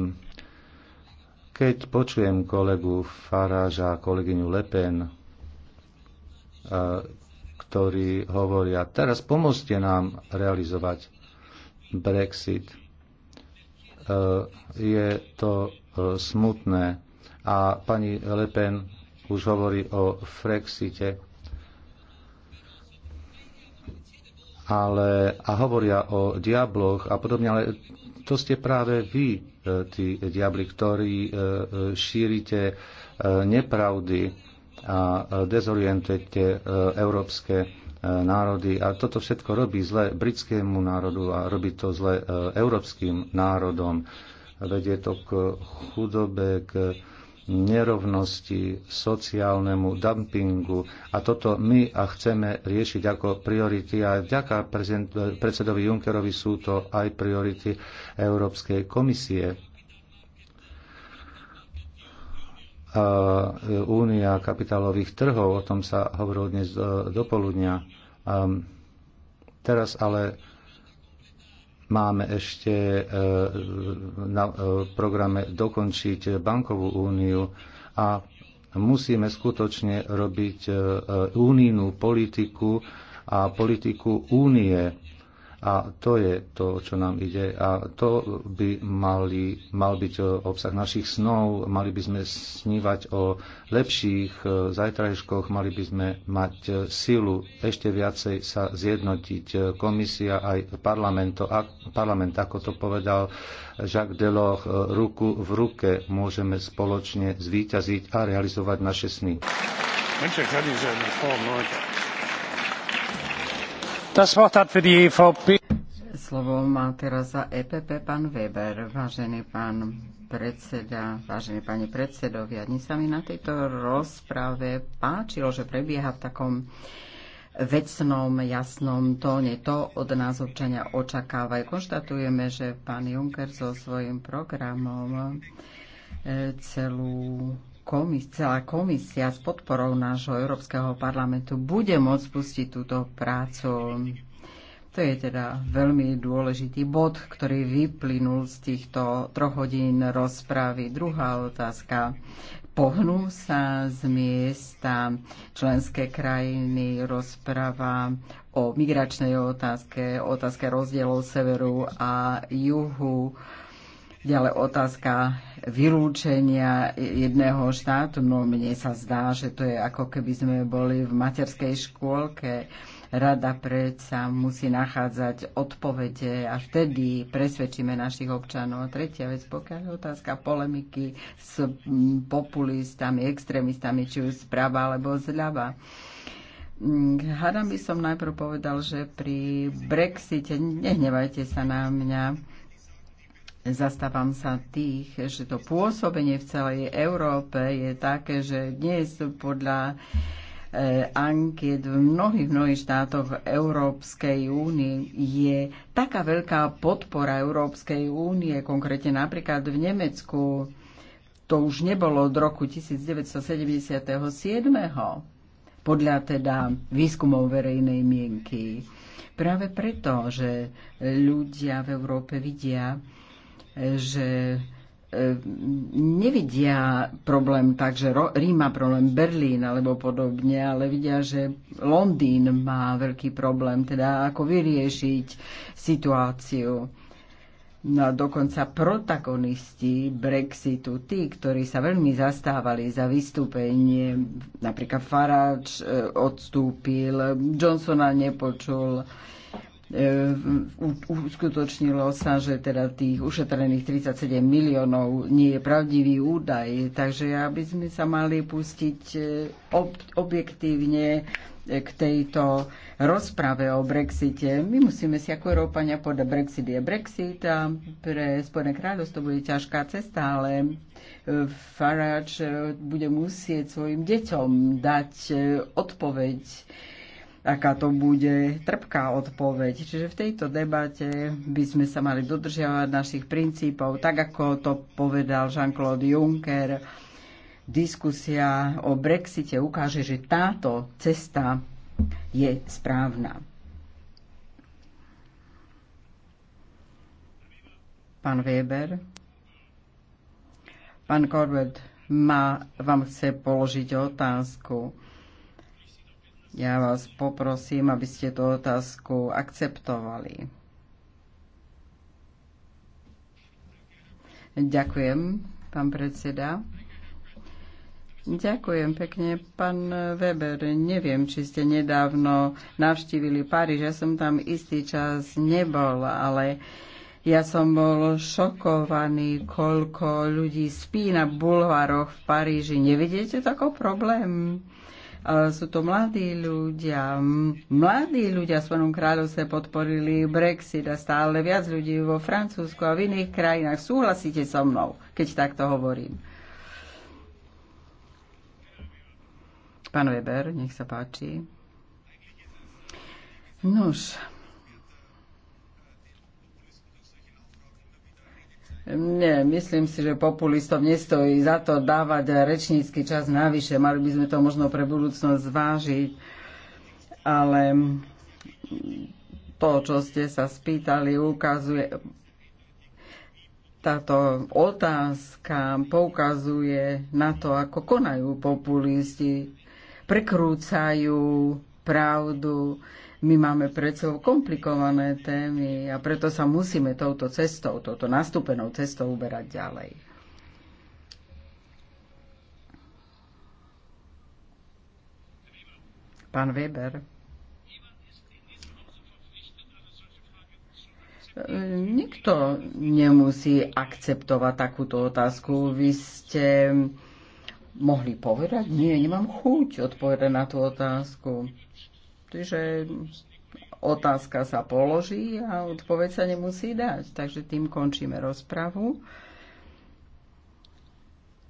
Keď počujem kolegu Faráža a kolegyňu Lepen, ktorí hovoria, teraz pomôžte nám realizovať Brexit, je to e, smutné. A pani Le Pen už hovorí o Frexite ale, a hovoria o diabloch a podobne, ale to ste práve vy, e, tí diabli, ktorí e, e, šírite nepravdy a dezorientujete európske národy. A toto všetko robí zle britskému národu a robí to zle európskym národom. Vedie to k chudobe, k nerovnosti, sociálnemu dumpingu. A toto my a chceme riešiť ako priority. A vďaka predsedovi Junckerovi sú to aj priority Európskej komisie. A e, únia kapitálových trhov, o tom sa hovorilo dnes e, do poludnia. Teraz ale Máme ešte e, na e, programe dokončiť bankovú úniu a musíme skutočne robiť únijnú e, politiku a politiku únie a to je to, čo nám ide. A to by mali, mal byť e, obsah našich snov. Mali by sme snívať o lepších e, zajtrajškoch. Mali by sme mať e, silu ešte viacej sa zjednotiť. Komisia aj parlamento, a, parlament ako to povedal Jacques Delors, ruku v ruke môžeme spoločne zvíťaziť a realizovať naše sny. you. Slovo má teraz za EPP pán Weber, vážený pán predseda, pani predsedovia. Dnes sa mi na tejto rozprave páčilo, že prebieha v takom vecnom, jasnom tóne. To od nás občania očakávajú. Konštatujeme, že pán Juncker so svojím programom eh, celú komis, celá komisia s podporou nášho Európskeho parlamentu bude môcť pustiť túto prácu. To je teda veľmi dôležitý bod, ktorý vyplynul z týchto troch hodín rozpravy. Druhá otázka. Pohnú sa z miesta členské krajiny rozpráva o migračnej otázke, otázke rozdielov severu a juhu Ďalej otázka vylúčenia jedného štátu. No mne sa zdá, že to je ako keby sme boli v materskej škôlke. Rada predsa musí nachádzať odpovede a vtedy presvedčíme našich občanov. A tretia vec, pokiaľ je otázka polemiky s populistami, extrémistami, či už zprava alebo zľava. Mm, hádam by som najprv povedal, že pri Brexite, nehnevajte sa na mňa, Zastávam sa tých, že to pôsobenie v celej Európe je také, že dnes podľa eh, anket v mnohých, mnohých štátoch Európskej únie je taká veľká podpora Európskej únie, konkrétne napríklad v Nemecku, to už nebolo od roku 1977. podľa teda výskumov verejnej mienky. Práve preto, že ľudia v Európe vidia, že e, nevidia problém tak, že Rím má problém, Berlín alebo podobne, ale vidia, že Londýn má veľký problém, teda ako vyriešiť situáciu. No a dokonca protagonisti Brexitu, tí, ktorí sa veľmi zastávali za vystúpenie, napríklad Farage e, odstúpil, Johnsona nepočul, E, uskutočnilo sa, že teda tých ušetrených 37 miliónov nie je pravdivý údaj. Takže aby sme sa mali pustiť e, objektívne e, k tejto rozprave o Brexite. My musíme si ako Európania podať Brexit je Brexit a pre Spojené kráľovstvo bude ťažká cesta, ale Farage bude musieť svojim deťom dať odpoveď aká to bude trpká odpoveď. Čiže v tejto debate by sme sa mali dodržiavať našich princípov, tak ako to povedal Jean-Claude Juncker. Diskusia o Brexite ukáže, že táto cesta je správna. Pán Weber. Pán Corbett, má, vám chce položiť otázku. Ja vás poprosím, aby ste tú otázku akceptovali. Ďakujem, pán predseda. Ďakujem pekne, pán Weber. Neviem, či ste nedávno navštívili Paríž. Ja som tam istý čas nebol, ale ja som bol šokovaný, koľko ľudí spí na bulvároch v Paríži. Nevidíte taký problém? Sú to mladí ľudia. Mladí ľudia v svojom kráľovstve podporili Brexit a stále viac ľudí vo Francúzsku a v iných krajinách. Súhlasíte so mnou, keď takto hovorím? Pán Weber, nech sa páči. Nož, Nie, myslím si, že populistom nestojí za to dávať rečnícky čas navyše. Mali by sme to možno pre budúcnosť zvážiť. Ale to, čo ste sa spýtali, ukazuje, táto otázka poukazuje na to, ako konajú populisti. Prekrúcajú pravdu, my máme predsa komplikované témy a preto sa musíme touto cestou, touto nastúpenou cestou uberať ďalej. Pán Weber. Nikto nemusí akceptovať takúto otázku. Vy ste mohli povedať, nie, nemám chuť odpovedať na tú otázku že otázka sa položí a odpoveď sa nemusí dať. Takže tým končíme rozpravu.